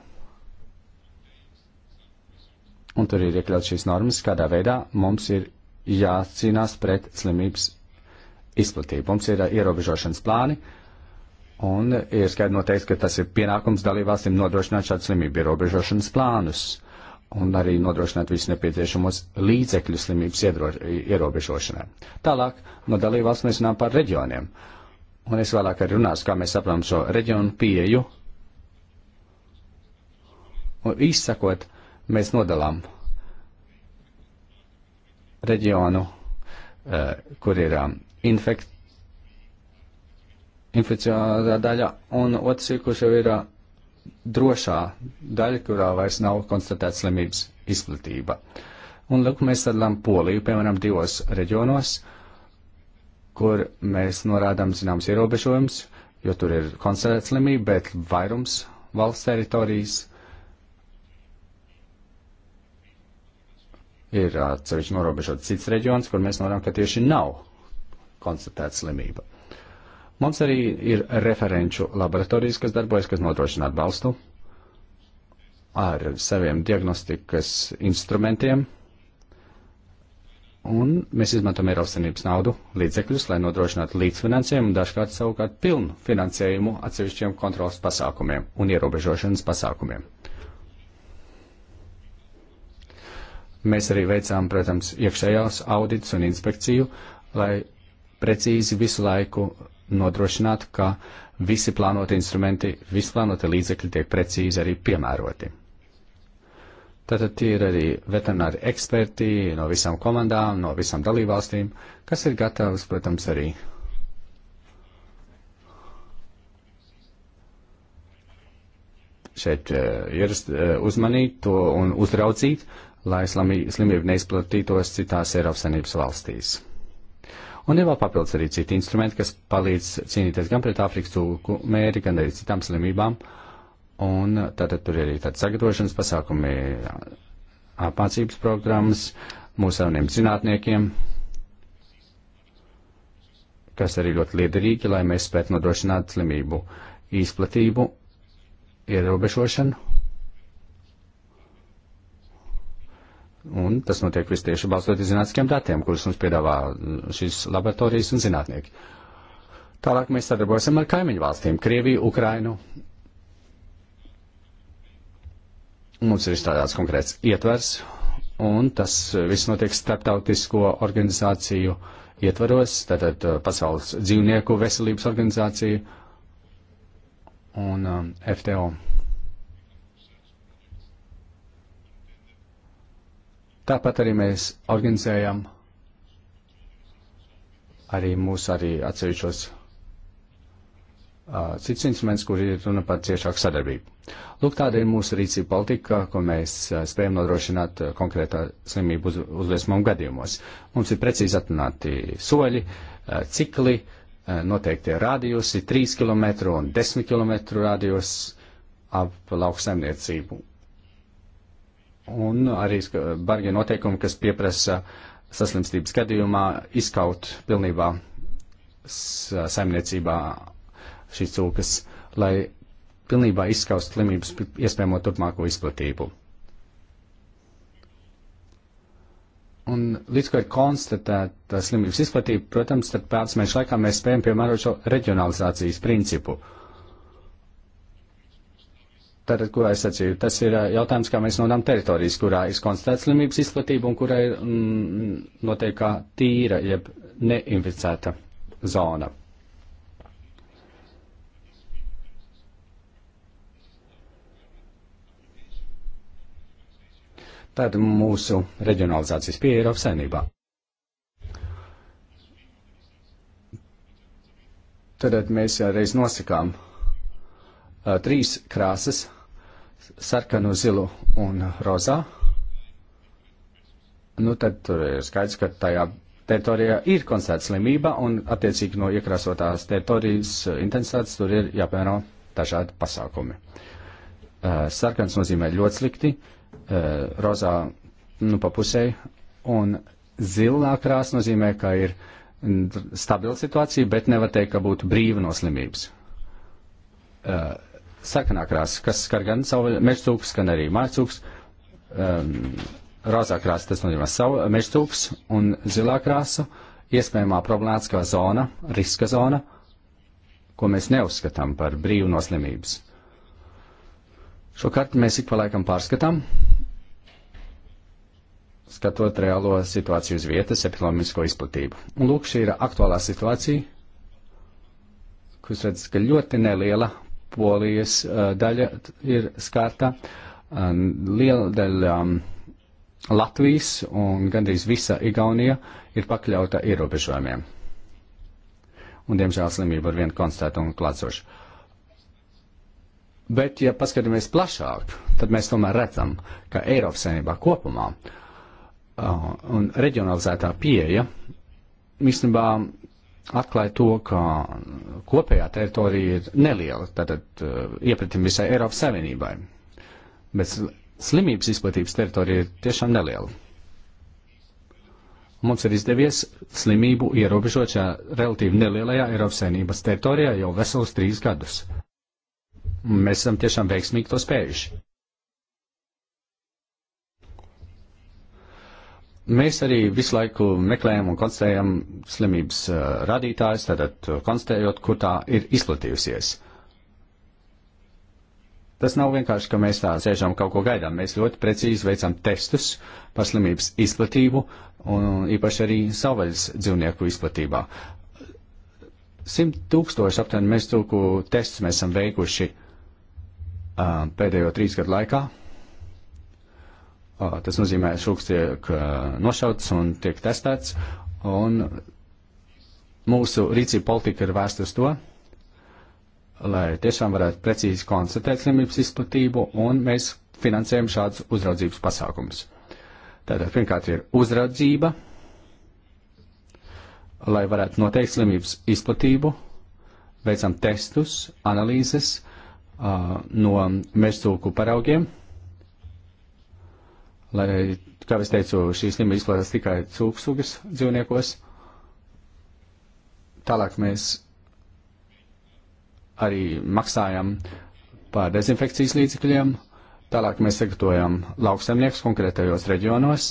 un tur ir iekļauts šīs normas, kādā veidā mums ir jācīnās pret slimības izplatību. Mums ir ierobežošanas plāni, uh, Un ir skaidri noteikts, ka tas ir pienākums dalībvalstīm nodrošināt šādu slimību ierobežošanas plānus un arī nodrošināt visus nepieciešamos līdzekļus slimības iedro, ierobežošanai. Tālāk no dalībvalsts mēs runājam par reģioniem. Un es vēlāk arī runāšu, kā mēs saprotam šo reģionu pieju. Un izsakot, mēs nodalām reģionu, eh, kur ir um, infekt, inficioārā daļa, un otrs ir, kurš jau ir drošā daļa, kurā vairs nav konstatēta slimības izplatība. Un lūk, mēs sadalām Poliju, piemēram, divos reģionos, kur mēs norādām zināms ierobežojums, jo tur ir konstatēta slimība, bet vairums valsts teritorijas ir atsevišķi norobežots cits reģions, kur mēs norādām, ka tieši nav konstatēta slimība. Mums arī ir referenču laboratorijas, kas darbojas, kas nodrošina atbalstu ar saviem diagnostikas instrumentiem. Un mēs izmantojam Eiropas Savienības naudu, līdzekļus, lai nodrošinātu līdzfinansējumu un dažkārt savukārt pilnu finansējumu atsevišķiem kontrolas pasākumiem un ierobežošanas pasākumiem. Mēs arī veicām, protams, iekšējās audits un inspekciju, lai precīzi visu laiku nodrošināt, ka visi plānoti instrumenti, visi plānoti līdzekļi tiek precīzi arī piemēroti. Tātad tie ir arī veterināri eksperti no visām komandām, no visām dalībvalstīm, kas ir gatavs, protams, arī šeit eh, ierast, eh, uzmanīt to un uzraudzīt, lai slimība neizplatītos citās Eiropas Savienības valstīs. Un ir vēl papildus arī citi instrumenti, kas palīdz cīnīties gan pret Āfrikas cūku mēri, gan arī citām slimībām. Un tātad tur ir arī tādi sagatavošanas pasākumi, apmācības programmas mūsu jauniem zinātniekiem, kas arī ļoti liederīgi, lai mēs spētu nodrošināt slimību izplatību, ierobežošanu Un tas notiek viss tieši balstoties zinātniskiem datiem, kurus mums piedāvā šīs laboratorijas un zinātnieki. Tālāk mēs sadarbojamies ar kaimiņu valstīm - Krieviju, Ukrainu. Mums ir izstrādāts konkrēts ietvers, un tas viss notiek starptautisko organizāciju ietvaros, tātad uh, Pasaules dzīvnieku veselības organizāciju un um, FTO. Tāpat arī mēs organizējam arī mūsu arī atsevišķos uh, cits instruments, kur ir runa par ciešāku sadarbību. Lūk, tāda ir mūsu rīcība politika, ko mēs uh, spējam nodrošināt uh, konkrētā slimību uz, uzliesmumu gadījumos. Mums ir precīzi atrunāti soļi, uh, cikli, uh, noteiktie rādījusi, 3 km un 10 km rādījus ap lauksaimniecību un arī bargie noteikumi, kas pieprasa saslimstības gadījumā izkaut pilnībā saimniecībā šīs cūkas, lai pilnībā izskaust slimības iespējamo turpmāko izplatību. Un līdz ko ir konstatēta slimības izplatība, protams, tad pāris mēnešu laikā mēs spējam piemērot šo reģionalizācijas principu. Uh, Tātad, kurā es sacīju, tas ir jautājums, kā mēs nodām teritorijas, kurā ir konstatēta slimības izplatība un kurā ir mm, noteikti kā tīra, jeb neinficēta zona. Tāda mūsu reģionalizācijas pieeja Eiropas saimnībā. Tad mēs reiz nosakām uh, trīs krāsas sarkanu, zilu un rozā, nu tad tur ir skaidrs, ka tajā teritorijā ir konstatēta slimība un attiecīgi no iekrāsotās teritorijas intensitātes tur ir jāpieno dažādi pasākumi. Eh, sarkans nozīmē ļoti slikti, eh, rozā nu pa pusē un zilā krāsa nozīmē, ka ir stabila situācija, bet nevar teikt, ka būtu brīva no slimības. Uh, sarkanākrās, kas skar gan savu mežcūkus, gan arī mājcūkus. Um, ehm, rozā krāsa, tas nozīmē savu mežcūkus, un zilā krāsa iespējamā problemātiskā zona, riska zona, ko mēs neuzskatām par brīvu no slimības. Šo karti mēs ik pa laikam pārskatām, skatot reālo situāciju uz vietas, epidemisko izplatību. Un lūk, šī ir aktuālā situācija, kas redz, ka ļoti neliela polijas uh, daļa ir skārta, liela daļa um, Latvijas un gandrīz visa Igaunija ir pakļauta ierobežojumiem. Un, diemžēl, slimība ir vien konstatēta un klātsoša. Bet, ja paskatāmies plašāk, tad mēs tomēr redzam, ka Eiropas saimnībā kopumā uh, un reģionalizētā pieeja īstenībā atklāja to, ka kopējā teritorija ir neliela, tātad uh, iepratim visai Eiropas Savienībai. Bet slimības izplatības teritorija ir tiešām neliela. Mums ir izdevies slimību ierobežot šajā relatīvi nelielajā Eiropas saimnības teritorijā jau veselus trīs gadus. Mēs esam tiešām veiksmīgi to spējuši. Mēs arī visu laiku meklējam un konstatējam slimības uh, radītājus, tātad uh, konstatējot, kur tā ir izplatījusies. Tas nav vienkārši, ka mēs tā sēžam kaut ko gaidām. Mēs ļoti precīzi veicam testus par slimības izplatību un īpaši arī savvaļas dzīvnieku izplatībā. Simt tūkstoši aptuveni mēs tūku testus mēs esam veikuši uh, pēdējo trīs gadu laikā Tas nozīmē, ka šūks tiek nošauts un tiek testēts, un mūsu rīcība politika ir vērsta uz to, lai tiešām varētu precīzi konstatēt slimības izplatību, un mēs finansējam šādus uzraudzības pasākumus. Tātad pirmkārt ir uzraudzība, lai varētu noteikt slimības izplatību, veicam testus, analīzes uh, no mežtūku paraugiem lai, kā es teicu, šī slimība izplatās tikai cūksugas dzīvniekos. Tālāk mēs arī maksājam par dezinfekcijas līdzekļiem, tālāk mēs sagatavojam lauksaimnieks konkrētajos reģionos,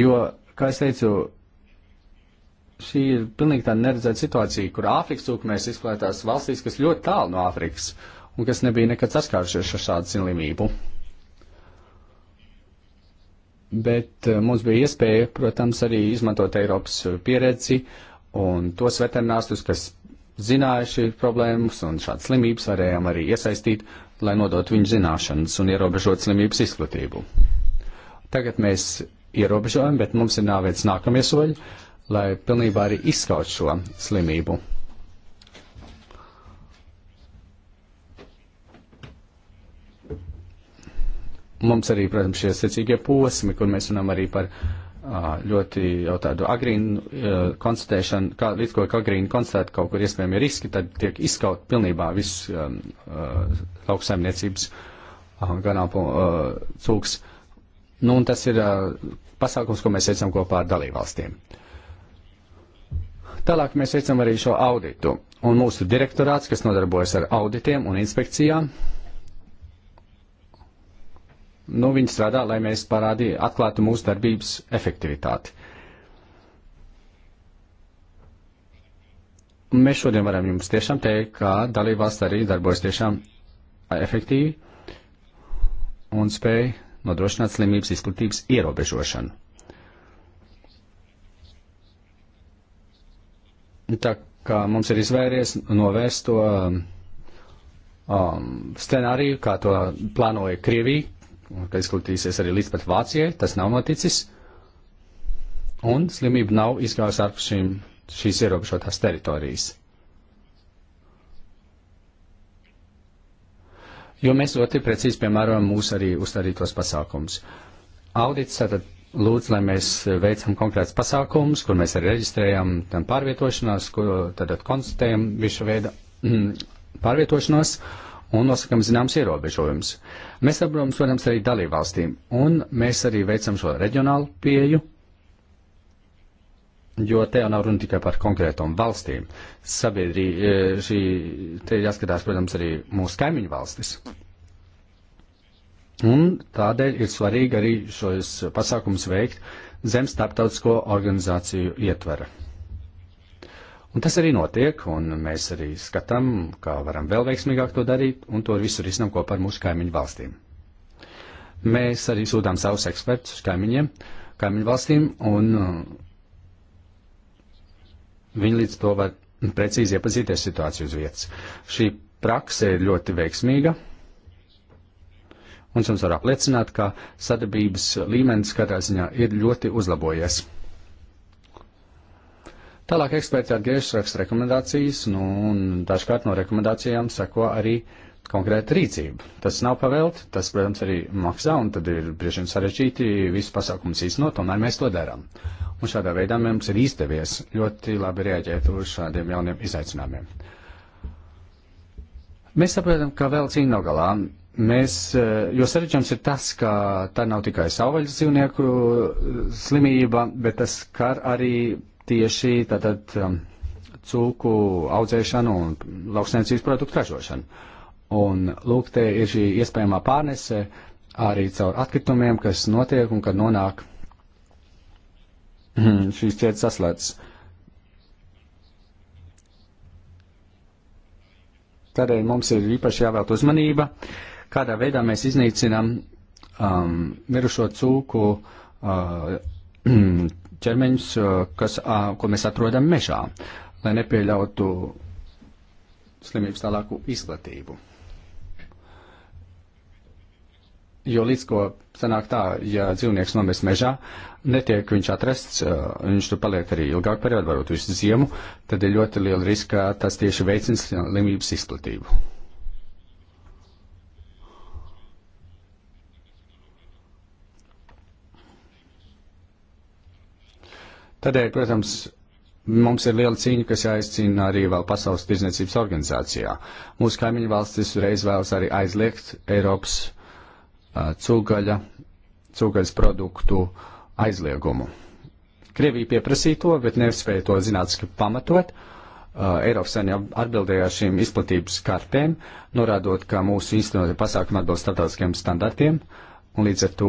jo, kā es teicu, šī ir pilnīgi tāda neredzēta situācija, kur Āfrikas cūku mēs izplatās valstīs, kas ļoti tālu no Āfrikas, un kas nebija nekad saskārušies ar šādu slimību. Bet eh, mums bija iespēja, protams, arī izmantot Eiropas eh, pieredzi un tos veterinārstus, kas zināja šī problēmas un šādas slimības, varējām arī iesaistīt, lai nodot viņu zināšanas un ierobežot slimības izplatību. Tagad mēs ierobežojam, bet mums ir jāveic nākamie soļi, lai pilnībā arī izskaut šo slimību. mums arī, protams, šie secīgie posmi, kur mēs runājam arī par ļoti jau tādu agrīnu konstatēšanu, kā, līdz ko agrīni konstatēt kaut kur iespējami riski, tad tiek izskaut pilnībā viss um, uh, lauksaimniecības uh, ganāpu uh, cūks. Nu, un tas ir uh, pasākums, ko mēs veicam kopā ar dalībvalstīm. Tālāk mēs veicam arī šo auditu. Un mūsu direktorāts, kas nodarbojas ar auditiem un inspekcijām, uh, nu, viņi strādā, lai mēs parādītu, atklātu mūsu darbības efektivitāti. Un mēs šodien varam jums tiešām teikt, ka dalībvalsts arī darbojas tiešām efektīvi un spēj nodrošināt slimības izplatības ierobežošanu. Tā kā mums ir izvēries novērst to um, um, scenāriju, kā to plānoja Krievija, ka izplatīsies arī līdz pat Vācijai, tas nav noticis. Un slimība nav izgājusi ārpus šīm, šīs ierobežotās teritorijas. Jo mēs ļoti precīzi piemērojam mūsu arī uzstādītos pasākumus. Audits tātad lūdz, lai mēs veicam konkrēts pasākums, kur mēs arī reģistrējam tam pārvietošanās, kur tad konstatējam visu veidu pārvietošanos un nosakam zināms ierobežojums. Mēs saprotam, protams, arī dalībvalstīm, un mēs arī veicam šo reģionālu pieju, jo te jau nav runa tikai par konkrētām valstīm. Sabiedrī, e, šī, te jāskatās, protams, arī mūsu kaimiņu valstis. Un tādēļ ir svarīgi arī šos pasākumus veikt zem starptautisko organizāciju ietvera. Un tas arī notiek, un mēs arī skatām, kā varam vēl veiksmīgāk to darīt, un to visu risinām kopā ar mūsu kaimiņu valstīm. Mēs arī sūtām savus ekspertus uz kaimiņiem, kaimiņu valstīm, un uh, viņi līdz to var precīzi iepazīties situāciju uz vietas. Šī prakse ir ļoti veiksmīga, un es jums varu apliecināt, ka sadarbības līmenis katrā ziņā ir ļoti uzlabojies. Tālāk eksperti atgriežas raksta rekomendācijas, nu, un dažkārt no rekomendācijām seko arī konkrēta rīcība. Tas nav pavēlti, tas, protams, arī maksā, un tad ir bieži vien sarežģīti visu pasākumus īstenot, tomēr mēs to darām. Un šādā veidā mums ir izdevies ļoti labi reaģēt uz šādiem jauniem izaicinājumiem. Mēs saprotam, ka vēl cīņa nav galā. Mēs, eh, jo sarežģījums ir tas, ka tā nav tikai savvaļas dzīvnieku eh, slimība, bet tas skar arī tieši tātad um, cūku audzēšanu un lauksainicības produktu ražošanu. Un lūk, te ir šī iespējamā pārnese arī caur atkritumiem, kas notiek un kad nonāk hmm, šīs cietas saslēdzes. Tādēļ mums ir īpaši jāvēlta uzmanība, kādā veidā mēs iznīcinām um, mirušo cūku uh, ķermeņus, kas, ko mēs atrodam mežā, lai nepieļautu slimības tālāku izplatību. Jo līdz ko sanāk tā, ja dzīvnieks nomirst mežā, netiek viņš atrasts, viņš tur paliek arī ilgāk periodu, varbūt visu ziemu, tad ir ļoti liela riska, ka tas tieši veicina slimības izplatību. Tādēļ, protams, mums ir liela cīņa, kas jāizcīna arī vēl Pasaules tirdzniecības organizācijā. Mūsu kaimiņu valstis reiz vēlas arī aizliegt Eiropas uh, cūgaļa, cūgaļas produktu aizliegumu. Krievija pieprasīja to, bet nespēja to zinātniski pamatot. Uh, Eiropas Savienība atbildēja ar šīm izplatības kartēm, norādot, ka mūsu institūcija pasākuma atbilst starptautiskiem standartiem. Uh, un līdz ar to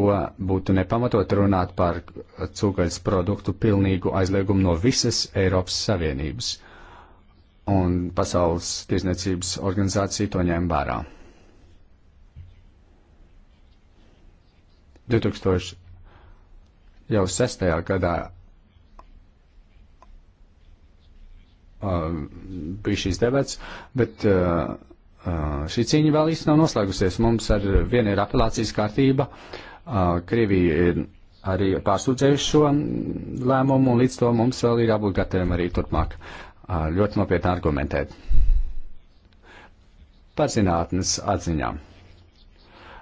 būtu nepamatot runāt par cūgaļas produktu pilnīgu aizliegumu no visas Eiropas Savienības, un Pasaules tirzniecības organizācija to ņēma vērā. 2006. gadā uh, bija šīs debats, bet uh, Uh, šī cīņa vēl īsti nav noslēgusies. Mums ar vienu ir apelācijas kārtība. Uh, Krievija ir arī pārsūdzējuši šo lēmumu, un līdz to mums vēl ir jābūt gataviem arī turpmāk uh, ļoti nopietni argumentēt. Par zinātnes atziņām.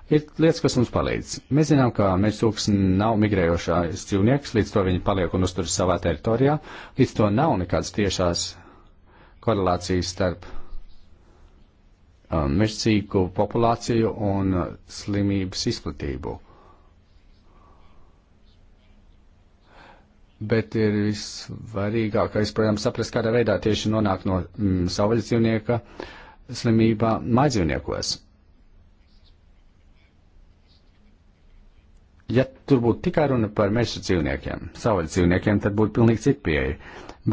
Ir lietas, kas mums palīdz. Mēs zinām, ka mēs tūks nav migrējošais dzīvnieks, līdz to viņi paliek un uzturas savā teritorijā, līdz to nav nekādas tiešās korelācijas starp Uh, mirsīgu populāciju un uh, slimības izplatību. Bet ir vissvarīgākais, protams, saprast, kādā veidā tieši nonāk no mm, savvaļas dzīvnieka slimībā mājdzīvniekos. Ja tur būtu tikai runa par meža dzīvniekiem, savvaļas dzīvniekiem, tad būtu pilnīgi cita pieeja.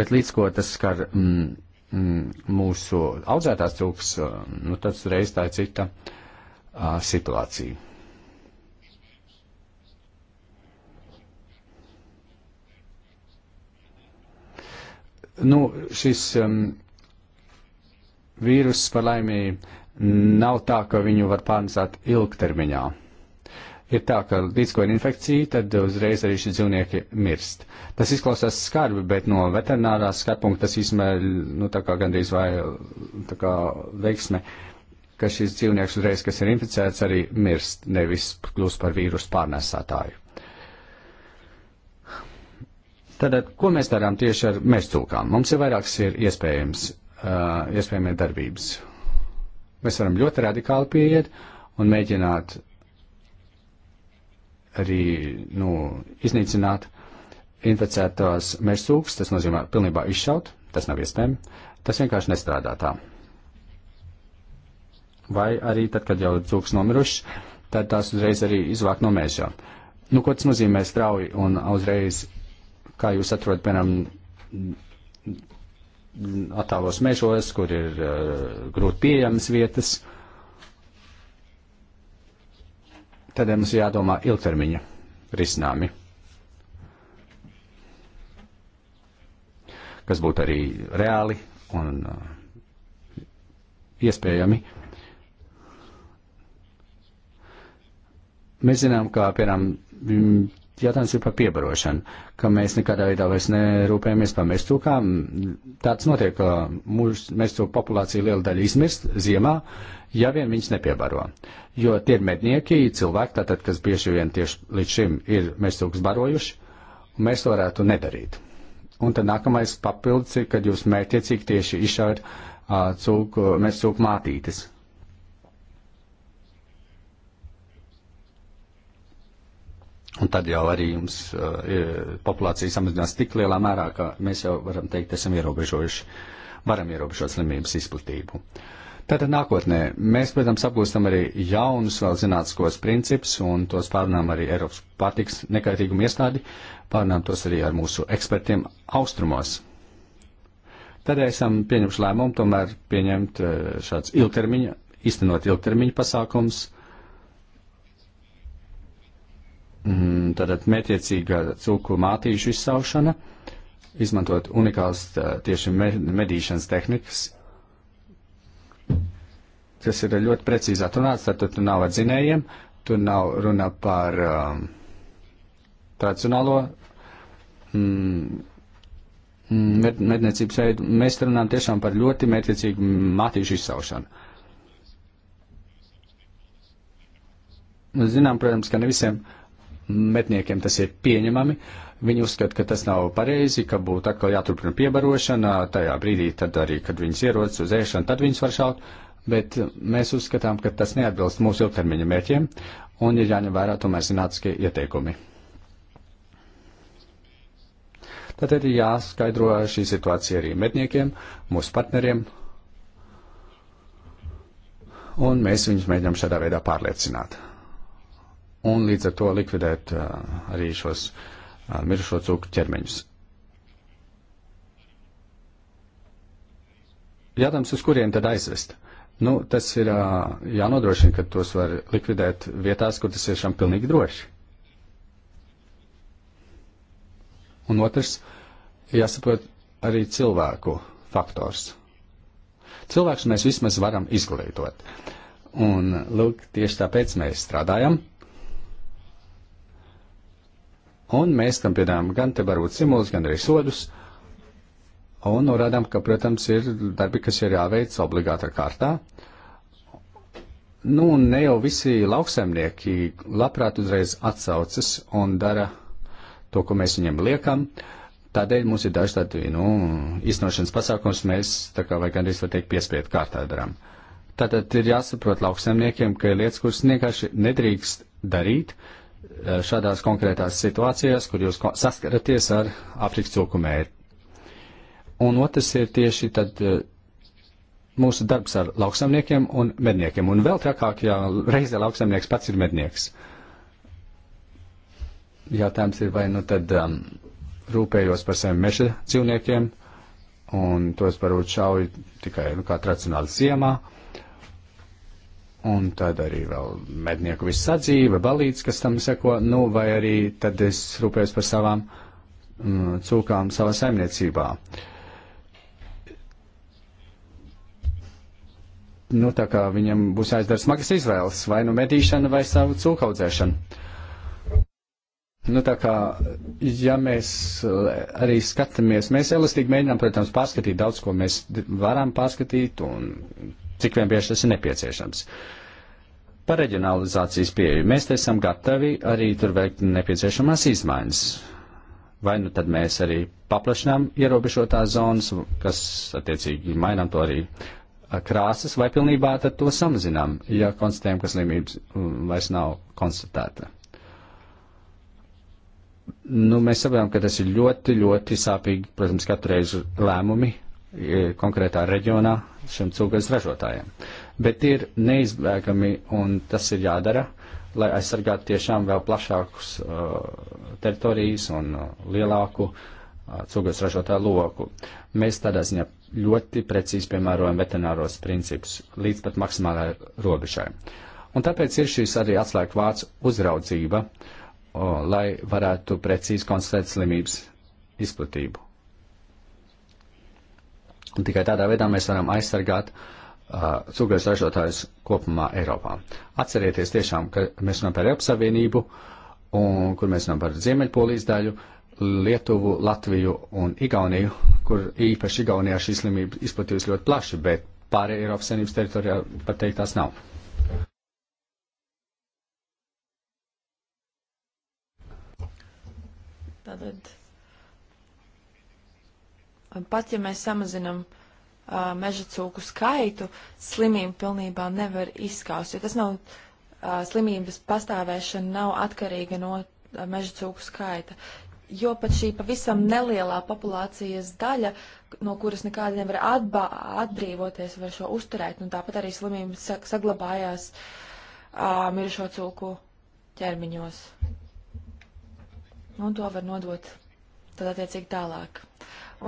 Bet līdz ko tas skar mm, Mm, mūsu audzētās cūkas, uh, nu tad reiz tā ir cita uh, situācija. Nu, šis um, vīruss, par laimī, nav tā, ka viņu var pārnesāt ilgtermiņā ir tā, ka līdz ko ir infekcija, tad uzreiz arī šie dzīvnieki mirst. Tas izklausās skarbi, bet no veterinārās skatpunkta tas īstenībā, nu, tā kā gandrīz vai tā kā veiksme, ka šis dzīvnieks uzreiz, kas ir inficēts, arī mirst, nevis kļūst par vīrusu pārnēsātāju. Tātad, ko mēs darām tieši ar mežcūkām? Mums ir vairākas ir iespējams, uh, iespējamie darbības. Mēs varam ļoti radikāli pieiet un mēģināt arī nu, iznīcināt inficētās mērsūks, tas nozīmē pilnībā izšaut, tas nav iespējams, tas vienkārši nestrādā tā. Vai arī tad, kad jau cūks nomirušs, tad tās uzreiz arī izvāk no meža. Nu, ko tas nozīmē strauji un uzreiz, kā jūs atrodat, piemēram, attālos mežos, kur ir uh, grūti pieejamas vietas, uh, Tādēļ mums jādomā ilgtermiņa risinājumi, kas būtu arī reāli un uh, iespējami. Mēs zinām, ka, piemēram, jautājums ir par piebarošanu, ka mēs nekādā veidā vairs nerūpējamies par mežu cūkām. Tāds notiek, ka mežu cūku populācija liela daļa izmirst ziemā, ja vien viņas nepiebaro. Uh, jo tie ir mednieki, cilvēki, tātad, kas bieži vien tieši līdz šim ir mežsūks barojuši, un mēs to varētu nedarīt. Un tad nākamais papildus ir, kad jūs mērķiecīgi tieši izšaut uh, mežsūku mātītes. Un tad jau arī jums uh, populācija samazinās tik lielā mērā, ka mēs jau varam teikt, esam ierobežojuši, varam ierobežot slimības izplatību. Uh, Tātad nākotnē mēs, protams, apgūstam arī jaunus vēl zinātniskos principus un tos pārnām arī Eiropas pārtiks nekaitīguma iestādi, pārnām tos arī ar mūsu ekspertiem austrumos. Tādēļ esam pieņemši lēmumu tomēr pieņemt eh, šāds ilgtermiņa, iztenot ilgtermiņa pasākums. Mm, tātad mētiecīga cūku mātīšu izsaušana, izmantot unikāls eh, tieši medīšanas tehnikas kas ir ļoti precīzi atrunāts, tad tur nav atzinējiem, tur nav runa par um, tradicionālo mm, mm medniecības veidu. Mēs runājam tiešām par ļoti mērķiecīgu matīšu izsaušanu. Mēs zinām, protams, ka ne visiem metniekiem tas ir pieņemami. Viņi uzskata, ka tas nav pareizi, ka būtu atkal jāturpina piebarošana. Tajā brīdī, tad arī, kad viņas ierodas uz ēšanu, tad viņas var šaut. Uh, bet mēs uzskatām, ka tas neatbilst mūsu ilgtermiņa mērķiem un ir jāņem vērā tomēr zinātniskie ieteikumi. Tad ir jāskaidro šī situācija arī medniekiem, mūsu partneriem, un mēs viņus mēģinām šādā veidā pārliecināt. Un līdz ar to likvidēt uh, arī šos uh, mirušo cūku ķermeņus. Jādams, uz kurien tad aizvest? Uh, Nu, tas ir jānodrošina, ka tos var likvidēt vietās, kur tas ir šam pilnīgi droši. Un otrs, jāsaprot arī cilvēku faktors. Cilvēks mēs vismaz varam izglītot. Un, lūk, tieši tāpēc mēs strādājam. Un mēs tam piedāvājam gan te varbūt simulus, gan arī sodus. Uh, un norādām, ka, protams, ir darbi, kas ir jāveic obligātā kārtā. Nu, ne jau visi lauksaimnieki labprāt uzreiz atsaucas un dara to, ko mēs viņiem liekam. Tādēļ mums ir daži tādi, nu, iznošanas pasākums, mēs tā kā vai gandrīz var teikt piespiedu kārtā darām. Tātad ir jāsaprot lauksaimniekiem, ka ir lietas, kuras vienkārši nedrīkst darīt eh, šādās konkrētās situācijās, kur jūs saskaraties ar Afrikas cūku mērķi Un otrs ir tieši tad eh, mūsu darbs ar lauksamniekiem un medniekiem. Un vēl trakāk, ja reizē lauksamnieks pats ir mednieks. Jautājums ir, vai nu tad um, rūpējos par saviem meža dzīvniekiem un tos varbūt šauju tikai nu, kā tradicionāli ziemā. Un tad arī vēl mednieku viss sadzīve, balīts, kas tam seko, nu vai arī tad es rūpējos par savām mm, cūkām savā saimniecībā. Uh, nu, tā kā viņam būs jāizdara smagas izvēles, vai nu medīšana, vai savu cūkaudzēšanu. Nu, tā kā, ja mēs eh, arī skatāmies, mēs elastīgi mēģinām, protams, pārskatīt daudz, ko mēs varam pārskatīt un cik vien bieži tas ir nepieciešams. Par reģionalizācijas pieeju mēs te esam gatavi arī tur veikt nepieciešamās izmaiņas. Vai nu tad mēs arī paplašinām ierobežotās zonas, kas attiecīgi mainām to arī krāsas, vai pilnībā tad to samazinām, ja konstatējam, ka slimības mm, vairs nav konstatēta. Nu, mēs saprotam, ka tas ir ļoti, ļoti sāpīgi, protams, katru reizi lēmumi e, konkrētā reģionā šiem cūgas ražotājiem. Bet ir neizbēgami, un tas ir jādara, lai aizsargātu tiešām vēl plašākus uh, teritorijas un uh, lielāku uh, cūgas ražotāju loku. Mēs tādā ziņā ļoti precīzi piemērojam veterināros principus līdz pat maksimālajai robežai. Un tāpēc ir šīs arī atslēgta vārds uzraudzība, o, lai varētu precīzi konstatēt slimības izplatību. Un tikai tādā veidā mēs varam aizsargāt uh, cukurs ražotājus kopumā Eiropā. Atcerieties tiešām, ka mēs runājam par Eiropas Savienību, un, kur mēs runājam par Ziemeļpolijas daļu, uh, Lietuvu, Latviju un Igauniju, kur īpaši Igaunijā šī slimība izplatījusi ļoti plaši, bet pārējā Eiropas Savienības teritorijā pateikt tās nav. Tātad, pat ja mēs samazinam uh, meža cūku skaitu, slimību pilnībā nevar izskaust, jo tas nav, uh, slimības pastāvēšana nav atkarīga no meža cūku skaita jo pat šī pavisam nelielā populācijas daļa, no kuras nekādi nevar atbā, atbrīvoties, var šo uzturēt, un tāpat arī slimības saglabājās ā, mirušo cūku ķermiņos. Un to var nodot tad attiecīgi tālāk.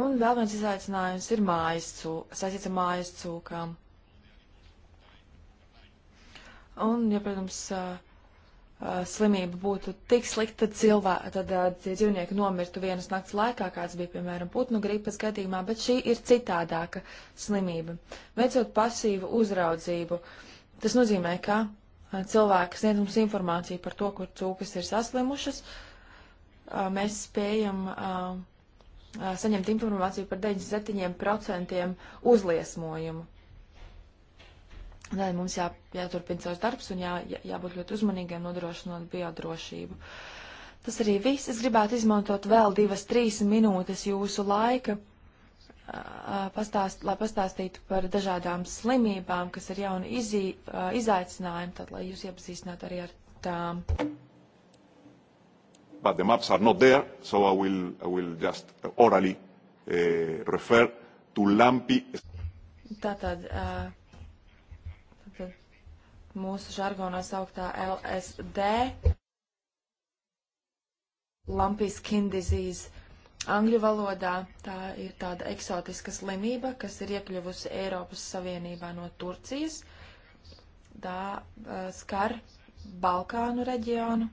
Un vēl viens izaicinājums ir mājas cūka, saistīts ar mājas cūkām. Un, ja, protams, ā, Uh, slimība būtu tik slikta, cilvē, tad uh, dzīvnieki nomirtu vienas nakts laikā, kāds bija, piemēram, putnu gripas gadījumā, bet šī ir citādāka slimība. Veicot pasīvu uzraudzību, tas nozīmē, ka uh, cilvēks sniedz mums informāciju par to, kur cūkas ir saslimušas. Mēs spējam saņemt informāciju par 97% uzliesmojumu. Tādēļ mums jā, jāturpina savs darbs un jā, jābūt ļoti uzmanīgiem nodrošinot biodrošību. Tas arī viss. Es gribētu izmantot vēl divas, trīs minūtes jūsu laika, pastāst, lai pastāstītu par dažādām slimībām, kas ir jauni izī, izaicinājumi, tad lai jūs iepazīstinātu arī ar tām. But the maps are not there, so I will, I will just orally uh, refer to lumpy. Tātad, uh, mūsu žargonā sauktā LSD, Lumpy Skin Disease. Angļu valodā tā ir tāda eksotiska slimība, kas ir iekļuvusi Eiropas Savienībā no Turcijas. Tā uh, skar Balkānu reģionu,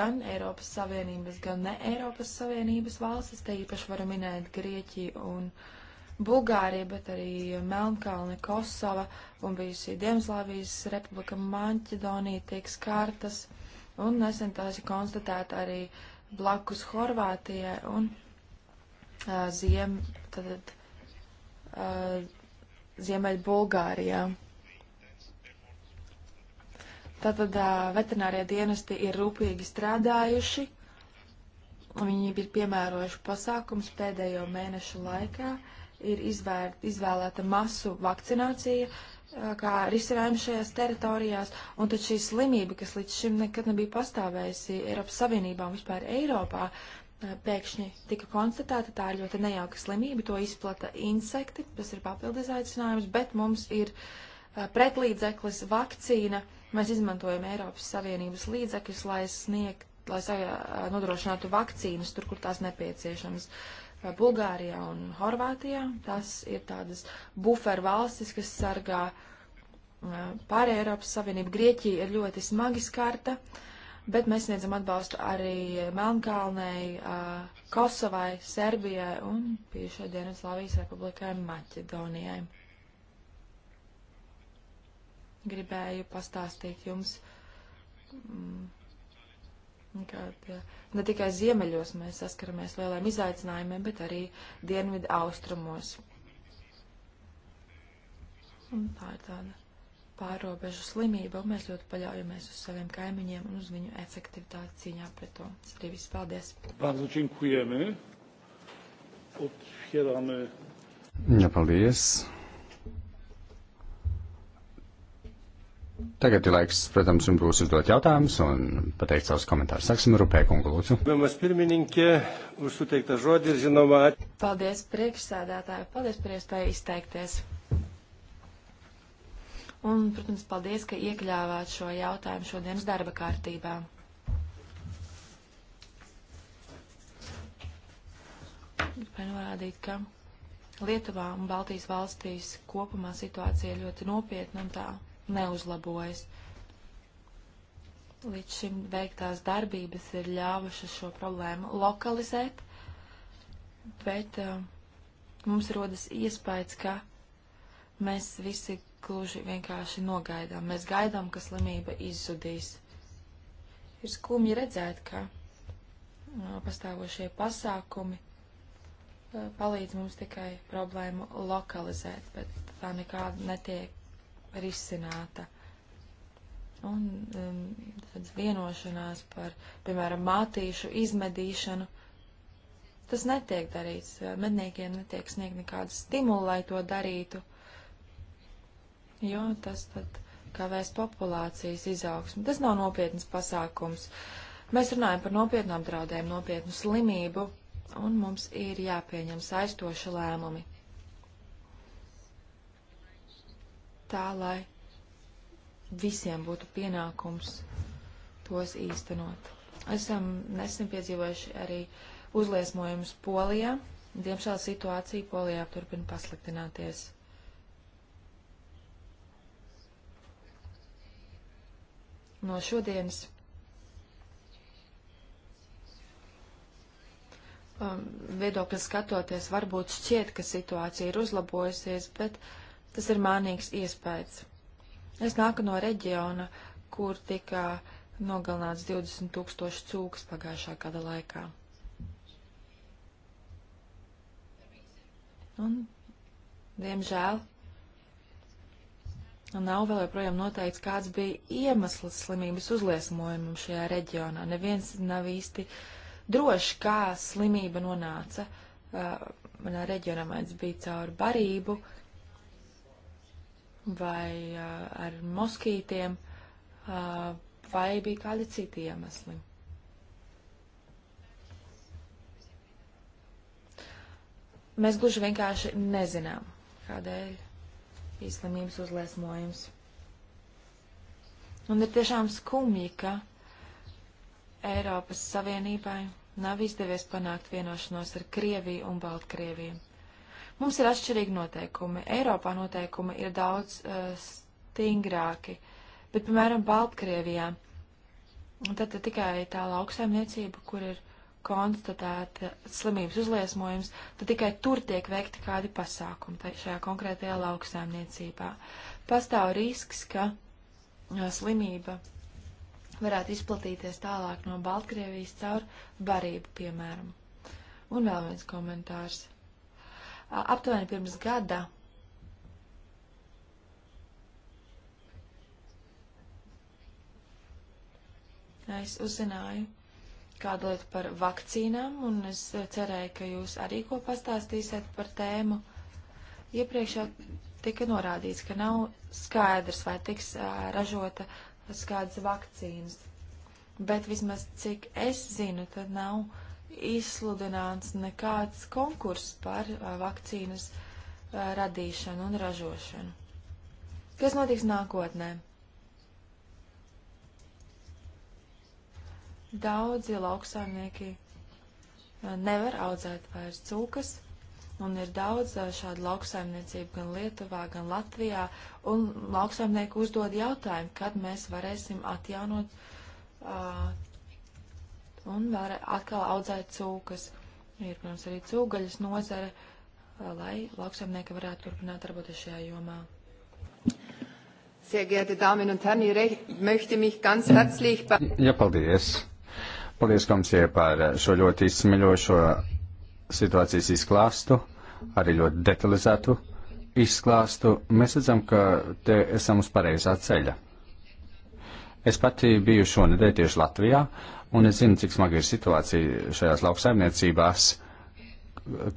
gan Eiropas Savienības, gan ne Eiropas Savienības valstis, te īpaši varam minēt Grieķiju un uh, Bulgārija, bet arī Melnkalne, Kosova un bijusi Diemslāvijas republika Maņķedonija tiek skartas. Un nesen tās ir konstatēta arī blakus Horvātijai un uh, ziem, tad, uh, Ziemeļ Bulgārijā. Tātad uh, veterinārie dienesti ir rūpīgi strādājuši. Viņi ir piemērojuši pasākums pēdējo mēnešu laikā. Uh, ir izvēr, izvēlēta masu vakcinācija kā risinājums šajās teritorijās, un tad šī slimība, kas līdz šim nekad nebija pastāvējusi Eiropas Savienībā un vispār Eiropā, pēkšņi tika konstatēta, tā ir ļoti nejauka slimība, to izplata insekti, tas ir papildus aicinājums, bet mums ir pretlīdzeklis, vakcīna, mēs izmantojam Eiropas Savienības līdzekļus, lai sniegt, lai nodrošinātu vakcīnas tur, kur tās nepieciešamas. Uh, Bulgārijā un Horvātijā. Tas ir tādas buferu valstis, kas sargā pārējā Eiropas Savienība. Grieķija ir ļoti smagi skarta, bet mēs sniedzam atbalstu arī Melnkalnei, Kosovai, Serbijai un bijušai Dienvidslāvijas republikai Maķedonijai. Gribēju pastāstīt jums. Mm, kad ne tikai ziemeļos mēs saskaramies lieliem izaicinājumiem, bet arī dienvidu austrumos. Un tā ir tāda pārobežu slimība, un mēs ļoti paļaujamies uz saviem kaimiņiem un uz viņu efektivitāti cīņā pret to. Tas arī viss. Paldies! Bardzo dziękujemy. Otwieramy. Ja, paldies! Tagad ir laiks, protams, un būs uzdot jautājumus un pateikt savus komentārus. Sāksim Rupē kungu, lūdzu. Paldies, priekšsēdētāji. Paldies par iespēju izteikties. Un, protams, paldies, ka iekļāvāt šo jautājumu šodienas darba kārtībā. Gribēju norādīt, ka Lietuvā un Baltijas valstīs kopumā situācija ir ļoti nopietna un tā neuzlabojas. Līdz šim veiktās darbības ir ļāvušas šo problēmu lokalizēt, bet uh, mums rodas iespējas, ka mēs visi gluži vienkārši nogaidām. Mēs gaidām, ka slimība izzudīs. Ir skumji redzēt, ka no, eh, pastāvošie pasākumi eh, palīdz mums tikai problēmu lokalizēt, bet tā nekāda netiek risināta. Un um, tādas vienošanās par, piemēram, mātīšu izmedīšanu, tas netiek darīts. Medniekiem netiek sniegt nekādas stimulu, lai to darītu, jo tas tad kavēs populācijas izaugsmu. Tas nav nopietnas pasākums. Mēs runājam par nopietnām draudēm, nopietnu slimību, un mums ir jāpieņem saistoši lēmumi. tā, lai visiem būtu pienākums tos īstenot. Esam nesen piedzīvojuši arī uzliesmojumus Polijā. Diemžēl situācija Polijā turpina pasliktināties. No šodienas um, viedokļa skatoties, varbūt šķiet, ka situācija ir uzlabojusies, bet uh, Tas ir mānīgs iespējas. Es nāku no reģiona, kur tika nogalināts 20 tūkstoši cūkas pagājušā gada laikā. Un, diemžēl, nav vēl joprojām noteikts, kāds bija iemesls slimības uzliesmojumam šajā reģionā. Neviens nav īsti droši, kā slimība nonāca. Uh, manā reģionā mēdz bija caur barību, uh, vai ar moskītiem, vai bija kādi citi iemesli. Mēs gluži vienkārši nezinām, kādēļ īstenības uzliesmojums. Un ir tiešām skumji, ka Eiropas Savienībai nav izdevies panākt vienošanos ar Krieviju un Baltkrieviju. Mums ir atšķirīgi noteikumi. Eiropā noteikumi ir daudz uh, stingrāki, bet, piemēram, Baltkrievijā. Tad tikai tā lauksaimniecība, kur ir konstatēta slimības uzliesmojums, tad tikai tur tiek veikti kādi pasākumi tā, šajā konkrētajā lauksaimniecībā. Pastāv risks, ka uh, slimība varētu izplatīties tālāk no Baltkrievijas caur barību, piemēram. Un vēl viens komentārs aptuveni pirms gada es uzzināju kādu lietu par vakcīnām, un es cerēju, ka jūs arī ko pastāstīsiet par tēmu. Iepriekš jau tika norādīts, ka nav skaidrs, vai tiks ā, ražota kādas vakcīnas, bet vismaz cik es zinu, tad nav izsludināts nekāds konkurss par uh, vakcīnas uh, radīšanu un ražošanu. Kas notiks nākotnē? Daudzi lauksaimnieki uh, nevar audzēt vairs cūkas, un ir daudz šādu lauksaimniecību gan Lietuvā, gan Latvijā, un lauksaimnieki uzdod jautājumu, kad mēs varēsim atjaunot uh, un var atkal audzēt cūkas. Ir, protams, arī cūgaļas nozare, eh, lai lauksaimnieki varētu turpināt darboties šajā jomā. Sehr geehrte Damen und Herren, ich möchte mich ganz herzlich bei. Ja, paldies. Paldies komisijai par eh, šo ļoti izsmeļošo situācijas izklāstu, arī ļoti detalizētu izklāstu. Mēs redzam, ka te esam uz pareizā ceļa. Es pati biju šonadēļ tieši Latvijā, un es zinu, cik smagi ir situācija šajās lauksaimniecībās,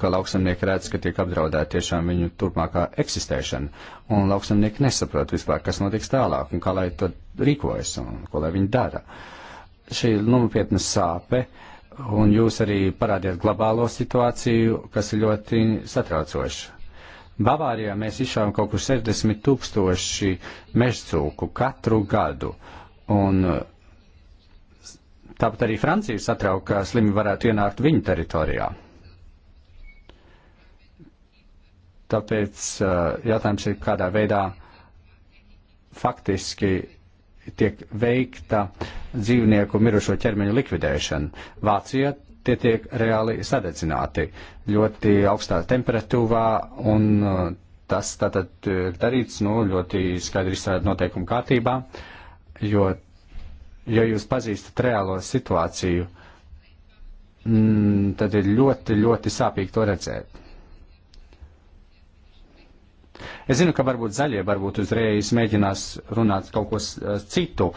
ka lauksaimnieki redz, ka tiek apdraudēta tiešām viņu turpmākā eksistēšana, un lauksaimnieki nesaprot vispār, kas notiks tālāk, un kā lai tad rīkojas, un ko lai viņi dara. Šī nopietna sāpe. Un jūs arī parādījāt globālo situāciju, kas ir ļoti satraucoša. Bavārijā mēs izšāvām kaut kur 60 tūkstoši mežcūku katru gadu. Uh, Un uh, tāpat arī Francija ir satraukta, ka slimi varētu ienākt viņu teritorijā. Tāpēc uh, jautājums ir, kādā veidā faktiski tiek veikta dzīvnieku mirušo ķermeņu likvidēšana. Vācija tie tiek reāli sadedzināti ļoti augstā temperatūrā un uh, tas tātad darīts nu, ļoti skaidri izstrādāt noteikumu kārtībā. Uh, jo, ja jūs pazīstat reālo situāciju, mm, tad ir ļoti, ļoti sāpīgi to redzēt. Es zinu, ka varbūt zaļie varbūt uzreiz mēģinās runāt kaut ko citu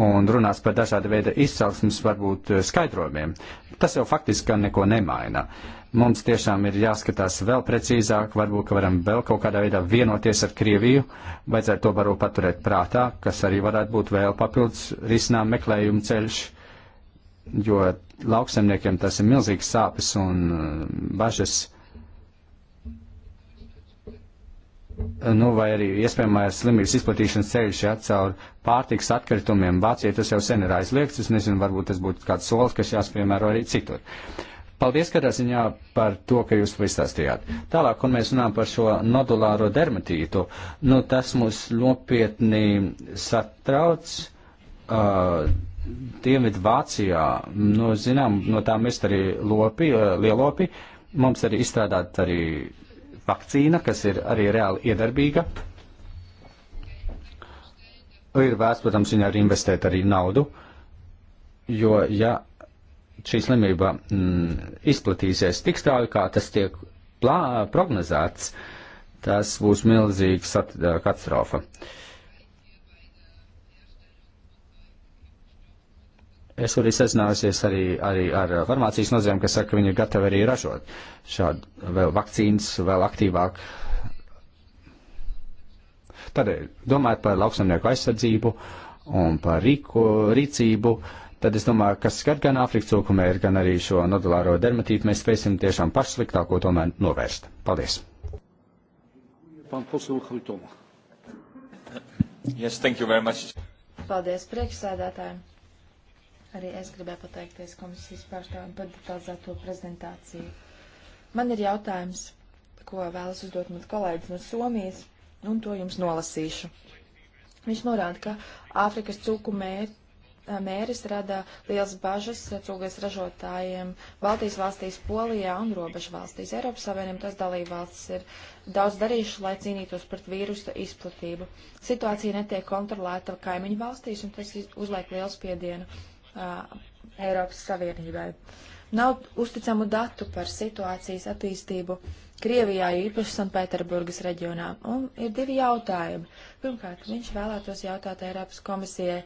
un runās par dažāda veida izcelsmes varbūt skaidrojumiem. Tas jau faktiski neko nemaina. Uh, Mums tiešām ir jāskatās vēl precīzāk, varbūt, ka varam vēl kaut kādā veidā vienoties ar Krieviju, vajadzētu to varbūt paturēt prātā, kas arī varētu būt vēl papildus risinām meklējumu ceļš, jo lauksemniekiem tas ir milzīgs sāpes un uh, bažas. nu, vai arī iespējamais slimības izplatīšanas ceļš ja, caur pārtiks atkritumiem. Vācija tas jau sen ir aizliegts, es nezinu, varbūt tas būtu kāds solis, kas jāspiemēro arī citur. Paldies, kādā ziņā par to, ka jūs to izstāstījāt. Tālāk, kad mēs runājam par šo nodulāro dermatītu, nu, tas mūs nopietni satrauc. Uh, Dienvidu Vācijā, nu, zinām, no tā mēs arī lopi, lielopi, mums arī izstrādāt arī vakcīna, kas ir arī reāli iedarbīga. Ir vērts, protams, viņā arī investēt arī naudu, jo, ja šī slimība mm, izplatīsies tik strauji, kā tas tiek plā, prognozēts, tas būs milzīgs katastrofa. Es arī sazinājusies arī, arī ar farmācijas nozēm, kas saka, ka viņi ir gatavi arī ražot šādu vēl vakcīnas, vēl aktīvāk. Tādēļ domājot par lauksamnieku aizsardzību un par rīko, rīcību, uh, tad es domāju, kas skar gan Āfrikas cūkumēru, gan arī šo nodulāro dermatītu, mēs spēsim tiešām pašsliktāko tomēr novērst. Paldies! Yes, thank you very much. Paldies priekšsēdētājiem. Arī es gribēju pateikties komisijas pārstāvjiem par detalizēto prezentāciju. Man ir jautājums, ko vēlas uzdot mans kolēģis no Somijas, un to jums nolasīšu. Viņš norāda, ka Āfrikas cūku mērķi mēris rada liels bažas cūgas ražotājiem Baltijas valstīs, Polijā un robežu valstīs. Eiropas Savienības dalībvalstis ir daudz darījuši, lai cīnītos pret vīrusa izplatību. Situācija netiek kontrolēta kaimiņu valstīs, un tas uzliek liels piedienu uh, Eiropas Savienībai. Nav uzticamu datu par situācijas attīstību Krievijā, īpaši Sanpēterburgas reģionā. Un ir divi jautājumi. Pirmkārt, viņš vēlētos jautāt Eiropas komisijai,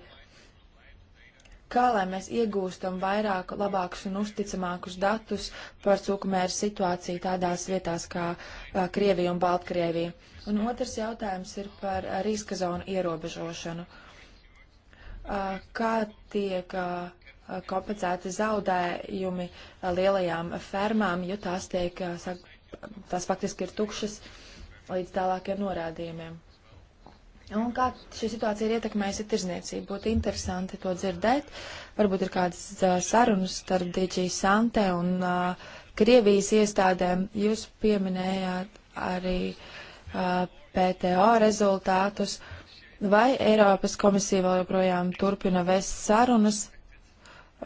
kā lai mēs iegūstam vairāk, labākus un uzticamākus datus par cūkumēra situāciju tādās vietās kā a, Krievija un Baltkrievija. Un otrs jautājums ir par a, riska zonu ierobežošanu. A, kā tiek kompensēti zaudējumi lielajām fermām, jo tās tiek, sāk, tās faktiski ir tukšas līdz tālākiem norādījumiem? Un kā šī situācija ir ietekmējusi tirzniecību? Būtu interesanti to dzirdēt. Varbūt ir kādas uh, sarunas starp DG Sante un uh, Krievijas iestādēm. Jūs pieminējāt arī uh, PTO rezultātus. Vai Eiropas komisija vēl joprojām turpina vest sarunas?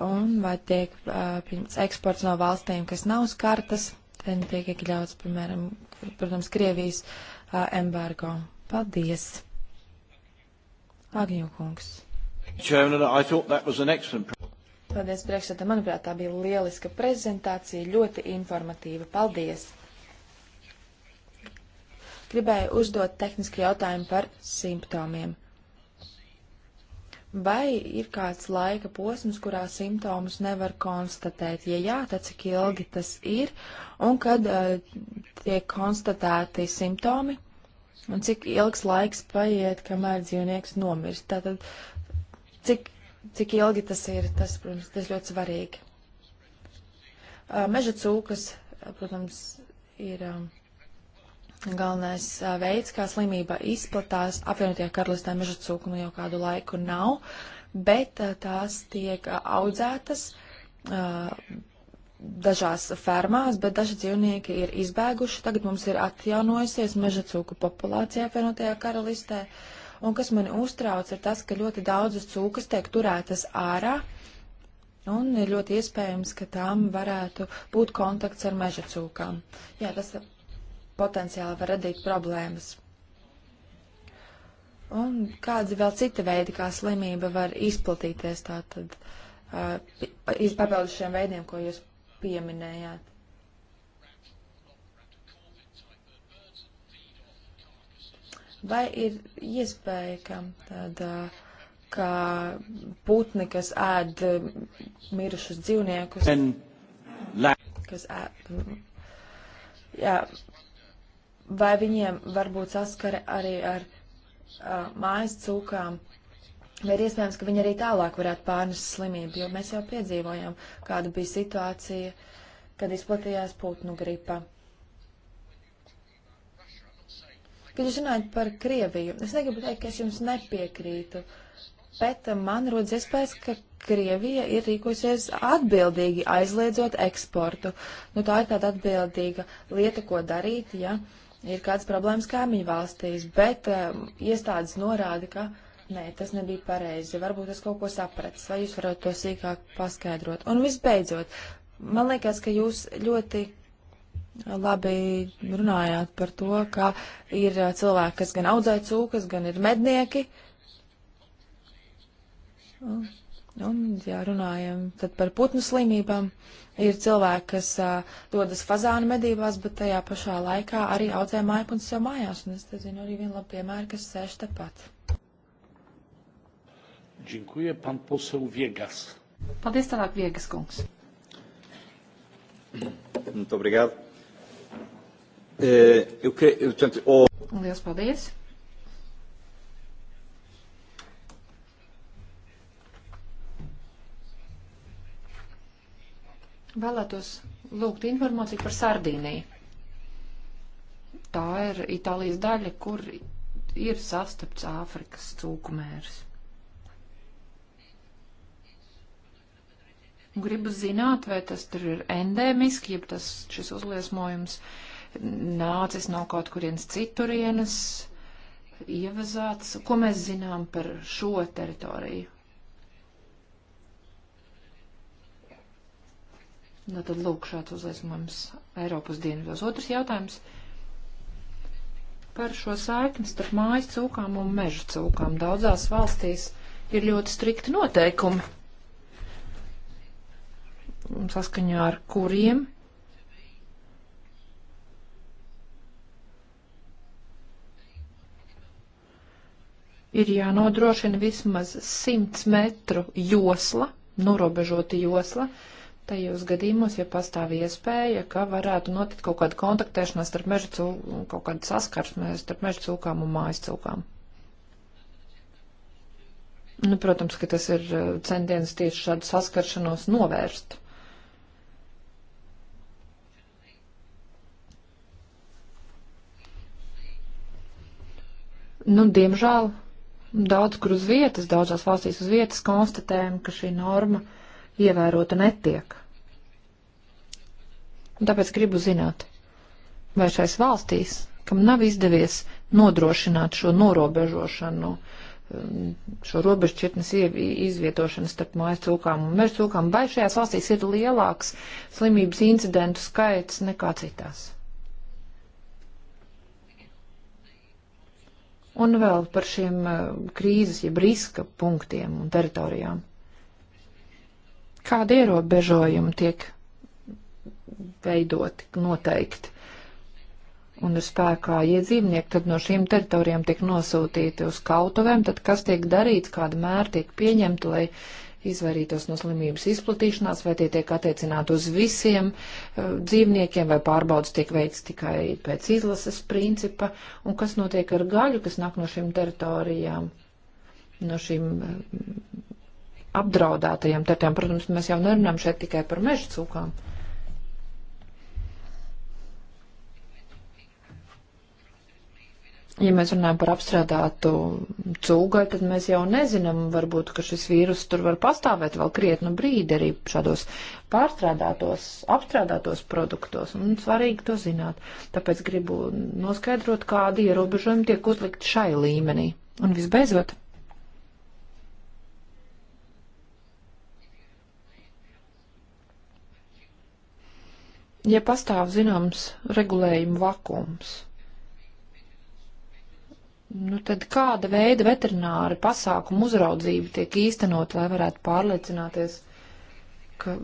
Un vai tiek pieņemts eksports no valstīm, kas nav skartas? Te tiek iekļauts, piemēram, protams, Krievijas embargo. Paldies! Agņo kungs. Paldies, priekšsēdē. Manuprāt, tā bija lieliska prezentācija, ļoti informatīva. Paldies! Gribēju uzdot tehnisku jautājumu par simptomiem. Vai ir kāds laika posms, kurā simptomus nevar konstatēt? Ja jā, tad cik ilgi tas ir un kad uh, tiek konstatēti simptomi? un cik ilgs laiks paiet, kamēr dzīvnieks nomirst. Tātad, cik, cik ilgi tas ir, tas, protams, tas ļoti svarīgi. Meža cūkas, protams, ir galvenais veids, kā slimība izplatās. Apvienotie karalistē meža cūku nu jau kādu laiku nav, bet tās tiek audzētas dažās fermās, bet daži dzīvnieki ir izbēguši. Tagad mums ir atjaunojusies meža cūku populācija apvienotajā karalistē. Un kas mani uztrauc, ir tas, ka ļoti daudzas cūkas tiek turētas ārā, un ir ļoti iespējams, ka tām varētu būt kontakts ar meža cūkām. Jā, tas potenciāli var radīt problēmas. Un kādi vēl citi veidi, kā slimība var izplatīties tātad, uh, papildus šiem veidiem, ko jūs pieminējāt. Vai ir iespēja, ka tāda, kā putni, kas ēd mirušus dzīvniekus, kas ēd, jā, vai viņiem varbūt saskara arī ar uh, mājas cūkām, Vai ir iespējams, ka viņi arī tālāk varētu pārnest slimību, jo mēs jau piedzīvojām, kāda bija situācija, kad izplatījās putnu gripa. Kad jūs runājat par Krieviju, es negribu teikt, ka es jums nepiekrītu, bet man rodas iespējas, ka Krievija ir rīkojusies atbildīgi, aizliedzot eksportu. Nu, tā ir tāda atbildīga lieta, ko darīt, ja ir kādas problēmas kaimiņu valstīs, bet um, iestādes norāda, ka Nē, tas nebija pareizi. Varbūt es kaut ko sapratu. Vai jūs varat to sīkāk paskaidrot? Un visbeidzot, man liekas, ka jūs ļoti labi runājāt par to, ka ir uh, cilvēki, kas gan audzē cūkas, gan ir mednieki. Un, un ja runājam tad par putnu slimībām, ir cilvēki, kas uh, dodas fazānu medībās, bet tajā pašā laikā arī audzē mājpunas sev mājās. Un es te zinu arī vienu labu piemēru, kas sēž tepat. Dziękuję. Pan poseł Viegas. Paldies tālāk, Viegas kungs. Muito obrigado. Eu creio, portanto, o... Liels paldies. Vēlētos lūgt informāciju par Sardīniju. Tā ir Itālijas daļa, kur ir sastapts Āfrikas cūkumērs. Gribu zināt, vai tas tur ir endēmiski, ja tas šis uzliesmojums nācis no kaut kurienes citurienes, ievazāts. Ko mēs zinām par šo teritoriju? Nu, tad lūk šāds uzliesmojums Eiropas dienvidos. Otrs jautājums par šo saikni starp mājas cūkām un meža cūkām. Daudzās valstīs ir ļoti strikti noteikumi saskaņā ar kuriem ir jānodrošina vismaz 100 metru josla, norobežota josla, tajos gadījumos, ja pastāv iespēja, ka varētu notikt kaut kāda kontaktēšanās starp meža cūkām, kaut kāda saskarsme starp meža cūkām un mājas cūkām. Nu, protams, ka tas ir eh, centiens tieši šādu saskaršanos novērst. nu, diemžēl daudz kur uz vietas, daudzās valstīs uz vietas konstatējam, ka šī norma ievērota netiek. Un tāpēc gribu zināt, vai šais valstīs, kam nav izdevies nodrošināt šo norobežošanu, šo robežšķirtnes izvietošanu starp mājas cūkām un meža cūkām, vai šajās valstīs ir lielāks slimības incidentu skaits nekā citās? Un vēl par šiem eh, krīzes, jeb riska punktiem un teritorijām. Kādi ierobežojumi tiek veidoti, noteikti? Un ir spēkā iedzīvnieki, tad no šīm teritorijām tiek nosūtīti uz kautuvēm, tad kas tiek darīts, kāda mēra tiek pieņemta, lai izvairītos no slimības izplatīšanās, vai tie tiek attiecināti uz visiem uh, dzīvniekiem, vai pārbaudas tiek veikts tikai pēc izlases principa, un kas notiek ar gaļu, kas nāk no šīm teritorijām, no šīm uh, apdraudētajām teritorijām. Protams, mēs jau nerunājam šeit tikai par meža cūkām. Uh, ja mēs runājam par apstrādātu cūgai, tad mēs jau nezinām, varbūt, ka šis vīrus tur var pastāvēt vēl krietnu brīdi arī šādos pārstrādātos, apstrādātos produktos, un svarīgi to zināt. Tāpēc gribu noskaidrot, kādi ierobežojumi tiek uzlikt šai līmenī. Un visbeidzot. Ja pastāv zināms regulējuma vakums Nu tad kāda veida veterināra pasākuma uzraudzība tiek īstenot, lai varētu pārliecināties, ka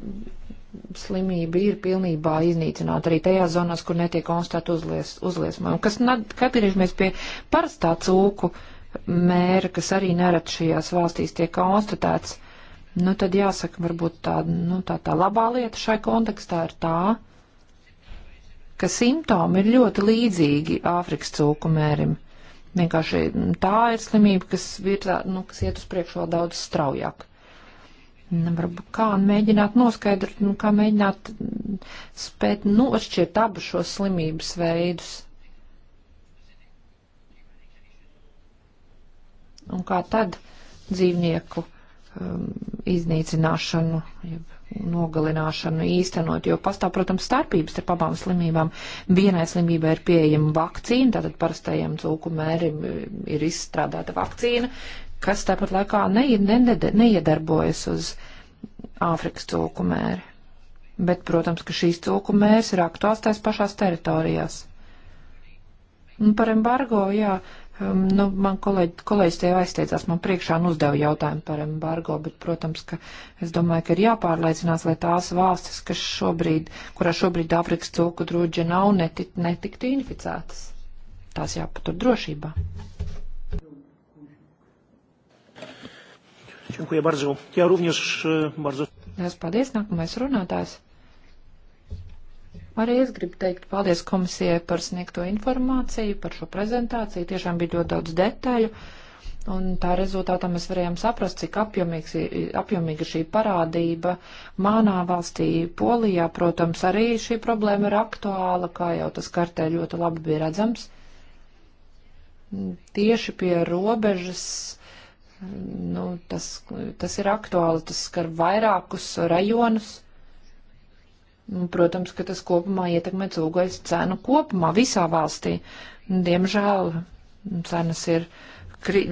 slimība ir pilnībā iznīcināta arī tajās zonās, kur netiek konstatēt uzlies, uzliesmojumi. Kas, kad griežamies pie parastā cūku mēra, kas arī nerad šajās valstīs tiek konstatēts, nu tad jāsaka, varbūt tā, nu, tā, tā labā lieta šai kontekstā ir tā, ka simptomi ir ļoti līdzīgi Āfrikas cūku mērim. Vienkārši tā ir slimība, kas, virzā, nu, kas iet uz priekšu vēl daudz straujāk. Nu, varbūt kā mēģināt noskaidrot, nu, kā mēģināt spēt nošķirt abu šos slimības veidus. Un kā tad dzīvnieku um, iznīcināšanu, nogalināšanu īstenot, jo pastāv, protams, starpības starp abām slimībām. Vienai slimībai ir pieejama vakcīna, tātad parastajam cūku mērim um, ir izstrādāta vakcīna, kas tāpat laikā ne, ne, ne, neiedarbojas uz Āfrikas cūku mēri. Bet, protams, ka šīs cūku mērs ir aktuāls tās pašās teritorijās. Un par embargo, jā, uh, Um, nu, man kolēģi, kolēģis te jau aizteicās, man priekšā un uzdeva jautājumu par embargo, bet, protams, ka es domāju, ka ir jāpārliecinās, lai tās valstis, kas šobrīd, kurā šobrīd Āfrikas cūku drūģa nav, netik, netiktu inficētas. Tās jāpatur drošībā. Dziękuję bardzo. Ja również e, bardzo. Paldies, nākamais runātājs. Arī es gribu teikt paldies komisijai par sniegto informāciju, par šo prezentāciju. Tiešām bija ļoti daudz detaļu. Un tā rezultātā mēs varējām saprast, cik apjomīga šī parādība manā valstī, Polijā, protams, arī šī problēma ir aktuāla, kā jau tas kartē ļoti labi bija redzams. Tieši pie robežas, nu, tas, tas ir aktuāli, tas skar vairākus rajonus Nu, protams, ka tas kopumā ietekmē cūgais cenu kopumā visā valstī. Diemžēl cenas ir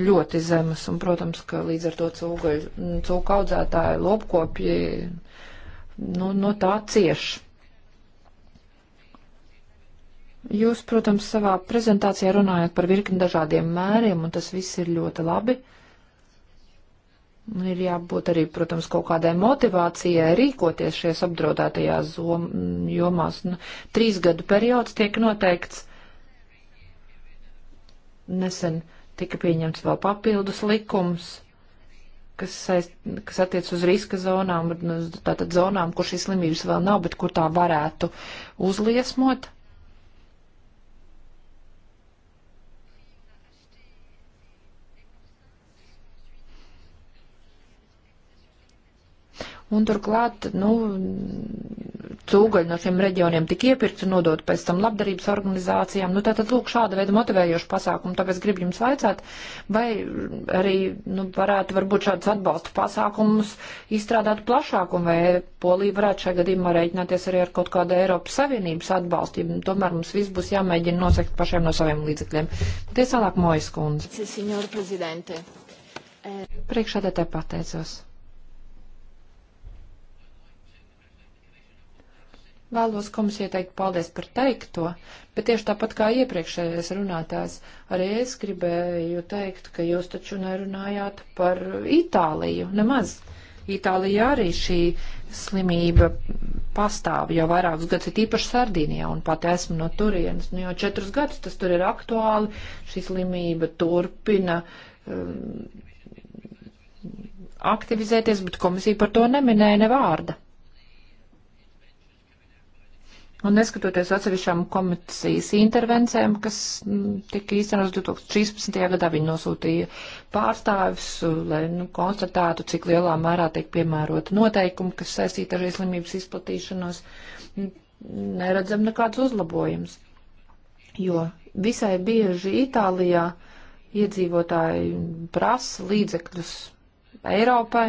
ļoti zemas, un, protams, ka līdz ar to cūku audzētāji, lopkopji nu, no tā cieš. Jūs, protams, savā prezentācijā runājat par virkni dažādiem mēriem, un tas viss ir ļoti labi. Uh, Ir jābūt arī, protams, kaut kādai motivācijai rīkoties šajās apdraudētajās jomās. Nu, trīs gadu periods tiek noteikts. Nesen tika pieņemts vēl papildus likums, kas, saist, kas attiec uz riska zonām, nu, tātad zonām, kur šīs slimības vēl nav, bet kur tā varētu uzliesmot. Un turklāt, nu, cūgaļi no šiem reģioniem tika iepirkti un nodot pēc tam labdarības organizācijām. Nu, tātad, lūk, šāda veida motivējoši pasākumi. Tāpēc gribu jums vaicāt, vai arī, nu, varētu varbūt šādus atbalsta pasākumus izstrādāt plašāk, un vai Polija varētu šajā gadījumā rēķināties arī ar kaut kādu Eiropas Savienības atbalstu. Tomēr mums viss būs jāmēģina nosekt pašiem no saviem līdzekļiem. Tiesālāk, Mojas kundze. Priekšādā te pateicos. Vēlos komisijai teikt paldies par teikto, bet tieši tāpat kā iepriekšējais runātājs, arī es gribēju teikt, ka jūs taču nerunājāt par Itāliju nemaz. Itālijā arī šī slimība pastāv jau vairākus gadus, ir īpaši Sardīnijā, un pat esmu no turienes. Nu, jau četrus gadus tas tur ir aktuāli, šī slimība turpina um, aktivizēties, bet komisija par to neminēja ne vārda. Un neskatoties atsevišķām komisijas intervencēm, kas mm, tika īstenotas 2013. gadā, viņi nosūtīja pārstāvis, uh, lai nu, konstatētu, cik lielā mērā tiek piemērota noteikumi, kas saistīta ar slimības izplatīšanos, neredzam nekādus uzlabojumus. Jo visai bieži Itālijā iedzīvotāji prasa līdzekļus Eiropai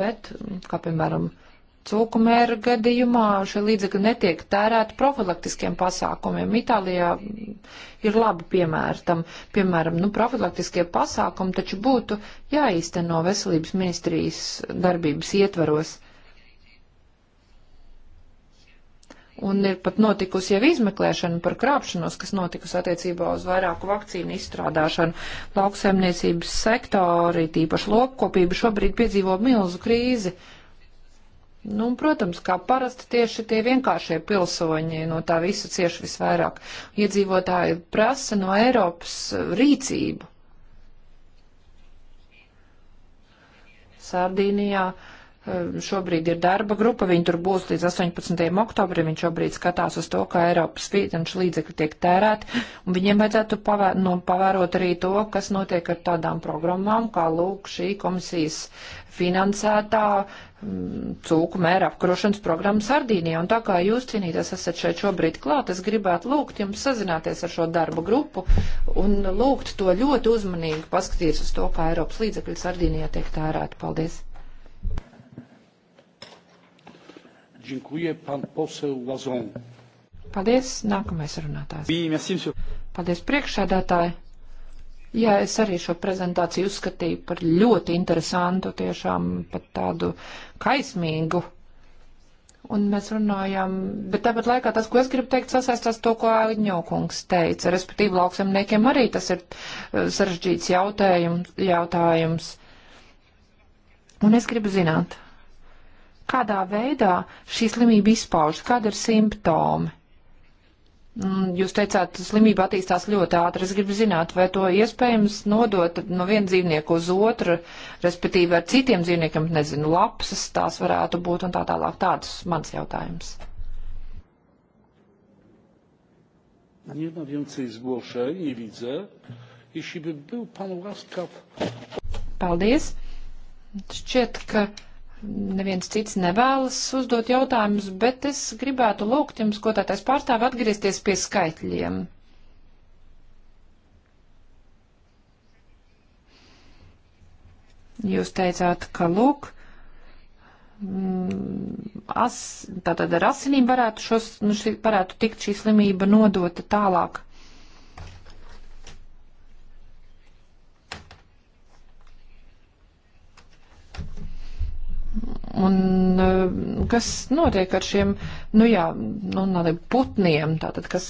bet, kā piemēram, cūkumēra gadījumā šie līdzekļi netiek tērēti profilaktiskiem pasākumiem. Itālijā ir labi piemēri tam. Piemēram, nu, profilaktiskie pasākumi taču būtu jāīsteno veselības ministrijas darbības ietvaros. un ir pat notikusi jau izmeklēšana par krāpšanos, kas notikusi attiecībā uz vairāku vakcīnu izstrādāšanu. Lauksaimniecības sektori, tīpaši lopkopība, šobrīd piedzīvo milzu krīzi. Nu, un, protams, kā parasti tieši tie vienkāršie pilsoņi no tā visa cieši visvairāk. Iedzīvotāji prasa no Eiropas rīcību. Sardīnijā uh, Um, šobrīd ir darba grupa, viņi tur būs līdz 18. oktobrim, viņi šobrīd skatās uz to, kā Eiropas finanšu līdzekļi tiek tērēti, un viņiem vajadzētu pavēr, nu, pavērot arī to, kas notiek ar tādām programmām, kā lūk šī komisijas finansētā um, cūku mēra apkarošanas programma Sardīnijā. Un tā kā jūs cienītās esat šeit šobrīd klāt, es gribētu lūgt jums sazināties ar šo darbu grupu un lūgt to ļoti uzmanīgi paskatīties uz to, kā Eiropas līdzekļi Sardīnijā tiek tērēti. Paldies! Dziękuję, pan posel Lazon. Paldies, nākamais runātājs. Paldies, priekšsēdētāji. Jā, es arī šo prezentāciju uzskatīju par ļoti interesantu, tiešām pat tādu kaismīgu. Un mēs runājām, bet tāpat laikā tas, ko es gribu teikt, sasaistās to, ko Āļņokungs teica. Respektīvi, lauksemniekiem arī tas ir uh, sarežģīts jautājums. jautājums. Un es gribu zināt, kādā veidā šī slimība izpaužas, kāda ir simptomi. Mm, jūs teicāt, slimība attīstās ļoti ātri. Es gribu zināt, vai to iespējams nodot no viena dzīvnieka uz otru, respektīvi ar citiem dzīvniekiem, nezinu, lapsas tās varētu būt un tā tālāk. Tāds mans jautājums. Nie ma więcej zgłoszeń, nie widzę. Jeśli by był Pan łaskaw. Paldies. Šķiet, ka neviens cits nevēlas uzdot jautājumus, bet es gribētu lūgt jums, ko tātais pārstāv, atgriezties pie skaitļiem. Jūs teicāt, ka lūk, mm, as, tātad ar asinīm varētu, šos, nu, šī, varētu tikt šī slimība nodota tālāk. Un e, kas notiek ar šiem, nu jā, nu, nādiem putniem, tātad, kas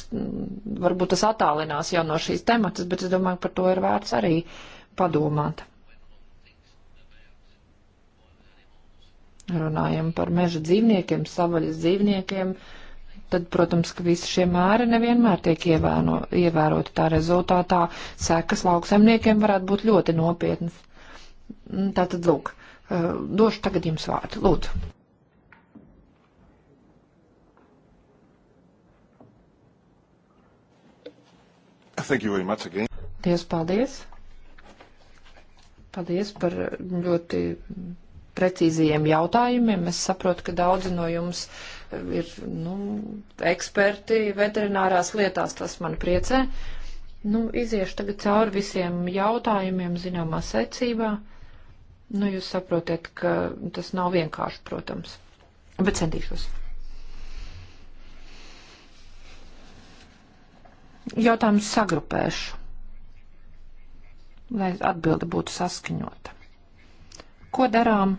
varbūt tas attālinās jau no šīs tematas, bet es domāju, par to ir vērts arī padomāt. Runājam par meža dzīvniekiem, savaļas dzīvniekiem, tad, protams, ka visi šie mēri nevienmēr tiek ievēno, ievēroti. Tā rezultātā sekas lauksaimniekiem varētu būt ļoti nopietnas. Tātad, lūk. Eh, došu tagad jums vārdu. Lūdzu. Thank you very much again. Dievs, paldies. Paldies par ļoti precīzajiem jautājumiem. Es saprotu, ka daudzi no jums eh, ir nu, eksperti veterinārās lietās. Tas man priecē. Nu, iziešu tagad cauri visiem jautājumiem zināmā secībā. Uh, Nu, jūs saprotat, ka tas nav vienkārši, protams, bet centīšos. Jautājums sagrupēšu, lai atbilde būtu saskaņota. Ko darām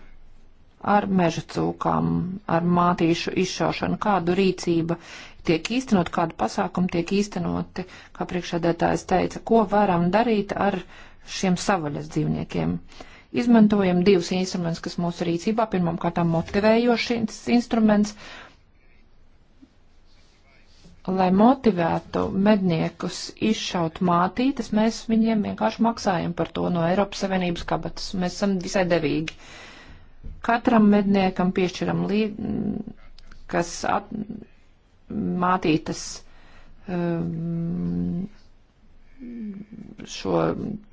ar meža cūkām, ar mātīšu izšaušanu, kādu rīcība tiek īstenot, kādu pasākumu tiek īstenoti, kā priekšādētājs teica, ko varam darīt ar šiem savaļas dzīvniekiem. Uh, Izmantojam divus instrumentus, kas mūsu rīcībā. Pirmkārt, motivējošs instruments, lai motivētu medniekus izšaut mātītes, mēs viņiem vienkārši maksājam par to no Eiropas Savienības kabatas. Mēs esam visai devīgi. Katram medniekam piešķiram līdzi, kas at, mātītes um, šo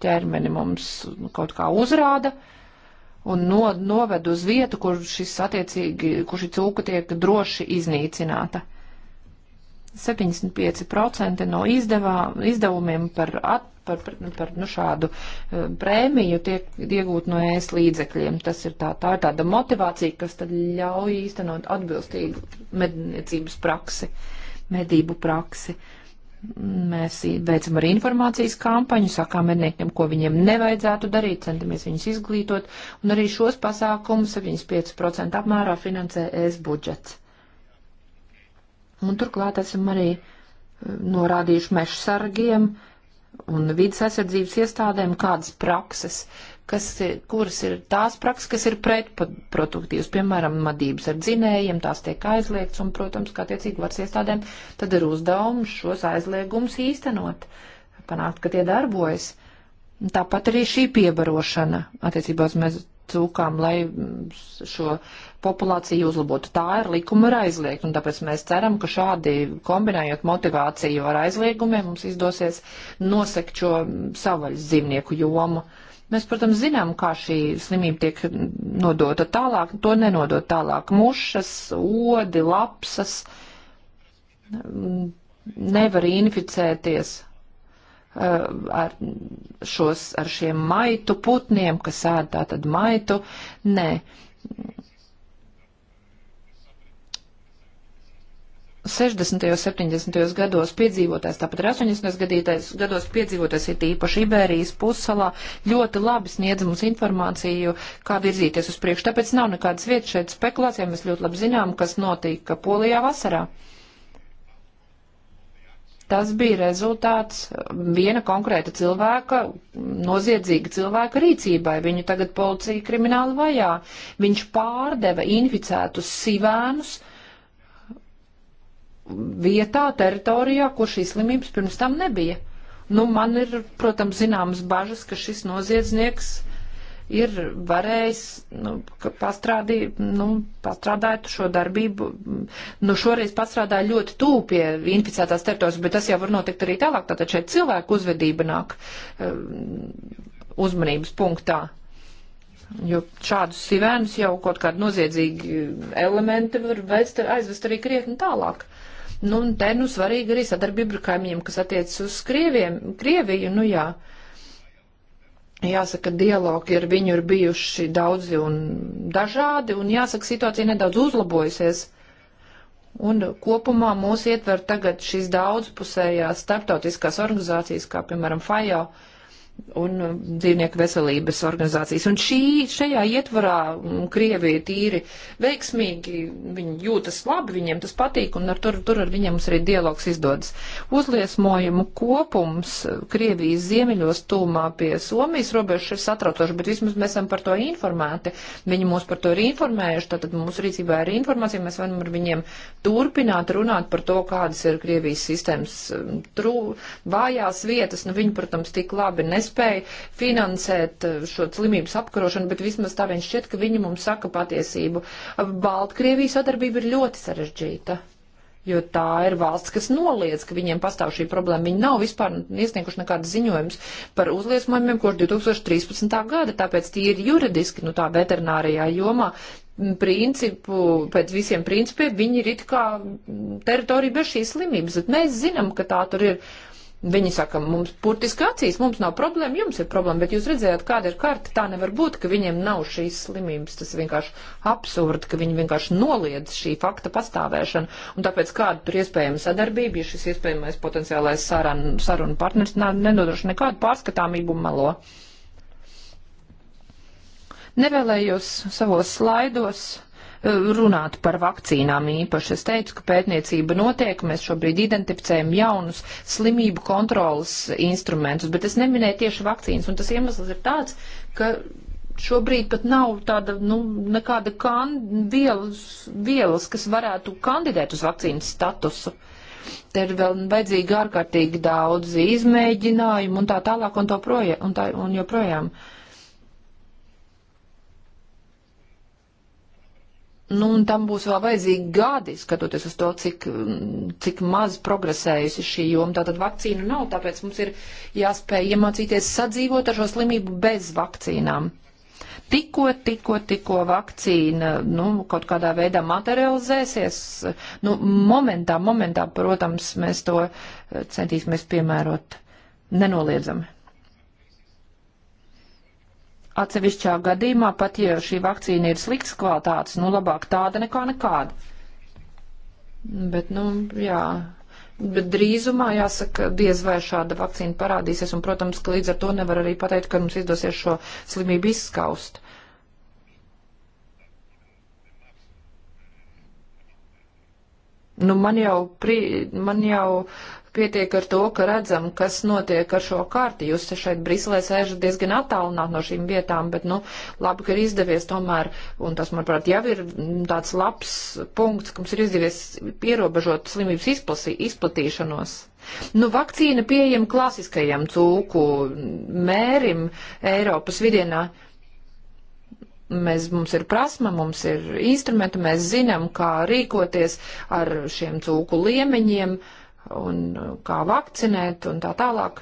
ķermeni mums kaut kā uzrāda un no, noved uz vietu, kur šis attiecīgi, kur šī cūka tiek droši iznīcināta. 75% no izdevā, izdevumiem par, at, par, par, par nu, šādu e, prēmiju tiek iegūt no ēs līdzekļiem. Tas ir tā, tā ir tāda motivācija, kas tad ļauj īstenot atbilstīgu medniecības praksi, medību praksi. Uh, Mēs veicam arī informācijas kampaņu, sakām medniekiem, ko viņiem nevajadzētu darīt, centamies viņus izglītot, un arī šos pasākumus 75% apmērā finansē ES budžets. Un turklāt esam arī e, norādījuši mežsargiem un vidas aizsardzības iestādēm, kādas prakses uh, kas ir, kuras ir tās prakses, kas ir pretproduktīvas, piemēram, madības ar dzinējiem, tās tiek aizliegts, un, protams, kā tiecīgi varas iestādēm, tad ir uzdevums šos aizliegumus īstenot, panākt, ka tie darbojas. Tāpat arī šī piebarošana attiecībā uz mēs cūkām, lai šo populāciju uzlabotu. Tā ir likuma ar aizliegt, un tāpēc mēs ceram, ka šādi kombinējot motivāciju ar aizliegumiem mums izdosies nosekt šo savaļas dzīvnieku jomu. Uh, Mēs, protams, zinām, kā šī slimība tiek nodota tālāk, to nenodot tālāk. Mušas, odi, lapsas nevar inficēties uh, ar, šos, ar šiem maitu putniem, kas ēd tātad maitu. Nē, 60. un 70. gados piedzīvotājs, tāpat arī 80. gados piedzīvotājs, ir īpaši Iberijas pussalā, ļoti labi sniedz mums informāciju, kā virzīties uz priekšu. Tāpēc nav nekādas vietas šeit spekulācijām. Mēs ļoti labi zinām, kas notika Polijā vasarā. Tas bija rezultāts viena konkrēta cilvēka, noziedzīga cilvēka rīcībai. Viņu tagad policija krimināli vajā. Viņš pārdeva inficētus sivēnus vietā, teritorijā, kur šīs slimības pirms tam nebija. Nu, man ir, protams, zināmas bažas, ka šis noziedznieks ir varējis nu, pastrādī, nu, pastrādāt šo darbību. Nu, šoreiz pastrādāja ļoti tūp pie inficētās teritorijas, bet tas jau var notikt arī tālāk. Tātad šeit cilvēku uzvedība nāk eh, uzmanības punktā. Jo šādus sivēnus jau kaut kādi noziedzīgi elementi var aizvest arī krietni tālāk. Nu, un te, nu, svarīgi arī sadarbība ar kaimiņiem, kas attiecas uz Krieviem, Krieviju, nu jā. Jāsaka, dialogi ar viņu ir bijuši daudzi un dažādi, un jāsaka, situācija nedaudz uzlabojusies. Un kopumā mūs ietver tagad šīs daudzpusējās starptautiskās organizācijas, kā piemēram FAJO, uh, un um, dzīvnieku veselības organizācijas. Un šī, šajā ietvarā um, Krievija tīri veiksmīgi, viņi jūtas labi, viņiem tas patīk, un ar tur, tur ar viņiem mums arī dialogs izdodas. Uzliesmojumu kopums uh, Krievijas ziemeļos tūmā pie Somijas robežas ir satraucoši, bet vismaz mēs esam par to informēti. Viņi mūs par to ir informējuši, tātad mūsu rīcībā ir informācija, mēs varam ar viņiem turpināt runāt par to, kādas ir Krievijas sistēmas um, trū, vājās vietas. Nu, viņi, protams, tik labi nesaprot nespēja finansēt eh, šo slimības apkarošanu, bet vismaz tā viņš šķiet, ka viņi mums saka patiesību. Baltkrievijas sadarbība ir ļoti sarežģīta. Jo tā ir valsts, kas noliedz, ka viņiem pastāv šī problēma. Viņi nav vispār iesnieguši nekādas ziņojumus par uzliesmojumiem kopš 2013. gada, tāpēc tie ir juridiski, nu tā veterinārijā jomā, principu, pēc visiem principiem viņi ir it kā teritorija bez šīs slimības, bet mēs zinām, ka tā tur ir. Viņi saka, mums burtiski acīs, mums nav problēma, jums ir problēma, bet jūs redzējāt, kāda ir karta, tā nevar būt, ka viņiem nav šīs slimības. Tas vienkārši absurdi, ka viņi vienkārši noliedz šī fakta pastāvēšanu. Un tāpēc kāda tur iespējama sadarbība, ja šis iespējamais potenciālais sarunu, sarunu partners nedodošu nekādu pārskatāmību un melo. Nevēlējos savos slaidos runāt par vakcīnām īpaši. Es teicu, ka pētniecība notiek, mēs šobrīd identificējam jaunus slimību kontrolas instrumentus, bet es neminēju tieši vakcīnas, un tas iemesls ir tāds, ka šobrīd pat nav tāda, nu, nekāda kan, vielas, vielas, kas varētu kandidēt uz vakcīnas statusu. Te ir vēl vajadzīgi ārkārtīgi daudz izmēģinājumu un tā tālāk un, to proja, un, tā, un joprojām. Uh, Nu, un tam būs vēl vajadzīgi gadi, skatoties uz to, cik, cik maz progresējusi šī joma. Tātad vakcīnu nav, tāpēc mums ir jāspēj iemācīties sadzīvot ar šo slimību bez vakcīnām. Tikko, tikko, tikko vakcīna nu, kaut kādā veidā materializēsies, nu, momentā, momentā, protams, mēs to eh, centīsimies piemērot nenoliedzami. Atsevišķā gadījumā, pat ja šī vakcīna ir slikts kvalitātes, nu labāk tāda nekā nekāda. Bet, nu, jā, bet drīzumā jāsaka, diez vai šāda vakcīna parādīsies, un, protams, ka līdz ar to nevar arī pateikt, ka mums izdosies šo slimību izskaust. Nu, man jau, pri, man jau Pietiek ar to, ka redzam, kas notiek ar šo karti. Jūs šeit Briselē sēžat diezgan attālināt no šīm vietām, bet, nu, labi, ka ir izdevies tomēr, un tas, manuprāt, jau ir tāds labs punkts, ka mums ir izdevies ierobežot slimības izplasī, izplatīšanos. Nu, vakcīna pieejama klasiskajam cūku mērim Eiropas vidienā. Mēs, mums ir prasme, mums ir instrumenti, mēs zinām, kā rīkoties ar šiem cūku liemeņiem. Uh, un uh, kā vakcinēt un tā tālāk.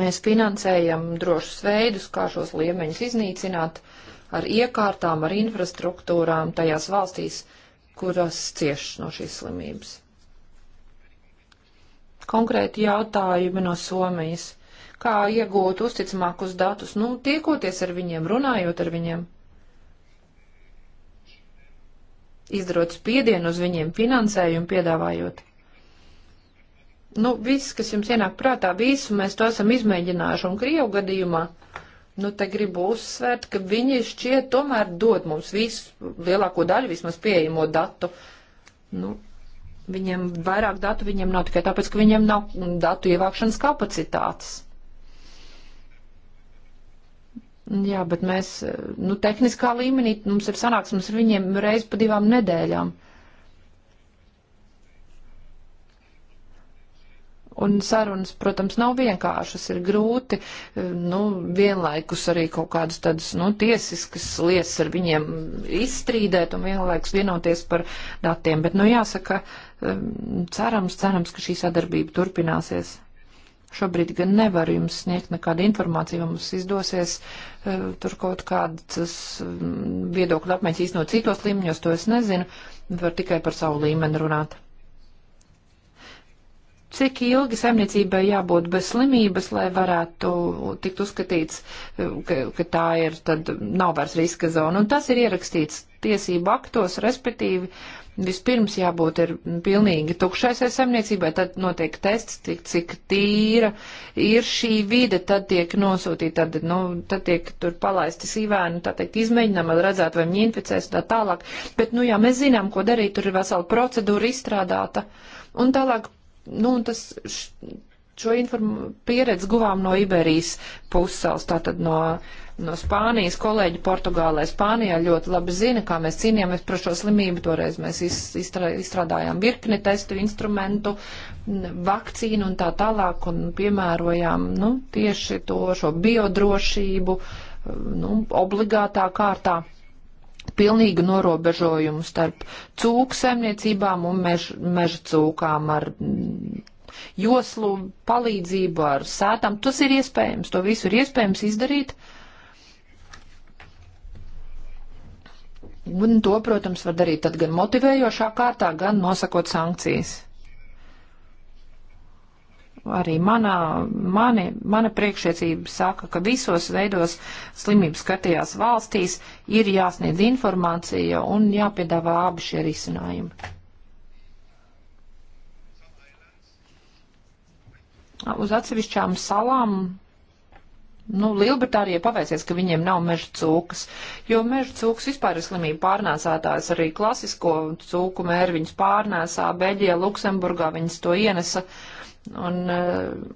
Mēs finansējam drošus veidus, kā šos liemeņus iznīcināt ar iekārtām, ar infrastruktūrām tajās valstīs, kuras cieš no šīs slimības. Konkrēti jautājumi no Somijas. Kā iegūt uzticamākus datus? Nu, tiekoties ar viņiem, runājot ar viņiem. izdarot spiedienu uz viņiem finansējumu piedāvājot. Nu, viss, kas jums ienāk prātā, visu mēs to esam izmēģinājuši un Krievu gadījumā. Nu, te gribu uzsvērt, ka viņi šķiet tomēr dod mums visu lielāko daļu vismaz pieejamo datu. Nu, viņiem vairāk datu viņiem nav tikai tāpēc, ka viņiem nav datu ievākšanas kapacitātes. Jā, bet mēs, nu, tehniskā līmenī mums ir sanāksmes ar viņiem reiz pa divām nedēļām. un sarunas, protams, nav vienkāršas, ir grūti, nu, vienlaikus arī kaut kādas tādas, nu, tiesiskas lietas ar viņiem izstrīdēt un vienlaikus vienoties par datiem, bet, nu, jāsaka, cerams, cerams, ka šī sadarbība turpināsies. Šobrīd gan nevaru jums sniegt nekādu informāciju, mums izdosies e, tur kaut kādas mm, viedokļu apmaiņas īstenot citos līmeņos, to es nezinu, var tikai par savu līmeni runāt. Cik ilgi saimniecībai jābūt bez slimības, lai varētu tikt uzskatīts, e, ka, ka tā ir, tad nav vairs riska zona. Un tas ir ierakstīts tiesību aktos, respektīvi Vispirms jābūt ir pilnīgi tukšai saimniecībai, tad notiek tests, cik, cik tīra ir šī vide, tad tiek nosūtīta, tad, nu, tad tiek tur palaisti sīvēni, tā teikt, izmēģinām, lai redzētu, vai viņi inficēs tā tālāk. Bet, nu, jā, mēs zinām, ko darīt, tur ir vesela procedūra izstrādāta. Un tālāk, nu, tas. Š, šo pieredzi guvām no Iberijas puses, tātad no uh, no Spānijas kolēģi Portugālē. Spānijā ļoti labi zina, kā mēs cīnījāmies par šo slimību. Toreiz mēs izstrādājām virkni testu instrumentu, vakcīnu un tā tālāk un piemērojām nu, tieši to šo biodrošību nu, obligātā kārtā. Pilnīgu norobežojumu starp cūku saimniecībām un mež, meža cūkām ar joslu palīdzību, ar sētām. Tas ir iespējams, to visu ir iespējams izdarīt. Uh, Un to, protams, var darīt tad gan motivējošā kārtā, gan nosakot sankcijas. Arī manā, mani, mana priekšniecība saka, ka visos veidos slimības skatījās valstīs ir jāsniedz informācija un jāpiedāvā abi šie risinājumi. Uz atsevišķām salām Nu, Lielbritānija pavēsies, ka viņiem nav meža cūkas, jo meža cūkas vispār ir slimība pārnēsātājs, arī klasisko cūku mēri viņas pārnēsā, Beļģijā, Luksemburgā viņas to ienesa, un, eh,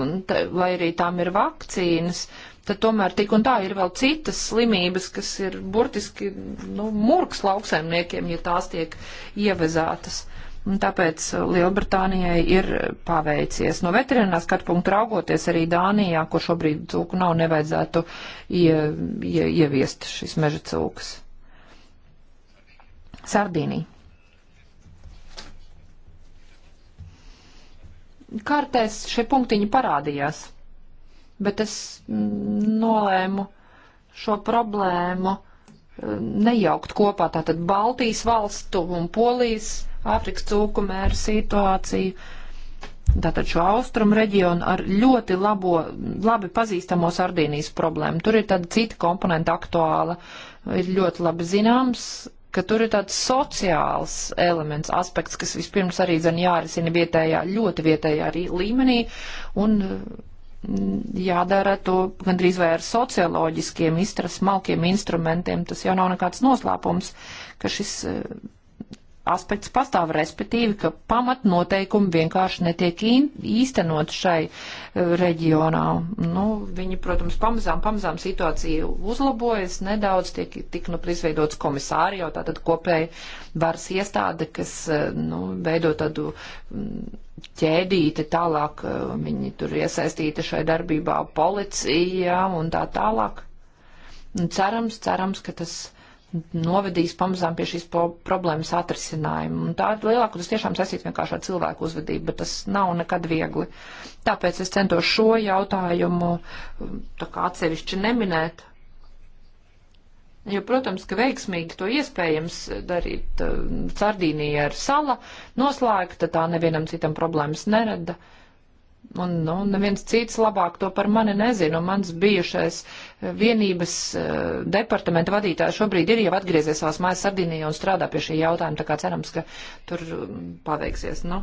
un te, lai arī tām ir vakcīnas, tad tomēr tik un tā ir vēl citas slimības, kas ir burtiski, nu, murgs lauksaimniekiem, ja tās tiek ievezātas. Uh, un tāpēc uh, Lielbritānijai ir paveicies. No veterinārā skatu punktu raugoties arī Dānijā, kur šobrīd cūku nav, nevajadzētu ie, ie, ieviest šis meža cūks. Sardīnija. Kartēs šie punktiņi parādījās, bet es mm, nolēmu šo problēmu mm, nejaukt kopā tātad Baltijas valstu un Polijas Āfrikas cūku mēru situāciju. Tātad šo austrumu reģionu ar ļoti labo, labi pazīstamo sardīnijas problēmu. Tur ir tāda cita komponenta aktuāla. Ir ļoti labi zināms, ka tur ir tāds sociāls elements, aspekts, kas vispirms arī zina jārisina vietējā, ļoti vietējā arī līmenī un mm, jādara to gandrīz vai ar socioloģiskiem, iztras malkiem instrumentiem. Tas jau nav nekāds noslēpums, ka šis aspekts pastāv, respektīvi, ka pamatnoteikumi vienkārši netiek īstenot šai eh, reģionā. Nu, viņi, protams, pamazām, pamazām situāciju uzlabojas, nedaudz tiek tik nu izveidots komisāri, jau tātad kopēji varas iestāde, kas, eh, nu, veido tādu mm, ķēdīti tālāk, eh, viņi tur iesaistīti šai darbībā policijā un tā tālāk. Un nu, cerams, cerams, ka tas novedīs pamazām pie šīs problēmas atrisinājuma. Un tā lielāku tas tiešām saistīts vienkārši ar cilvēku uzvedību, bet tas nav nekad viegli. Tāpēc es centos šo jautājumu um, tā kā atsevišķi neminēt. Jo, protams, ka veiksmīgi to iespējams darīt um, Sardīnija ar sala noslēgta, tā nevienam citam problēmas nerada. Uh, Un, nu, neviens cits labāk to par mani nezinu. Mans bijušais eh, vienības eh, departamenta vadītājs šobrīd ir jau atgriezies savās mājas Sardīnijā un strādā pie šī jautājuma, tā kā cerams, ka tur mm, paveiksies. Nu.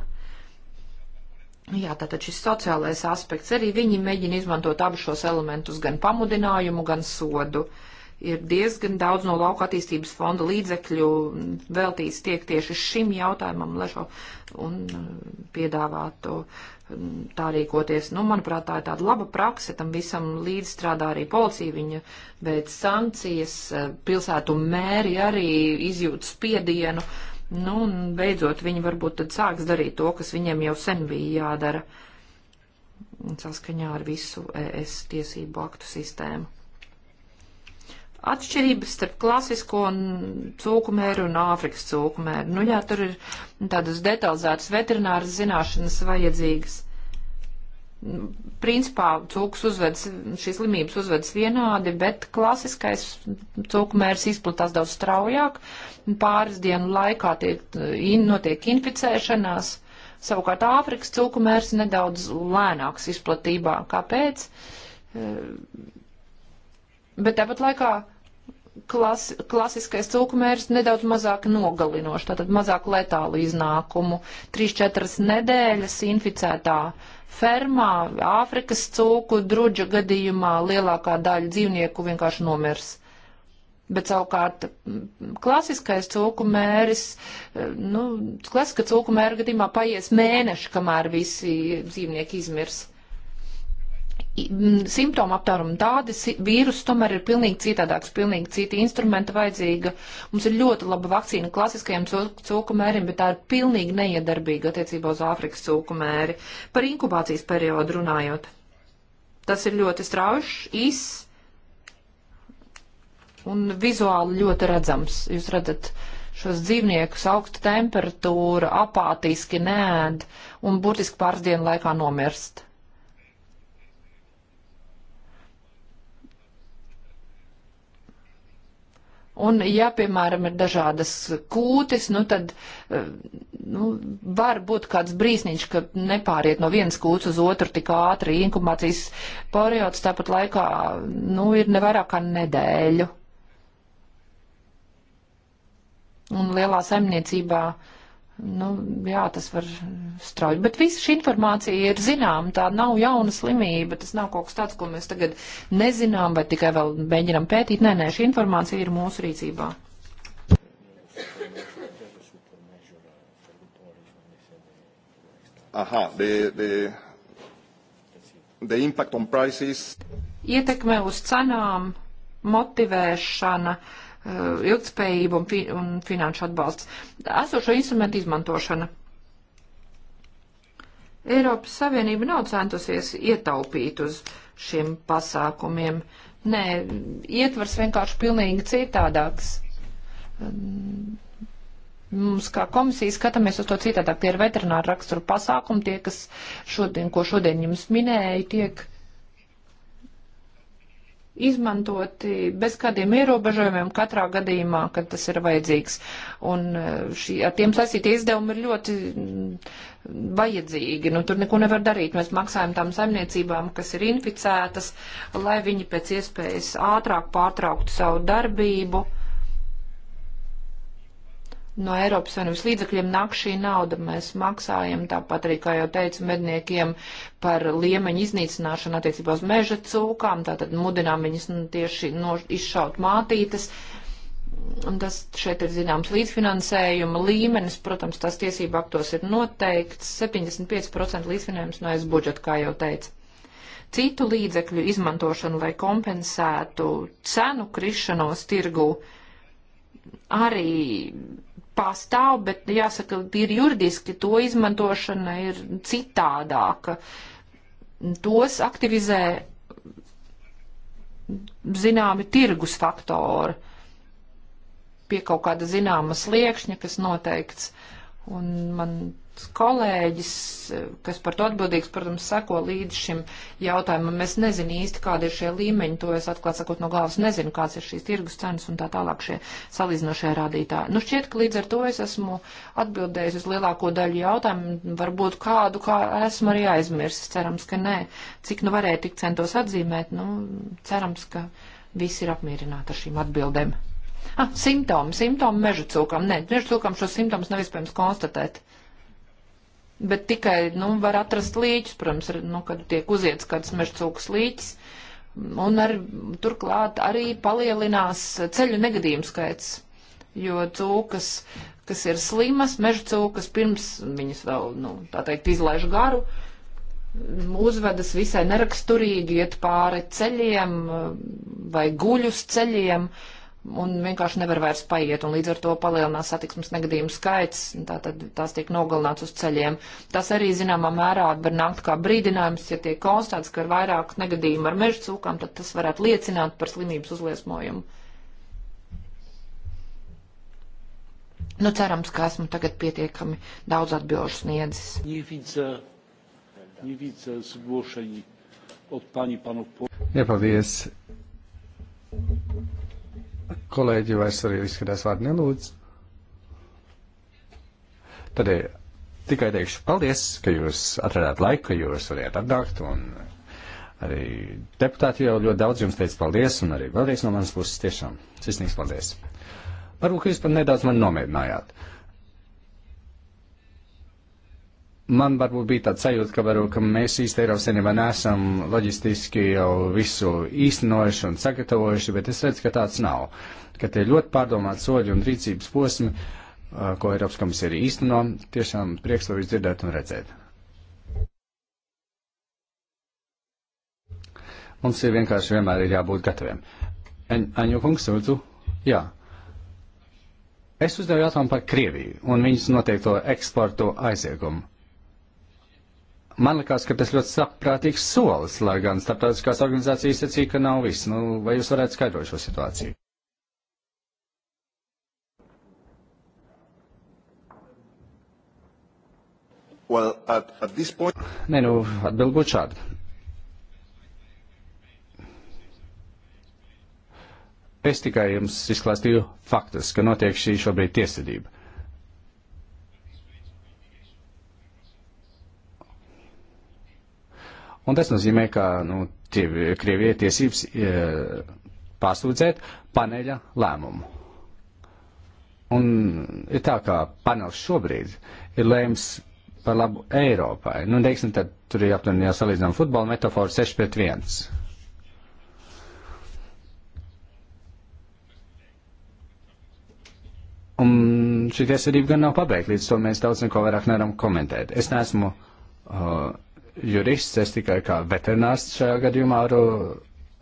Jā, tātad šis sociālais aspekts arī viņi mēģina izmantot abu šos elementus, gan pamudinājumu, gan sodu. Ir diezgan daudz no lauka attīstības fonda līdzekļu mm, veltīts tiek tieši šim jautājumam, lai šo un mm, piedāvātu tā rīkoties. Nu, manuprāt, tā ir tāda laba prakse, tam visam līdzstrādā arī policija, viņa veic sankcijas, eh, pilsētu mēri arī izjūt spiedienu, nu, un beidzot viņi varbūt tad sāks darīt to, kas viņiem jau sen bija jādara, saskaņā ar visu ES tiesību aktu sistēmu atšķirības starp klasisko cūkumēru un Āfrikas cūkumēru. Nu jā, tur ir tādas detalizētas veterināras zināšanas vajadzīgas. Principā cūkus uzvedas, šīs slimības uzvedas vienādi, bet klasiskais cūkumērs izplatās daudz straujāk. Pāris dienu laikā tiek, in, notiek inficēšanās. Savukārt Āfrikas cūkumērs nedaudz lēnāks izplatībā. Kāpēc? Eh, bet tāpat laikā klas, klasiskais cūkumērs nedaudz mazāk nogalinoši, tātad mazāk letālu iznākumu. 3-4 nedēļas inficētā fermā, Āfrikas cūku, druģa gadījumā lielākā daļa dzīvnieku vienkārši nomirs. Bet savukārt mm, klasiskais cūku mēris, eh, nu, klasiska cūku mēra gadījumā paies mēneši, kamēr visi dzīvnieki izmirs. Mm, simptomu aptvērumu tādi, vīrus tomēr ir pilnīgi citādāks, pilnīgi citi instrumenti vajadzīga. Mums ir ļoti laba vakcīna klasiskajiem cūku mērim, bet tā ir pilnīgi neiedarbīga attiecībā uz Āfrikas cūku mēri. Par inkubācijas periodu runājot. Tas ir ļoti straušs, īs un vizuāli ļoti redzams. Jūs redzat šos dzīvniekus augsta temperatūra, apātiski nēd un burtiski pāris dienu laikā nomirst Un, ja, piemēram, ir dažādas kūtis, nu, tad eh, nu, var būt kāds brīsniņš, ka nepāriet no vienas kūts uz otru tik ātri. Inkubācijas periods tāpat laikā nu, ir nevairāk kā nedēļu. Un lielā saimniecībā uh, Nu, jā, tas var strauji, bet visa šī informācija ir zinām, tā nav jauna slimība, tas nav kaut kas tāds, ko mēs tagad nezinām, vai tikai vēl mēģinam pētīt. Nē, nē, šī informācija ir mūsu rīcībā. Aha, the, the, the impact on prices. Ietekme uz cenām, motivēšana. Uh, Eh, ilgtspējība un, fi un finanšu atbalsts. Esošo instrumentu izmantošana. Eiropas Savienība nav centusies ietaupīt uz šiem pasākumiem. Nē, ietvars vienkārši pilnīgi citādāks. Mums kā komisija skatāmies uz to citādāk. Tie ir veterināra rakstura pasākumi, tie, kas šodien, ko šodien jums minēja, tiek izmantoti bez kādiem ierobežojumiem katrā gadījumā, kad tas ir vajadzīgs. Un e, šī, ar tiem saistītie izdevumi ir ļoti vajadzīgi. Nu, tur neko nevar darīt. Mēs maksājam tām saimniecībām, kas ir inficētas, lai viņi pēc iespējas ātrāk pārtrauktu savu darbību no Eiropas Savienības līdzakļiem nāk šī nauda. Mēs maksājam tāpat arī, kā jau teicu, medniekiem par liemeņu iznīcināšanu attiecībā uz meža cūkām, tātad mudinām viņus nu, tieši no, izšaut mātītes. Un tas šeit ir zināms līdzfinansējuma līmenis, protams, tas tiesību aktos ir noteikts 75% līdzfinējums no es budžeta, kā jau teicu. Citu līdzekļu izmantošanu, lai kompensētu cenu krišanos tirgu, arī pastāv, bet jāsaka, ir juridiski to izmantošana ir citādāka. Tos aktivizē zināmi tirgus faktori pie kaut kāda zināma sliekšņa, kas noteikts. Un man kolēģis, kas par to atbildīgs, protams, seko līdz šim jautājumam. Es nezinu īsti, kādi ir šie līmeņi, to es atklāt sakot no galvas nezinu, kāds ir šīs tirgus cenas un tā tālāk šie salīdzinošie rādītāji. Nu, šķiet, ka līdz ar to es esmu atbildējis uz lielāko daļu jautājumu, varbūt kādu, kā esmu arī aizmirsis, cerams, ka nē. Cik nu varēja tik centos atzīmēt, nu, cerams, ka visi ir apmierināti ar šīm atbildēm. Ah, simptomi, simptomi meža cūkam. Nē, meža cūkam šo simptomus nav iespējams konstatēt. Uh, bet tikai, nu, var atrast līķus, protams, nu, kad tiek uziets kāds mežcūks līķis. Un ar, turklāt arī palielinās ceļu negadījumu skaits, jo cūkas, kas ir slimas, meža cūkas, pirms viņas vēl, nu, tā teikt, izlaiž garu, uzvedas visai neraksturīgi, iet pāri ceļiem vai guļus ceļiem. Uh, un vienkārši nevar vairs paiet, un līdz ar to palielinās satiksmes negadījumu skaits, tātad tās tiek nogalināts uz ceļiem. Tas arī, zināmā mērā, var nākt kā brīdinājums, ja tiek konstatēts, ka ir vairāk negadījumu ar meža cūkām, tad tas varētu liecināt par slimības uzliesmojumu. Nu, cerams, ka esmu tagad pietiekami daudz atbilžu sniedzis. Nie widzę, nie widzę zgłoszeń od pani panów. Ja, paldies. Kolēģi vairs arī izskatās vārdu nelūdz. Tādēļ eh, tikai teikšu paldies, ka jūs atradāt laiku, ka jūs varējāt atnākt. Un eh, arī deputāti jau ļoti daudz jums teica paldies, un arī vēlreiz no manas puses tiešām sirsnīgs paldies. Varbūt jūs pat nedaudz mani nomēdinājāt. Uh, man varbūt bija tāds sajūta, ka, varu, ka mēs īsti Eiropas Savienībā nesam loģistiski jau visu īstenojuši un sagatavojuši, bet es redzu, ka tāds nav. Ka tie ļoti pārdomāti soļi un rīcības posmi, ko Eiropas komisija arī īsteno, tiešām prieks to visu dzirdēt un redzēt. Mums ir vienkārši vienmēr ir jābūt gataviem. Aņu kungs, lūdzu, jā. Es uzdevu jautājumu par Krieviju un viņas noteikto eksportu aiziegumu. Man liekas, ka tas ļoti saprātīgs solis, lai gan starptautiskās organizācijas sacīja, ka nav viss. Nu, vai jūs varētu skaidrot šo situāciju? Well, at, at this point... Nē, nu, atbild būtu šāda. Es tikai jums izklāstīju faktus, ka notiek šī šobrīd tiesadība. Un tas nozīmē, ka nu, tie, Krievijai tiesības e, pārsūdzēt paneļa lēmumu. Un ir tā, ka panelis šobrīd ir lēms par labu Eiropai. Nu, teiksim, tad tur ir aptuveni jāsalīdzinām futbola metafora 6 pret 1. Un šī tiesvedība gan nav pabeigta, līdz to mēs daudz neko vairāk nevaram komentēt. Es neesmu uh, jurists, es tikai kā veterinārs šajā gadījumā varu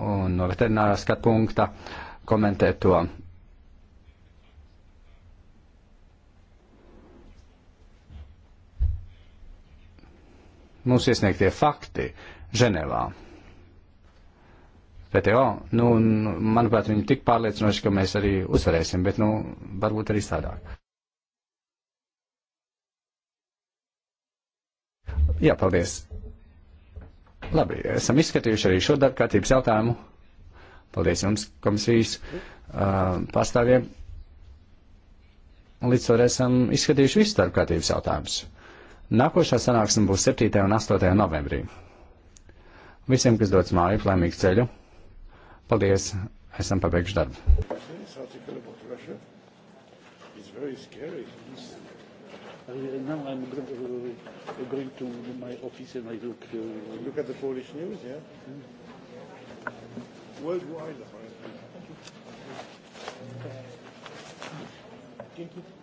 un no veterinārā skatu punkta komentēt to. Mums iesniegtie fakti Ženevā. PTO, nu, manuprāt, viņi tik pārliecinoši, ka mēs arī uzvarēsim, bet, nu, varbūt arī sādāk. Jā, paldies. Labi, esam izskatījuši arī šo darba kārtības jautājumu. Paldies jums, komisijas uh, pārstāvjiem. Līdz ar esam izskatījuši visu darba kārtības jautājumus. Nākošā sanāksme būs 7. un 8. novembrī. Visiem, kas dodas māju, laimīgu ceļu. Paldies, esam pabeiguši darbu. It's very scary now I'm going, uh, going to my office and I look. Uh, look at the Polish news, yeah? Mm. Worldwide, apparently. Thank you. Thank you.